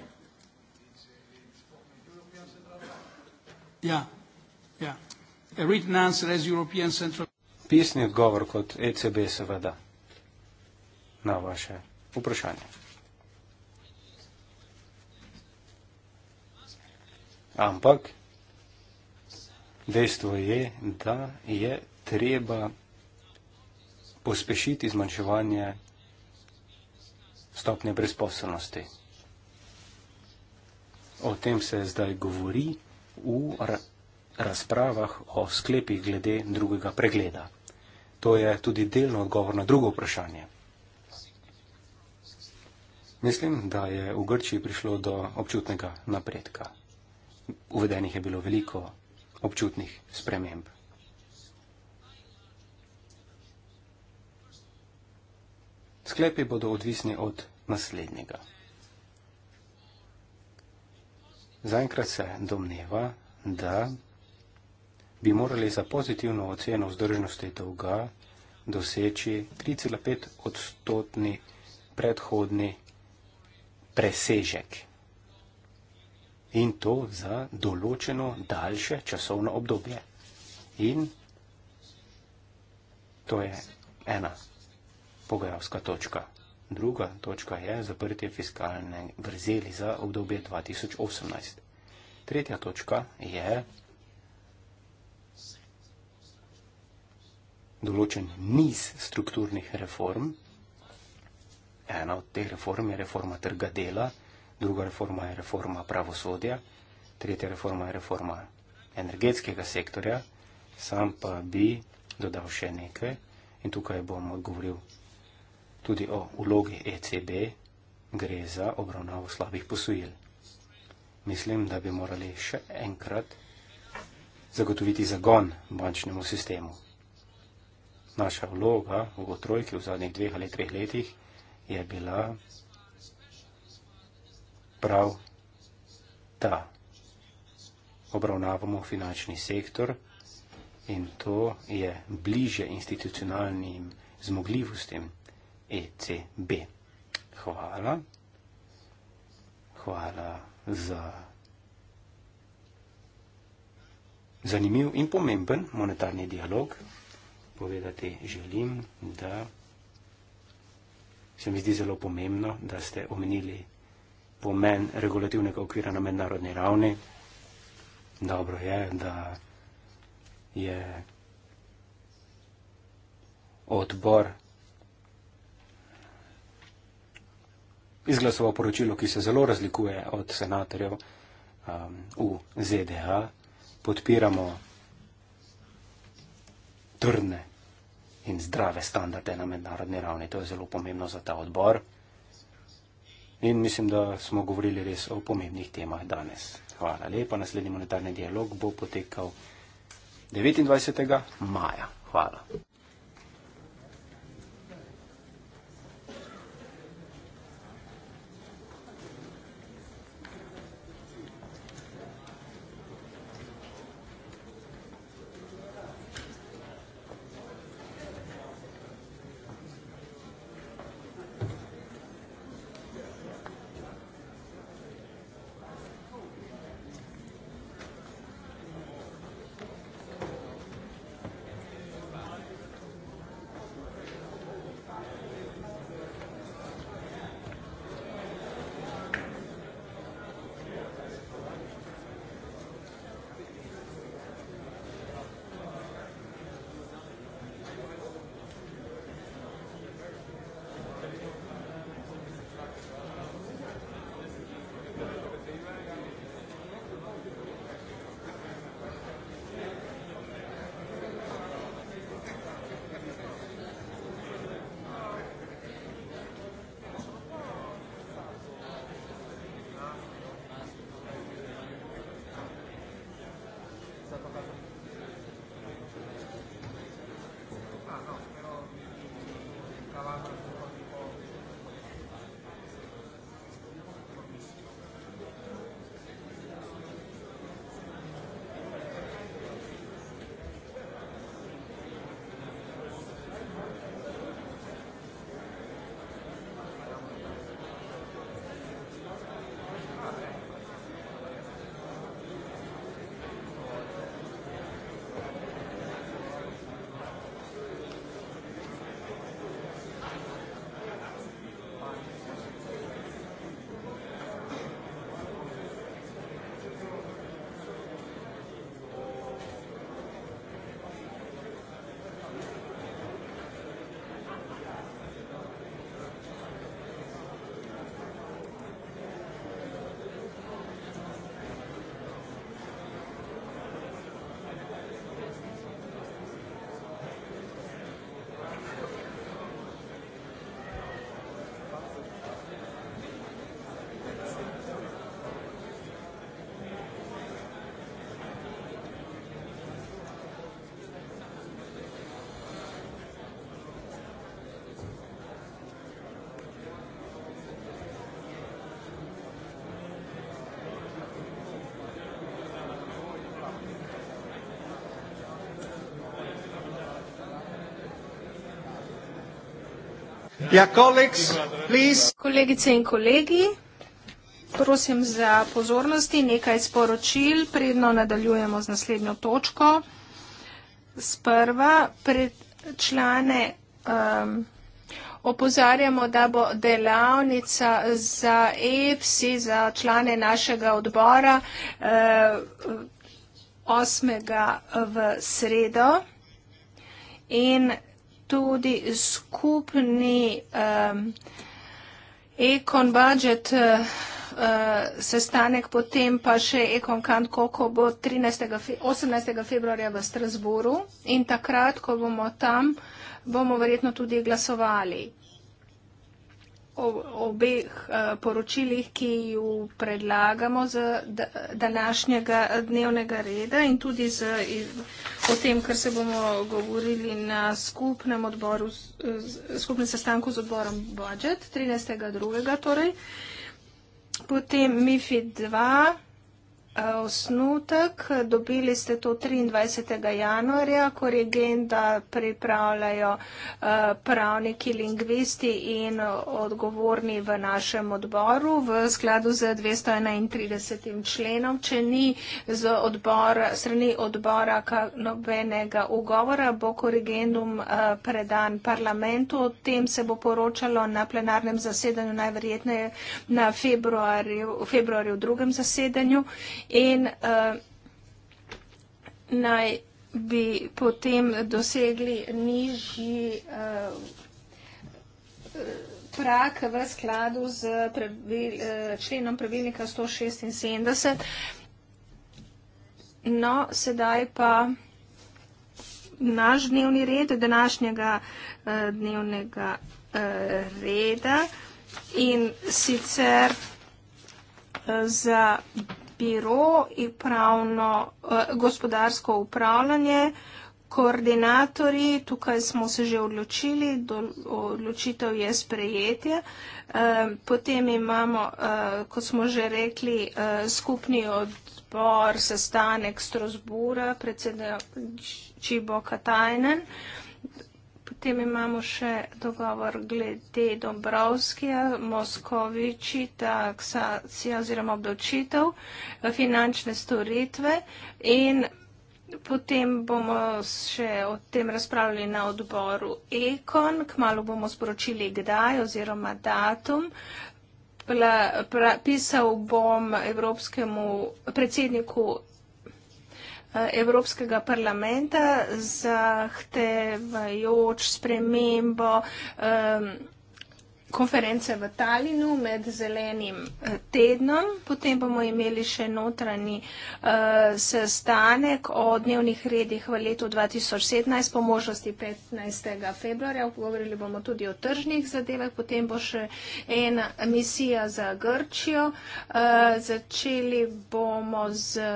Yeah. Yeah. A written answer as European Central... Pisni odgovor kot ECB seveda na vaše vprašanje. Ampak dejstvo je, da je treba pospešiti zmanjševanje stopnje brezposobnosti. O tem se zdaj govori v razpravah o sklepih glede drugega pregleda. To je tudi delno odgovor na drugo vprašanje. Mislim, da je v Grčiji prišlo do občutnega napredka. Uvedenih je bilo veliko občutnih sprememb. Sklepi bodo odvisni od naslednjega. Zaenkrat se domneva, da bi morali za pozitivno oceno vzdržnosti dolga doseči 3,5 odstotni predhodni presežek. In to za določeno daljše časovno obdobje. In to je ena pogajalska točka. Druga točka je zaprtje fiskalne vrzeli za obdobje 2018. Tretja točka je določen niz strukturnih reform. Ena od teh reform je reforma trga dela, druga reforma je reforma pravosodja, tretja reforma je reforma energetskega sektorja, sam pa bi dodal še nekaj in tukaj bom odgovoril tudi o vlogi ECB, gre za obravnavo slabih posojil. Mislim, da bi morali še enkrat zagotoviti zagon bančnemu sistemu. Naša vloga v trojki v zadnjih dveh ali treh letih je bila prav ta. Obravnavamo finančni sektor in to je bliže institucionalnim zmogljivostim ECB. Hvala. Hvala za zanimiv in pomemben monetarni dialog. Povedati želim, da se mi zdi zelo pomembno, da ste omenili pomen regulativnega okvira na mednarodni ravni. Dobro je, da je odbor izglasoval poročilo, ki se zelo razlikuje od senatorjev um, v ZDA. Podpiramo trdne in zdrave standarde na mednarodni ravni. To je zelo pomembno za ta odbor. In mislim, da smo govorili res o pomembnih temah danes. Hvala lepa. Naslednji monetarni dialog bo potekal 29. maja. Hvala. Ja, colleagues, please. Kolegice in kolegi, prosim za pozornosti, nekaj sporočil, predno nadaljujemo z naslednjo točko. Sprva pred člane um, opozarjamo, da bo delavnica za EPSI, za člane našega odbora, uh, 8. v sredo in tudi skupaj skupni um, ekon budžet uh, eh, eh, sestanek, potem pa še ekon kant, koliko bo 13. 18. februarja v Strasburu in takrat, ko bomo tam, bomo verjetno tudi glasovali obeh uh, poročilih, ki ju predlagamo z današnjega eh, dnevnega reda in tudi z, o tem, kar se bomo govorili na skupnem odboru, skupnem sestanku z odborom budget 13.2. Torej. Potem MIFID 2 osnutek. Dobili ste to 23. januarja, ko regenda pripravljajo eh, pravniki, lingvisti in odgovorni v našem odboru v skladu z 231. členom. Če ni z odbor, strani odbora nobenega ugovora, bo korigendum eh, predan parlamentu. O tem se bo poročalo na plenarnem zasedanju, najverjetneje na februarju, februarju v drugem zasedanju in uh, naj bi potem dosegli nižji uh, eh, prak v skladu z pravil, uh, členom pravilnika 176. No, sedaj pa naš dnevni red, današnjega uh, dnevnega uh, reda in sicer uh, za biro in pravno eh, gospodarsko upravljanje. Koordinatori, tukaj smo se že odločili, do, odločitev je sprejetje. E, potem imamo, e, kot smo že rekli, e, skupni odbor, sestanek Strozbura, predsednik Čibo Katajnen. Potem imamo še dogovor glede Dombrovskega, Moskoviči, taksacija oziroma obdočitev, finančne storitve in potem bomo še o tem razpravljali na odboru Ekon, kmalo bomo sporočili kdaj oziroma datum. Pla, pra, pisal bom evropskemu predsedniku Eh, Evropskega parlamenta zahtevajoč spremembo um, konference v Talinu med zelenim eh, tednom, potem bomo imeli še notranji uh, sestanek o dnevnih redih v letu 2017, po možnosti 15. februarja. Govorili bomo tudi o tržnih zadevah, potem bo še ena misija za Grčijo. Uh, začeli bomo z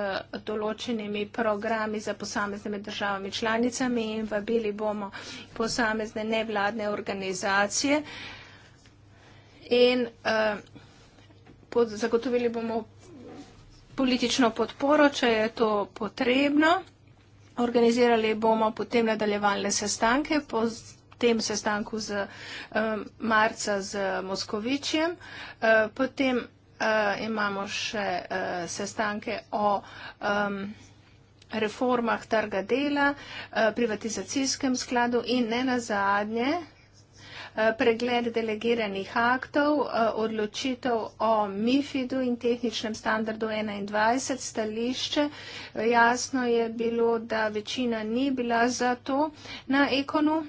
določenimi programi za posameznimi državami članicami in vabili bomo posamezne nevladne organizacije in uh, pod, zagotovili bomo politično podporo, če je to potrebno. Organizirali bomo potem nadaljevalne sestanke po tem sestanku z um, marca z Moskovičem. Uh, potem uh, imamo še uh, sestanke o um, reformah trga dela, uh, privatizacijskem skladu in ne nazadnje Eh, pregled delegiranih aktov, eh, odločitev o MIFIDu in tehničnem standardu 21 stališče. Eh, jasno je bilo, da večina ni bila za to na ekonu.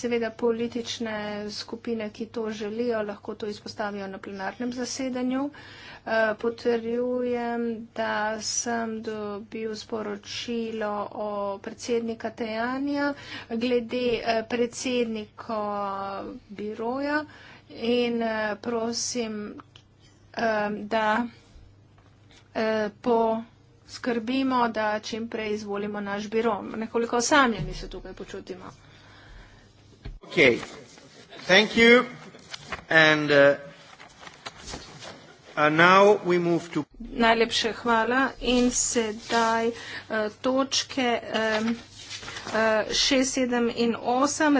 Seveda politične skupine, ki to želijo, lahko to izpostavijo na plenarnem zasedanju. Uh, Eh, potrjujem, da sem dobil sporočilo o predsednika Tejanja glede eh, predsednika biroja in eh, prosim, da po skrbimo, da čim prej izvolimo naš biro. Nekoliko osamljeni se tukaj počutimo. Okay. Thank you. And, uh... Uh, Najlepše hvala in sedaj uh, točke 6, um, 7 uh, in 8,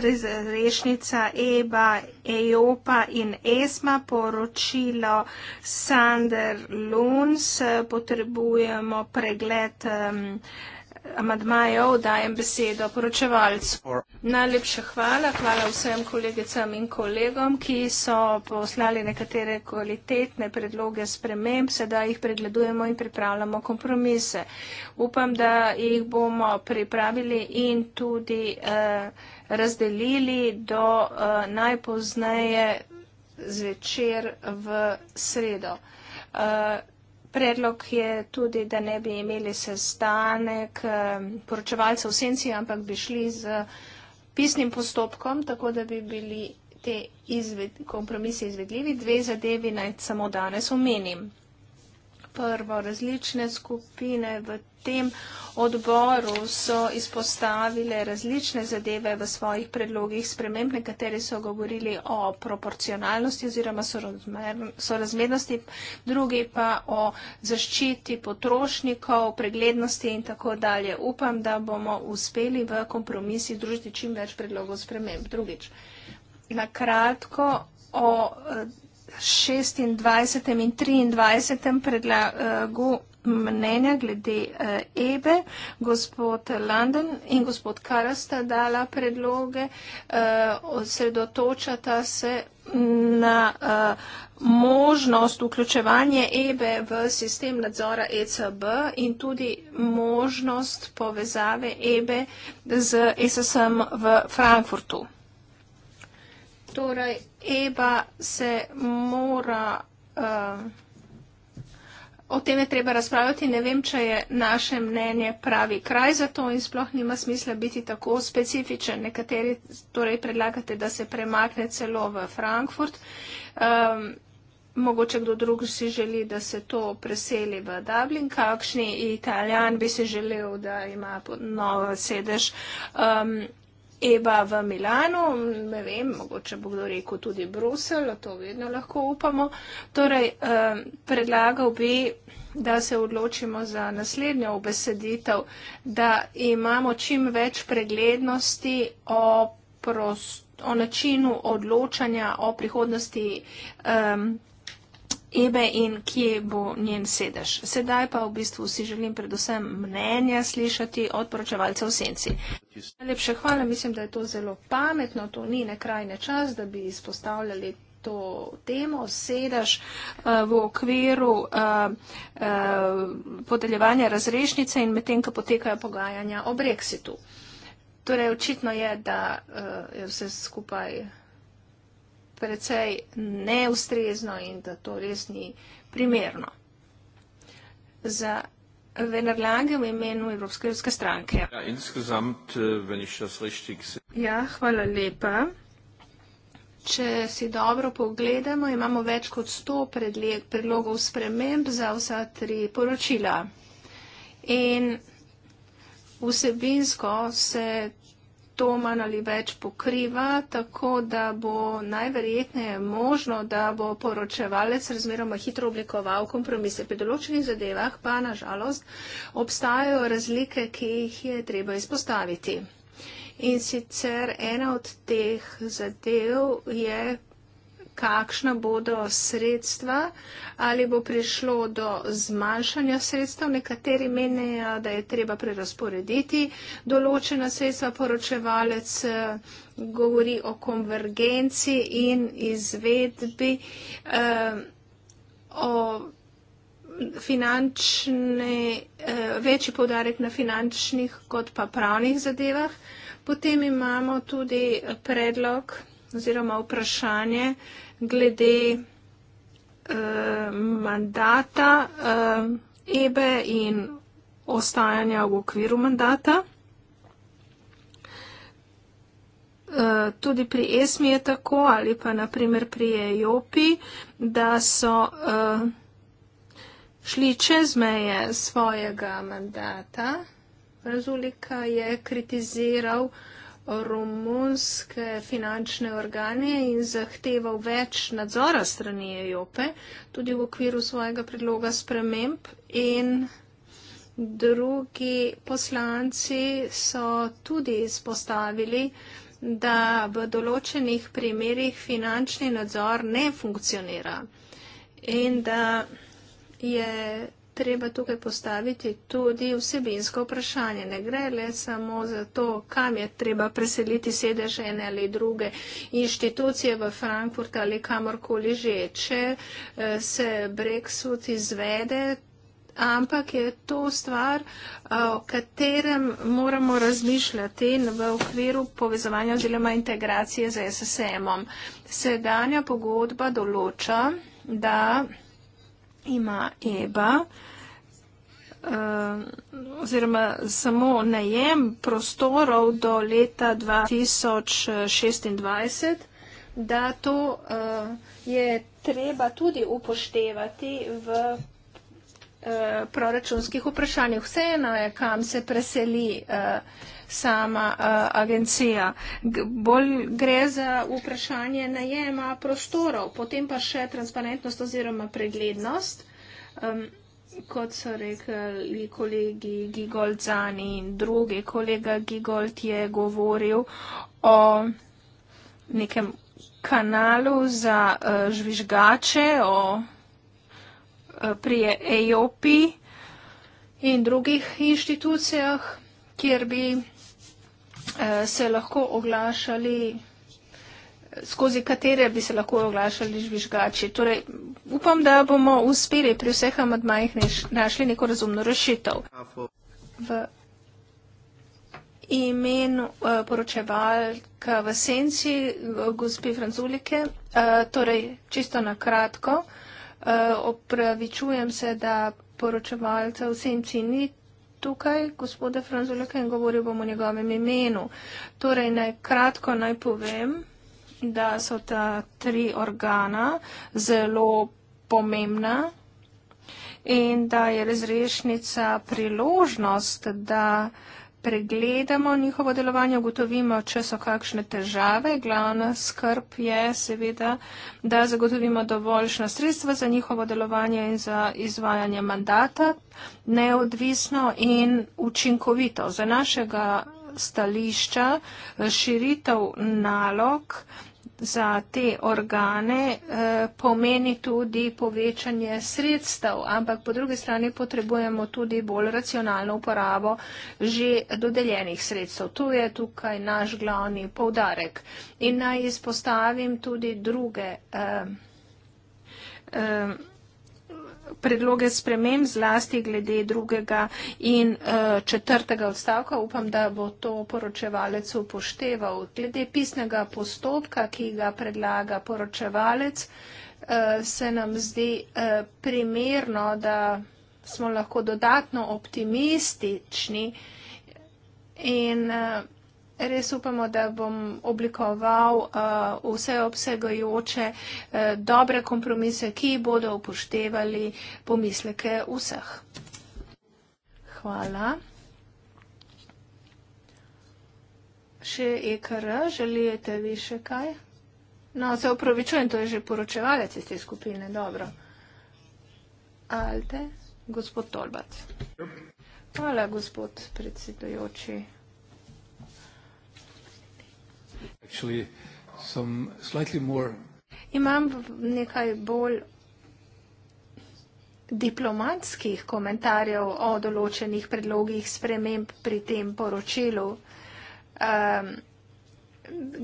rešnica EBA, EOPA in ESMA, poročilo Sander Luns, potrebujemo pregled EOPA. Um, amadmajev dajem besedo poročevalcu. Najlepša hvala, hvala vsem kolegicam in kolegom, ki so poslali nekatere kvalitetne predloge sprememb, sedaj jih pregledujemo in pripravljamo kompromise. Upam, da jih bomo pripravili in tudi eh, razdelili do eh, najpozneje zvečer v sredo. Eh, Predlog je tudi, da ne bi imeli sestanek ehm, poročevalcev v senci, ampak bi šli z pisnim postopkom, tako da bi bili te izved, kompromise izvedljivi. Dve zadevi naj samo danes omenim prvo. Različne skupine v tem odboru so izpostavile različne zadeve v svojih predlogih sprememb, nekateri so govorili o proporcionalnosti oziroma sorazmernosti, drugi pa o zaščiti potrošnikov, preglednosti in tako dalje. Upam, da bomo uspeli v kompromisi združiti čim več predlogov sprememb. Drugič, na kratko o 26. in 23. predlagu mnenja glede eh, EBE, gospod London in gospod Karasta dala predloge, eh, osredotočata se na eh, možnost vključevanja EBE v sistem nadzora ECB in tudi možnost povezave EBE z e SSM v Frankfurtu. Torej, Eba se mora. Uh, o tem je treba razpravljati. Ne vem, če je naše mnenje pravi kraj za to in sploh nima smisla biti tako specifičen. Nekateri torej predlagate, da se premakne celo v Frankfurt. Um, mogoče kdo drug si želi, da se to preseli v Dublin. Kakšni italijan bi si želel, da ima nov sedež. Um, Eba v Milano, ne vem, mogoče bo kdo rekel tudi Brusel, to vedno lahko upamo. Torej, eh, predlagal bi, da se odločimo za naslednjo obeseditev, da imamo čim več preglednosti o, prost, o načinu odločanja o prihodnosti. Eh, Ebe in kje bo njen sedež. Sedaj pa v bistvu si želim predvsem mnenja slišati od poročevalcev Senci. Najlepše hvala, mislim, da je to zelo pametno, to ni nekrajne čas, da bi izpostavljali to temo, sedaš uh, eh, v okviru uh, uh, podeljevanja razrešnice in medtem, ko potekajo pogajanja o Brexitu. Torej, očitno je, da uh, je vse skupaj precej neustrezno in da to res ni primerno. Za Venerlage v imenu Evropske ljudske stranke. Ja, eh, ja, hvala lepa. Če si dobro pogledamo, imamo več kot 100 predlogov sprememb za vsa tri poročila. In vsebinsko se to manj ali več pokriva, tako da bo najverjetneje možno, da bo poročevalec razmeroma hitro oblikoval kompromise. Pri določenih zadevah pa nažalost obstajajo razlike, ki jih je treba izpostaviti. In sicer ena od teh zadev je kakšna bodo sredstva, ali bo prišlo do zmanjšanja sredstev. Nekateri menijo, da je treba prerasporediti določena sredstva. Poročevalec eh, govori o konvergenci in izvedbi, eh, o finančni, eh, večji podarek na finančnih kot pa pravnih zadevah. Potem imamo tudi predlog, oziroma vprašanje glede uh, mandata uh, Ebe in ostajanja v okviru mandata. Eh, tudi pri Esmi je tako, ali pa naprimer pri Ejopi, da so uh, šli čez meje svojega mandata. Razulika je kritiziral uh, romunske finančne organe in zahteval več nadzora strani Ejope, tudi v okviru svojega predloga sprememb. In drugi poslanci so tudi izpostavili, da v določenih primerjih finančni nadzor ne funkcionira in da je treba tukaj postaviti tudi vsebinsko vprašanje. Ne gre le samo za to, kam je treba preseliti sedež ene ali druge inštitucije v Frankfurt ali kamorkoli že, če eh, se Brexit izvede. Ampak je to stvar, eh, o katerem moramo razmišljati in v okviru povezovanja oziroma integracije z SSM-om. Sedanja pogodba določa, da ima Eba, eh, oziroma samo najem prostorov do leta 2026, da to eh, je treba tudi upoštevati v eh, proračunskih vprašanjih. Vseeno je, kam se preseli uh, sama uh, agencija. G bolj gre za vprašanje najema prostorov, potem pa še transparentnost oziroma preglednost. Um, kot so rekli kolegi Gigoldzani in drugi, kolega Gigold je govoril o nekem kanalu za uh, žvižgače, o eh, pri Ejopi e in drugih inštitucijah, kjer bi Eh, se lahko oglašali, eh, skozi katere bi se lahko oglašali žvižgači. Torej, upam, da bomo uspeli pri vseh amadmajih našli neko razumno rešitev. V imenu eh, poročevalka v senci gospi Franzulike, torej čisto na kratko, opravičujem se, da poročevalca v senci ni tukaj, gospode Franzuljaka, in govoril bom o njegovem imenu. Torej, naj kratko naj povem, da so ta tri organa zelo pomembna in da je razrešnica priložnost, da uh, pregledamo njihovo delovanje, ugotovimo, če so kakšne težave. Glavna skrb je seveda, da zagotovimo dovoljšna sredstva za njihovo delovanje in za izvajanje mandata neodvisno in učinkovito. Za našega stališča širitev nalog za te organe eh, pomeni tudi povečanje sredstev, ampak po drugi strani potrebujemo tudi bolj racionalno uporabo že dodeljenih sredstev. To je tukaj naš glavni povdarek. In naj izpostavim tudi druge. Um, um, predloge spremem zlasti glede drugega in uh, četrtega odstavka. Upam, da bo to poročevalec upošteval. Glede pisnega postopka, ki ga predlaga poročevalec, uh, se nam zdi uh, primerno, da smo lahko dodatno optimistični in uh, res upamo, da bom oblikoval uh, vseobsegajoče uh, dobre kompromise, ki bodo upoštevali pomisleke vseh. Hvala. Še EKR, želite vi še kaj? No, se opravičujem, to je že poročevalec iz te skupine. Dobro. Alte, gospod Tolbac. Hvala, gospod predsedujoči. actually some slightly more imam nekaj bolj diplomatskih komentarjev o določenih predlogih sprememb pri tem poročilu. Um,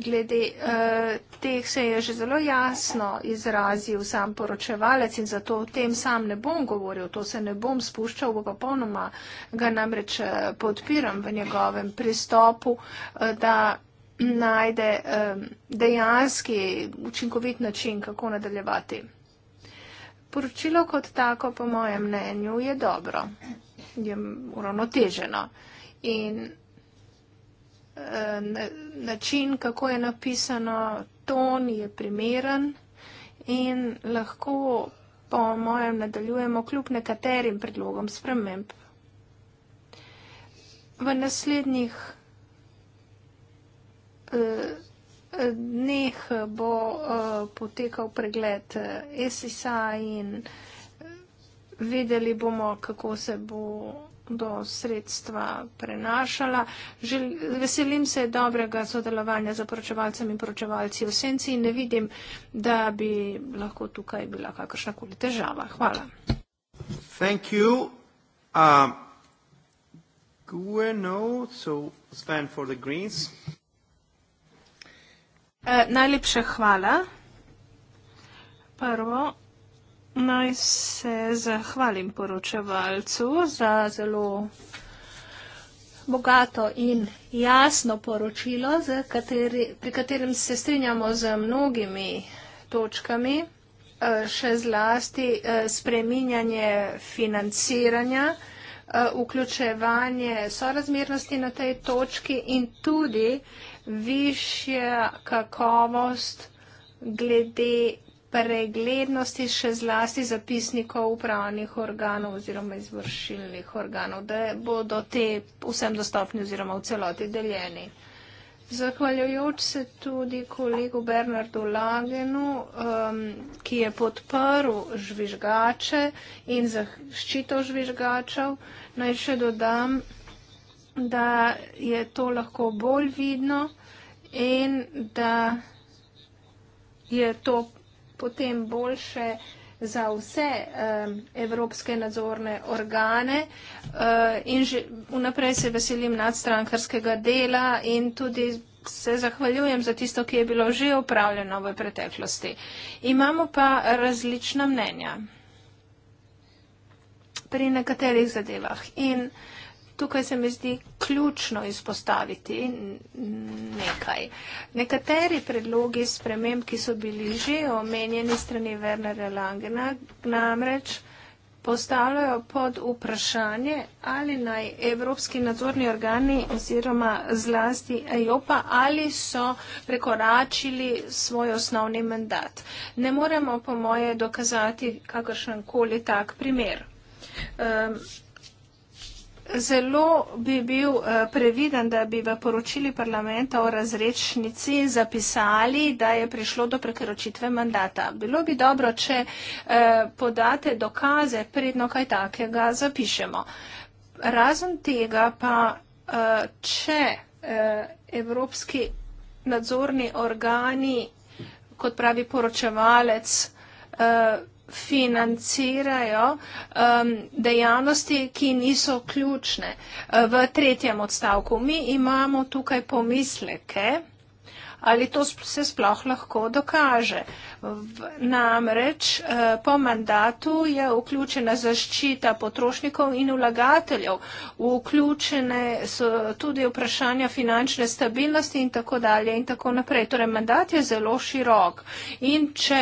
glede uh, teh se je že zelo jasno izrazil sam poročevalec in zato o tem sam ne bom govoril, to se ne bom spuščal, bo pa ponoma ga namreč e, podpiram v njegovem pristopu, uh, da najde um, dejanski učinkovit način, kako nadaljevati. Poročilo kot tako, po mojem mnenju, je dobro, je uravnoteženo in um, način, kako je napisano, ton je primeren in lahko, po mojem, nadaljujemo kljub nekaterim predlogom sprememb. V naslednjih dneh bo eh, potekal pregled eh, SSA in eh, vedeli bomo, kako se bo do sredstva prenašala. Žel, veselim se dobrega sodelovanja z poročevalcem in poročevalci v senci in ne vidim, da bi lahko tukaj bila kakršnakoli težava. Hvala. Thank you. Uh, um, Gueno, so stand for the Greens. Eh, najlepša hvala. Prvo, naj se zahvalim poročevalcu za zelo bogato in jasno poročilo, kateri, pri katerem se strinjamo z mnogimi točkami, eh, še zlasti eh, spreminjanje financiranja, vključevanje sorazmernosti na tej točki in tudi uh, višja kakovost glede preglednosti še zlasti zapisnikov upravnih organov oziroma izvršilnih organov, da bodo te vsem dostopni oziroma v celoti deljeni. Zahvaljujoč se tudi kolegu Bernardu Lagenu, um, ki je podprl žvižgače in zaščito žvižgačev, naj še dodam, da je to lahko bolj vidno in da je to potem boljše za vse um, evropske nadzorne organe uh, in že vnaprej se veselim nadstrankarskega dela in tudi se zahvaljujem za tisto, ki je bilo že upravljeno v preteklosti. Imamo pa različna mnenja pri nekaterih zadevah in uh, tukaj se mi zdi ključno izpostaviti nekaj. Nekateri predlogi sprememb, ki so bili že omenjeni strani Wernera Langena, namreč postavljajo pod vprašanje, ali naj evropski nadzorni organi oziroma zlasti EIOPA ali so prekoračili svoj osnovni mandat. Ne moremo, po moje, dokazati kakršen koli tak primer. Um, zelo bi bil eh, previden, da bi v poročili parlamenta o razrečnici zapisali, da je prišlo do prekročitve mandata. Bilo bi dobro, če eh, podate dokaze, predno kaj takega zapišemo. Razen tega pa, eh, če evropski nadzorni organi, kot pravi poročevalec, financirajo um, dejavnosti, ki niso ključne. Uh, v tretjem odstavku mi imamo tukaj pomisleke ali to se sploh lahko dokaže. Namreč eh, po mandatu je vključena zaščita potrošnikov in vlagateljev, vključene so tudi vprašanja finančne stabilnosti in tako dalje in tako naprej. Torej, mandat je zelo širok in če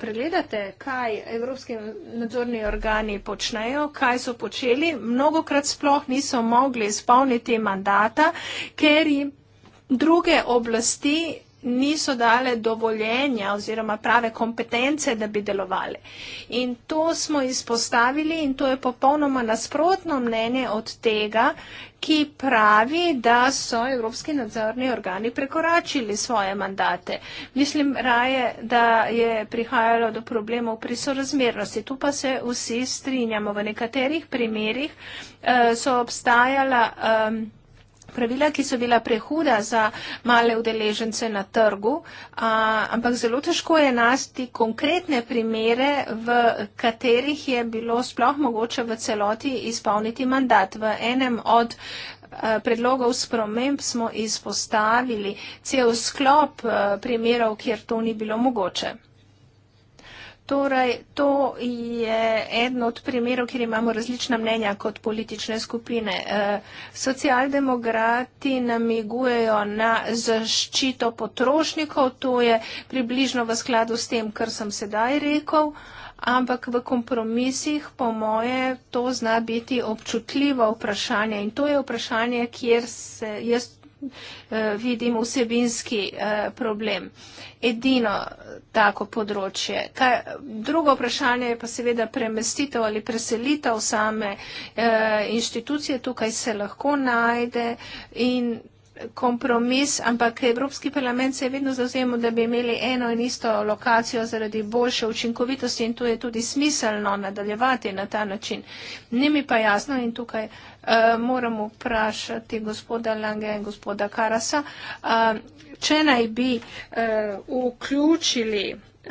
pregledate, kaj evropski nadzorni organi počnejo, kaj so počeli, mnogokrat sploh niso mogli izpolniti mandata, ker jim druge oblasti niso dale dovoljenja oziroma prave kompetence, da bi delovali. In to smo izpostavili in to je popolnoma nasprotno mnenje od tega, ki pravi, da so evropski nadzorni organi prekoračili svoje mandate. Mislim raje, da je prihajalo do problemov pri sorazmernosti. Tu pa se vsi strinjamo. V nekaterih primerjih uh, eh, so obstajala. Um, pravila, ki so bila prehuda za male udeležence na trgu, a, ampak zelo težko je nasti konkretne primere, v katerih je bilo sploh mogoče v celoti izpolniti mandat. V enem od predlogov sprememb smo izpostavili cel sklop primerov, kjer to ni bilo mogoče. Torej, to je eden od primerov, kjer imamo različna mnenja kot politične skupine. E, socialdemokrati namigujejo na zaščito potrošnikov, to je približno v skladu s tem, kar sem sedaj rekel, ampak v kompromisih, po moje, to zna biti občutljivo vprašanje in to je vprašanje, kjer se jaz e, vidim vsebinski e, problem. Edino, tako področje. Kaj, drugo vprašanje je pa seveda premestitev ali preselitev same e, inštitucije, tukaj se lahko najde in kompromis, ampak Evropski parlament se je vedno zauzemal, da bi imeli eno in isto lokacijo zaradi boljše učinkovitosti in to je tudi smiselno nadaljevati na ta način. Ni mi pa jasno in tukaj uh, moramo vprašati gospoda Lange in gospoda Karasa, uh, če naj bi uh, vključili uh,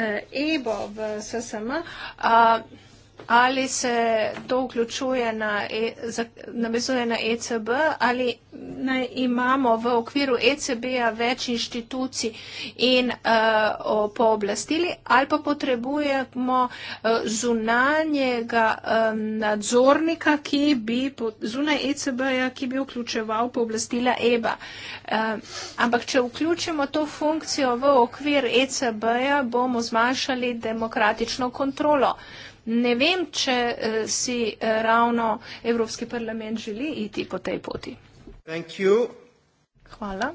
EBO v SSM. Uh, ali se to vključuje na, e, navezuje na ECB, ali naj imamo v okviru ECB-a več inštitucij in uh, pooblastili, ali pa potrebujemo uh, zunanjega uh, nadzornika, ki bi zunaj ECB-a, ki bi vključeval pooblastila EBA. Uh, ampak če vključimo to funkcijo v okvir ECB-a, bomo zmanjšali demokratično kontrolo. Ne vem, če uh, si uh, ravno Evropski parlament želi iti po tej poti. Hvala.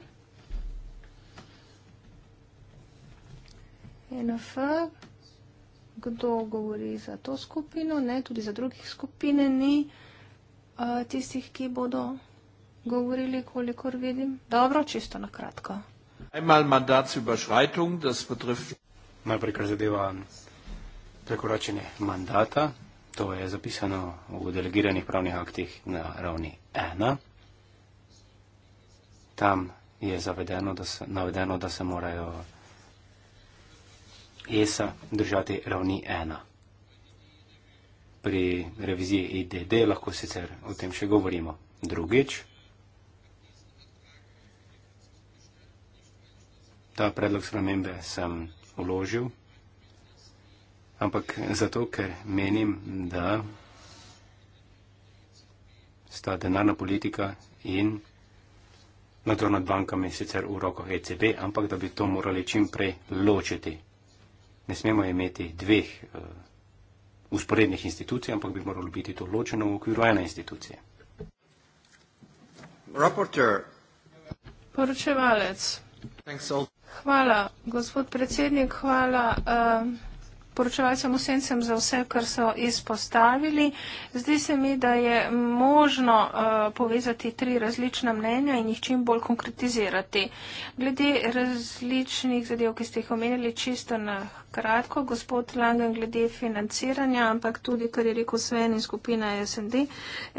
NF, kdo govori za to skupino? Ne, tudi za drugih skupine ni uh, tistih, ki bodo govorili, kolikor vidim. Dobro, čisto na kratko. Najprej, kar zadeva prekoračenje mandata. To je zapisano v delegiranih pravnih aktih na ravni 1. Tam je zavedeno, da se, navedeno, da se morajo ESA držati ravni 1. Pri reviziji IDD lahko sicer o tem še govorimo drugič. Ta predlog spremembe sem uložil ampak zato, ker menim, da sta denarna politika in nadzor nad bankami sicer v rokah ECB, ampak da bi to morali čim prej ločiti. Ne smemo imeti dveh uh, eh, usporednih institucij, ampak bi moralo biti to ločeno v okviru ene institucije. Reporter. Poročevalec. Hvala, gospod predsednik, hvala. Uh, poročevalcem vsencem za vse, kar so izpostavili. Zdi se mi, da je možno uh, povezati tri različna mnenja in jih čim bolj konkretizirati. Glede različnih zadev, ki ste jih omenili, čisto na kratko, gospod Langen, glede financiranja, ampak tudi, kar je rekel Sven in skupina SND,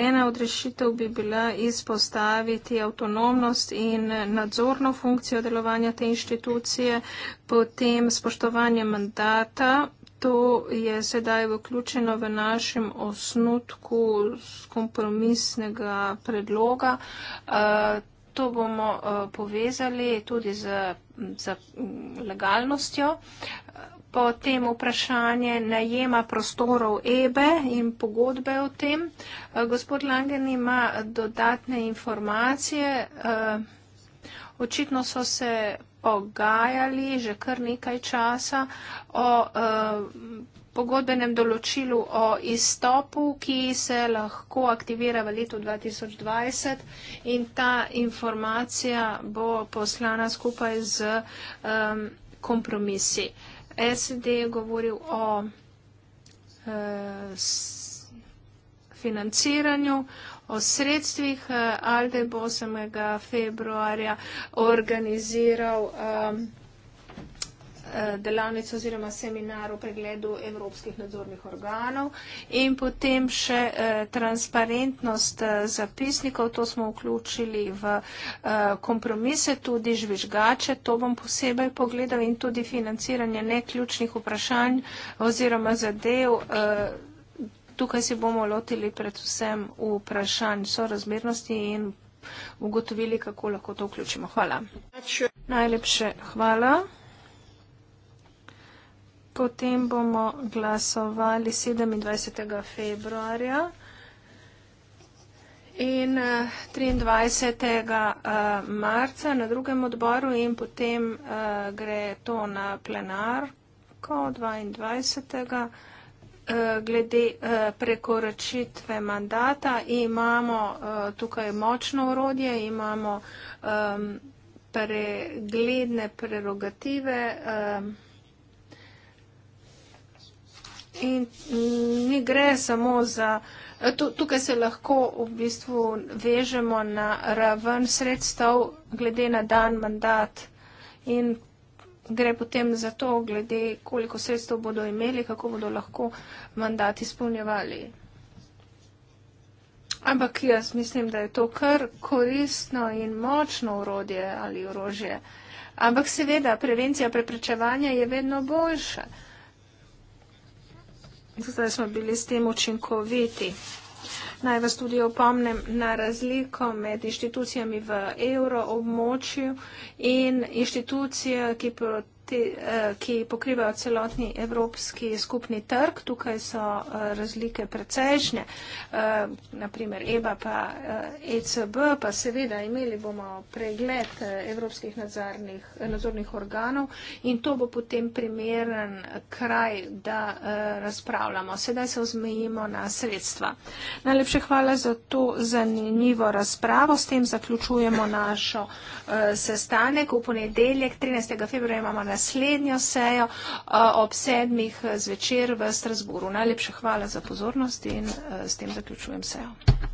ena od rešitev bi bila izpostaviti avtonomnost in nadzorno funkcijo delovanja te inštitucije, potem spoštovanje mandata To je sedaj vključeno v našem osnutku kompromisnega predloga. Eh, to bomo eh, povezali tudi z, z mm, legalnostjo. Potem vprašanje najema prostorov EBE in pogodbe o tem. Eh, gospod Langen ima dodatne informacije. Očitno so se pogajali že kar nekaj časa o eh, pogodbenem določilu o izstopu, ki se lahko aktivira v letu 2020 in ta informacija bo poslana skupaj z um, kompromisi. SD je govoril o uh, financiranju, uh, o sredstvih. Eh, Alde bo 8. februarja organiziral um, delavnico oziroma seminar o pregledu evropskih nadzornih organov in potem še eh, transparentnost zapisnikov, to smo vključili v kompromise, tudi žvižgače, to bom posebej pogledal in tudi financiranje neključnih vprašanj oziroma zadev Tukaj se bomo lotili predvsem vprašanj sorazmernosti in ugotovili, kako lahko to vključimo. Hvala. Najlepše hvala. Potem bomo glasovali 27. februarja in 23. Eh, eh, marca na drugem odboru in potem eh, gre to na plenarko 22. Eh, glede eh, prekoračitve mandata imamo eh, tukaj močno urodje, imamo ehm, pregledne prerogative ehm, in ne gre samo za. Tukaj se lahko v bistvu vežemo na raven sredstev glede na dan mandat in gre potem za to, glede koliko sredstev bodo imeli, kako bodo lahko mandat izpolnjevali. Ampak jaz mislim, da je to kar koristno in močno urodje ali orožje. Ampak seveda, prevencija preprečevanja je vedno boljša. Zdaj smo bili s tem učinkoviti. Naj vas tudi opomnem na razliko med inštitucijami v evroobmočju in inštitucijami, ki proti produkti, eh, ki pokrivajo celotni evropski skupni trg. Tukaj so eh, razlike precejšnje. Eh, Naprimer EBA pa ECB, e pa seveda imeli bomo pregled evropskih nadzornih, nadzornih organov in to bo potem primeren kraj, da razpravljamo. Sedaj se ozmejimo na sredstva. Najlepše hvala za to zanimivo razpravo. S tem zaključujemo našo sestanek. V ponedeljek 13. februarja imamo na naslednjo sejo ob sedmih zvečer v Strasburu. Najlepša hvala za pozornost in s tem zaključujem sejo.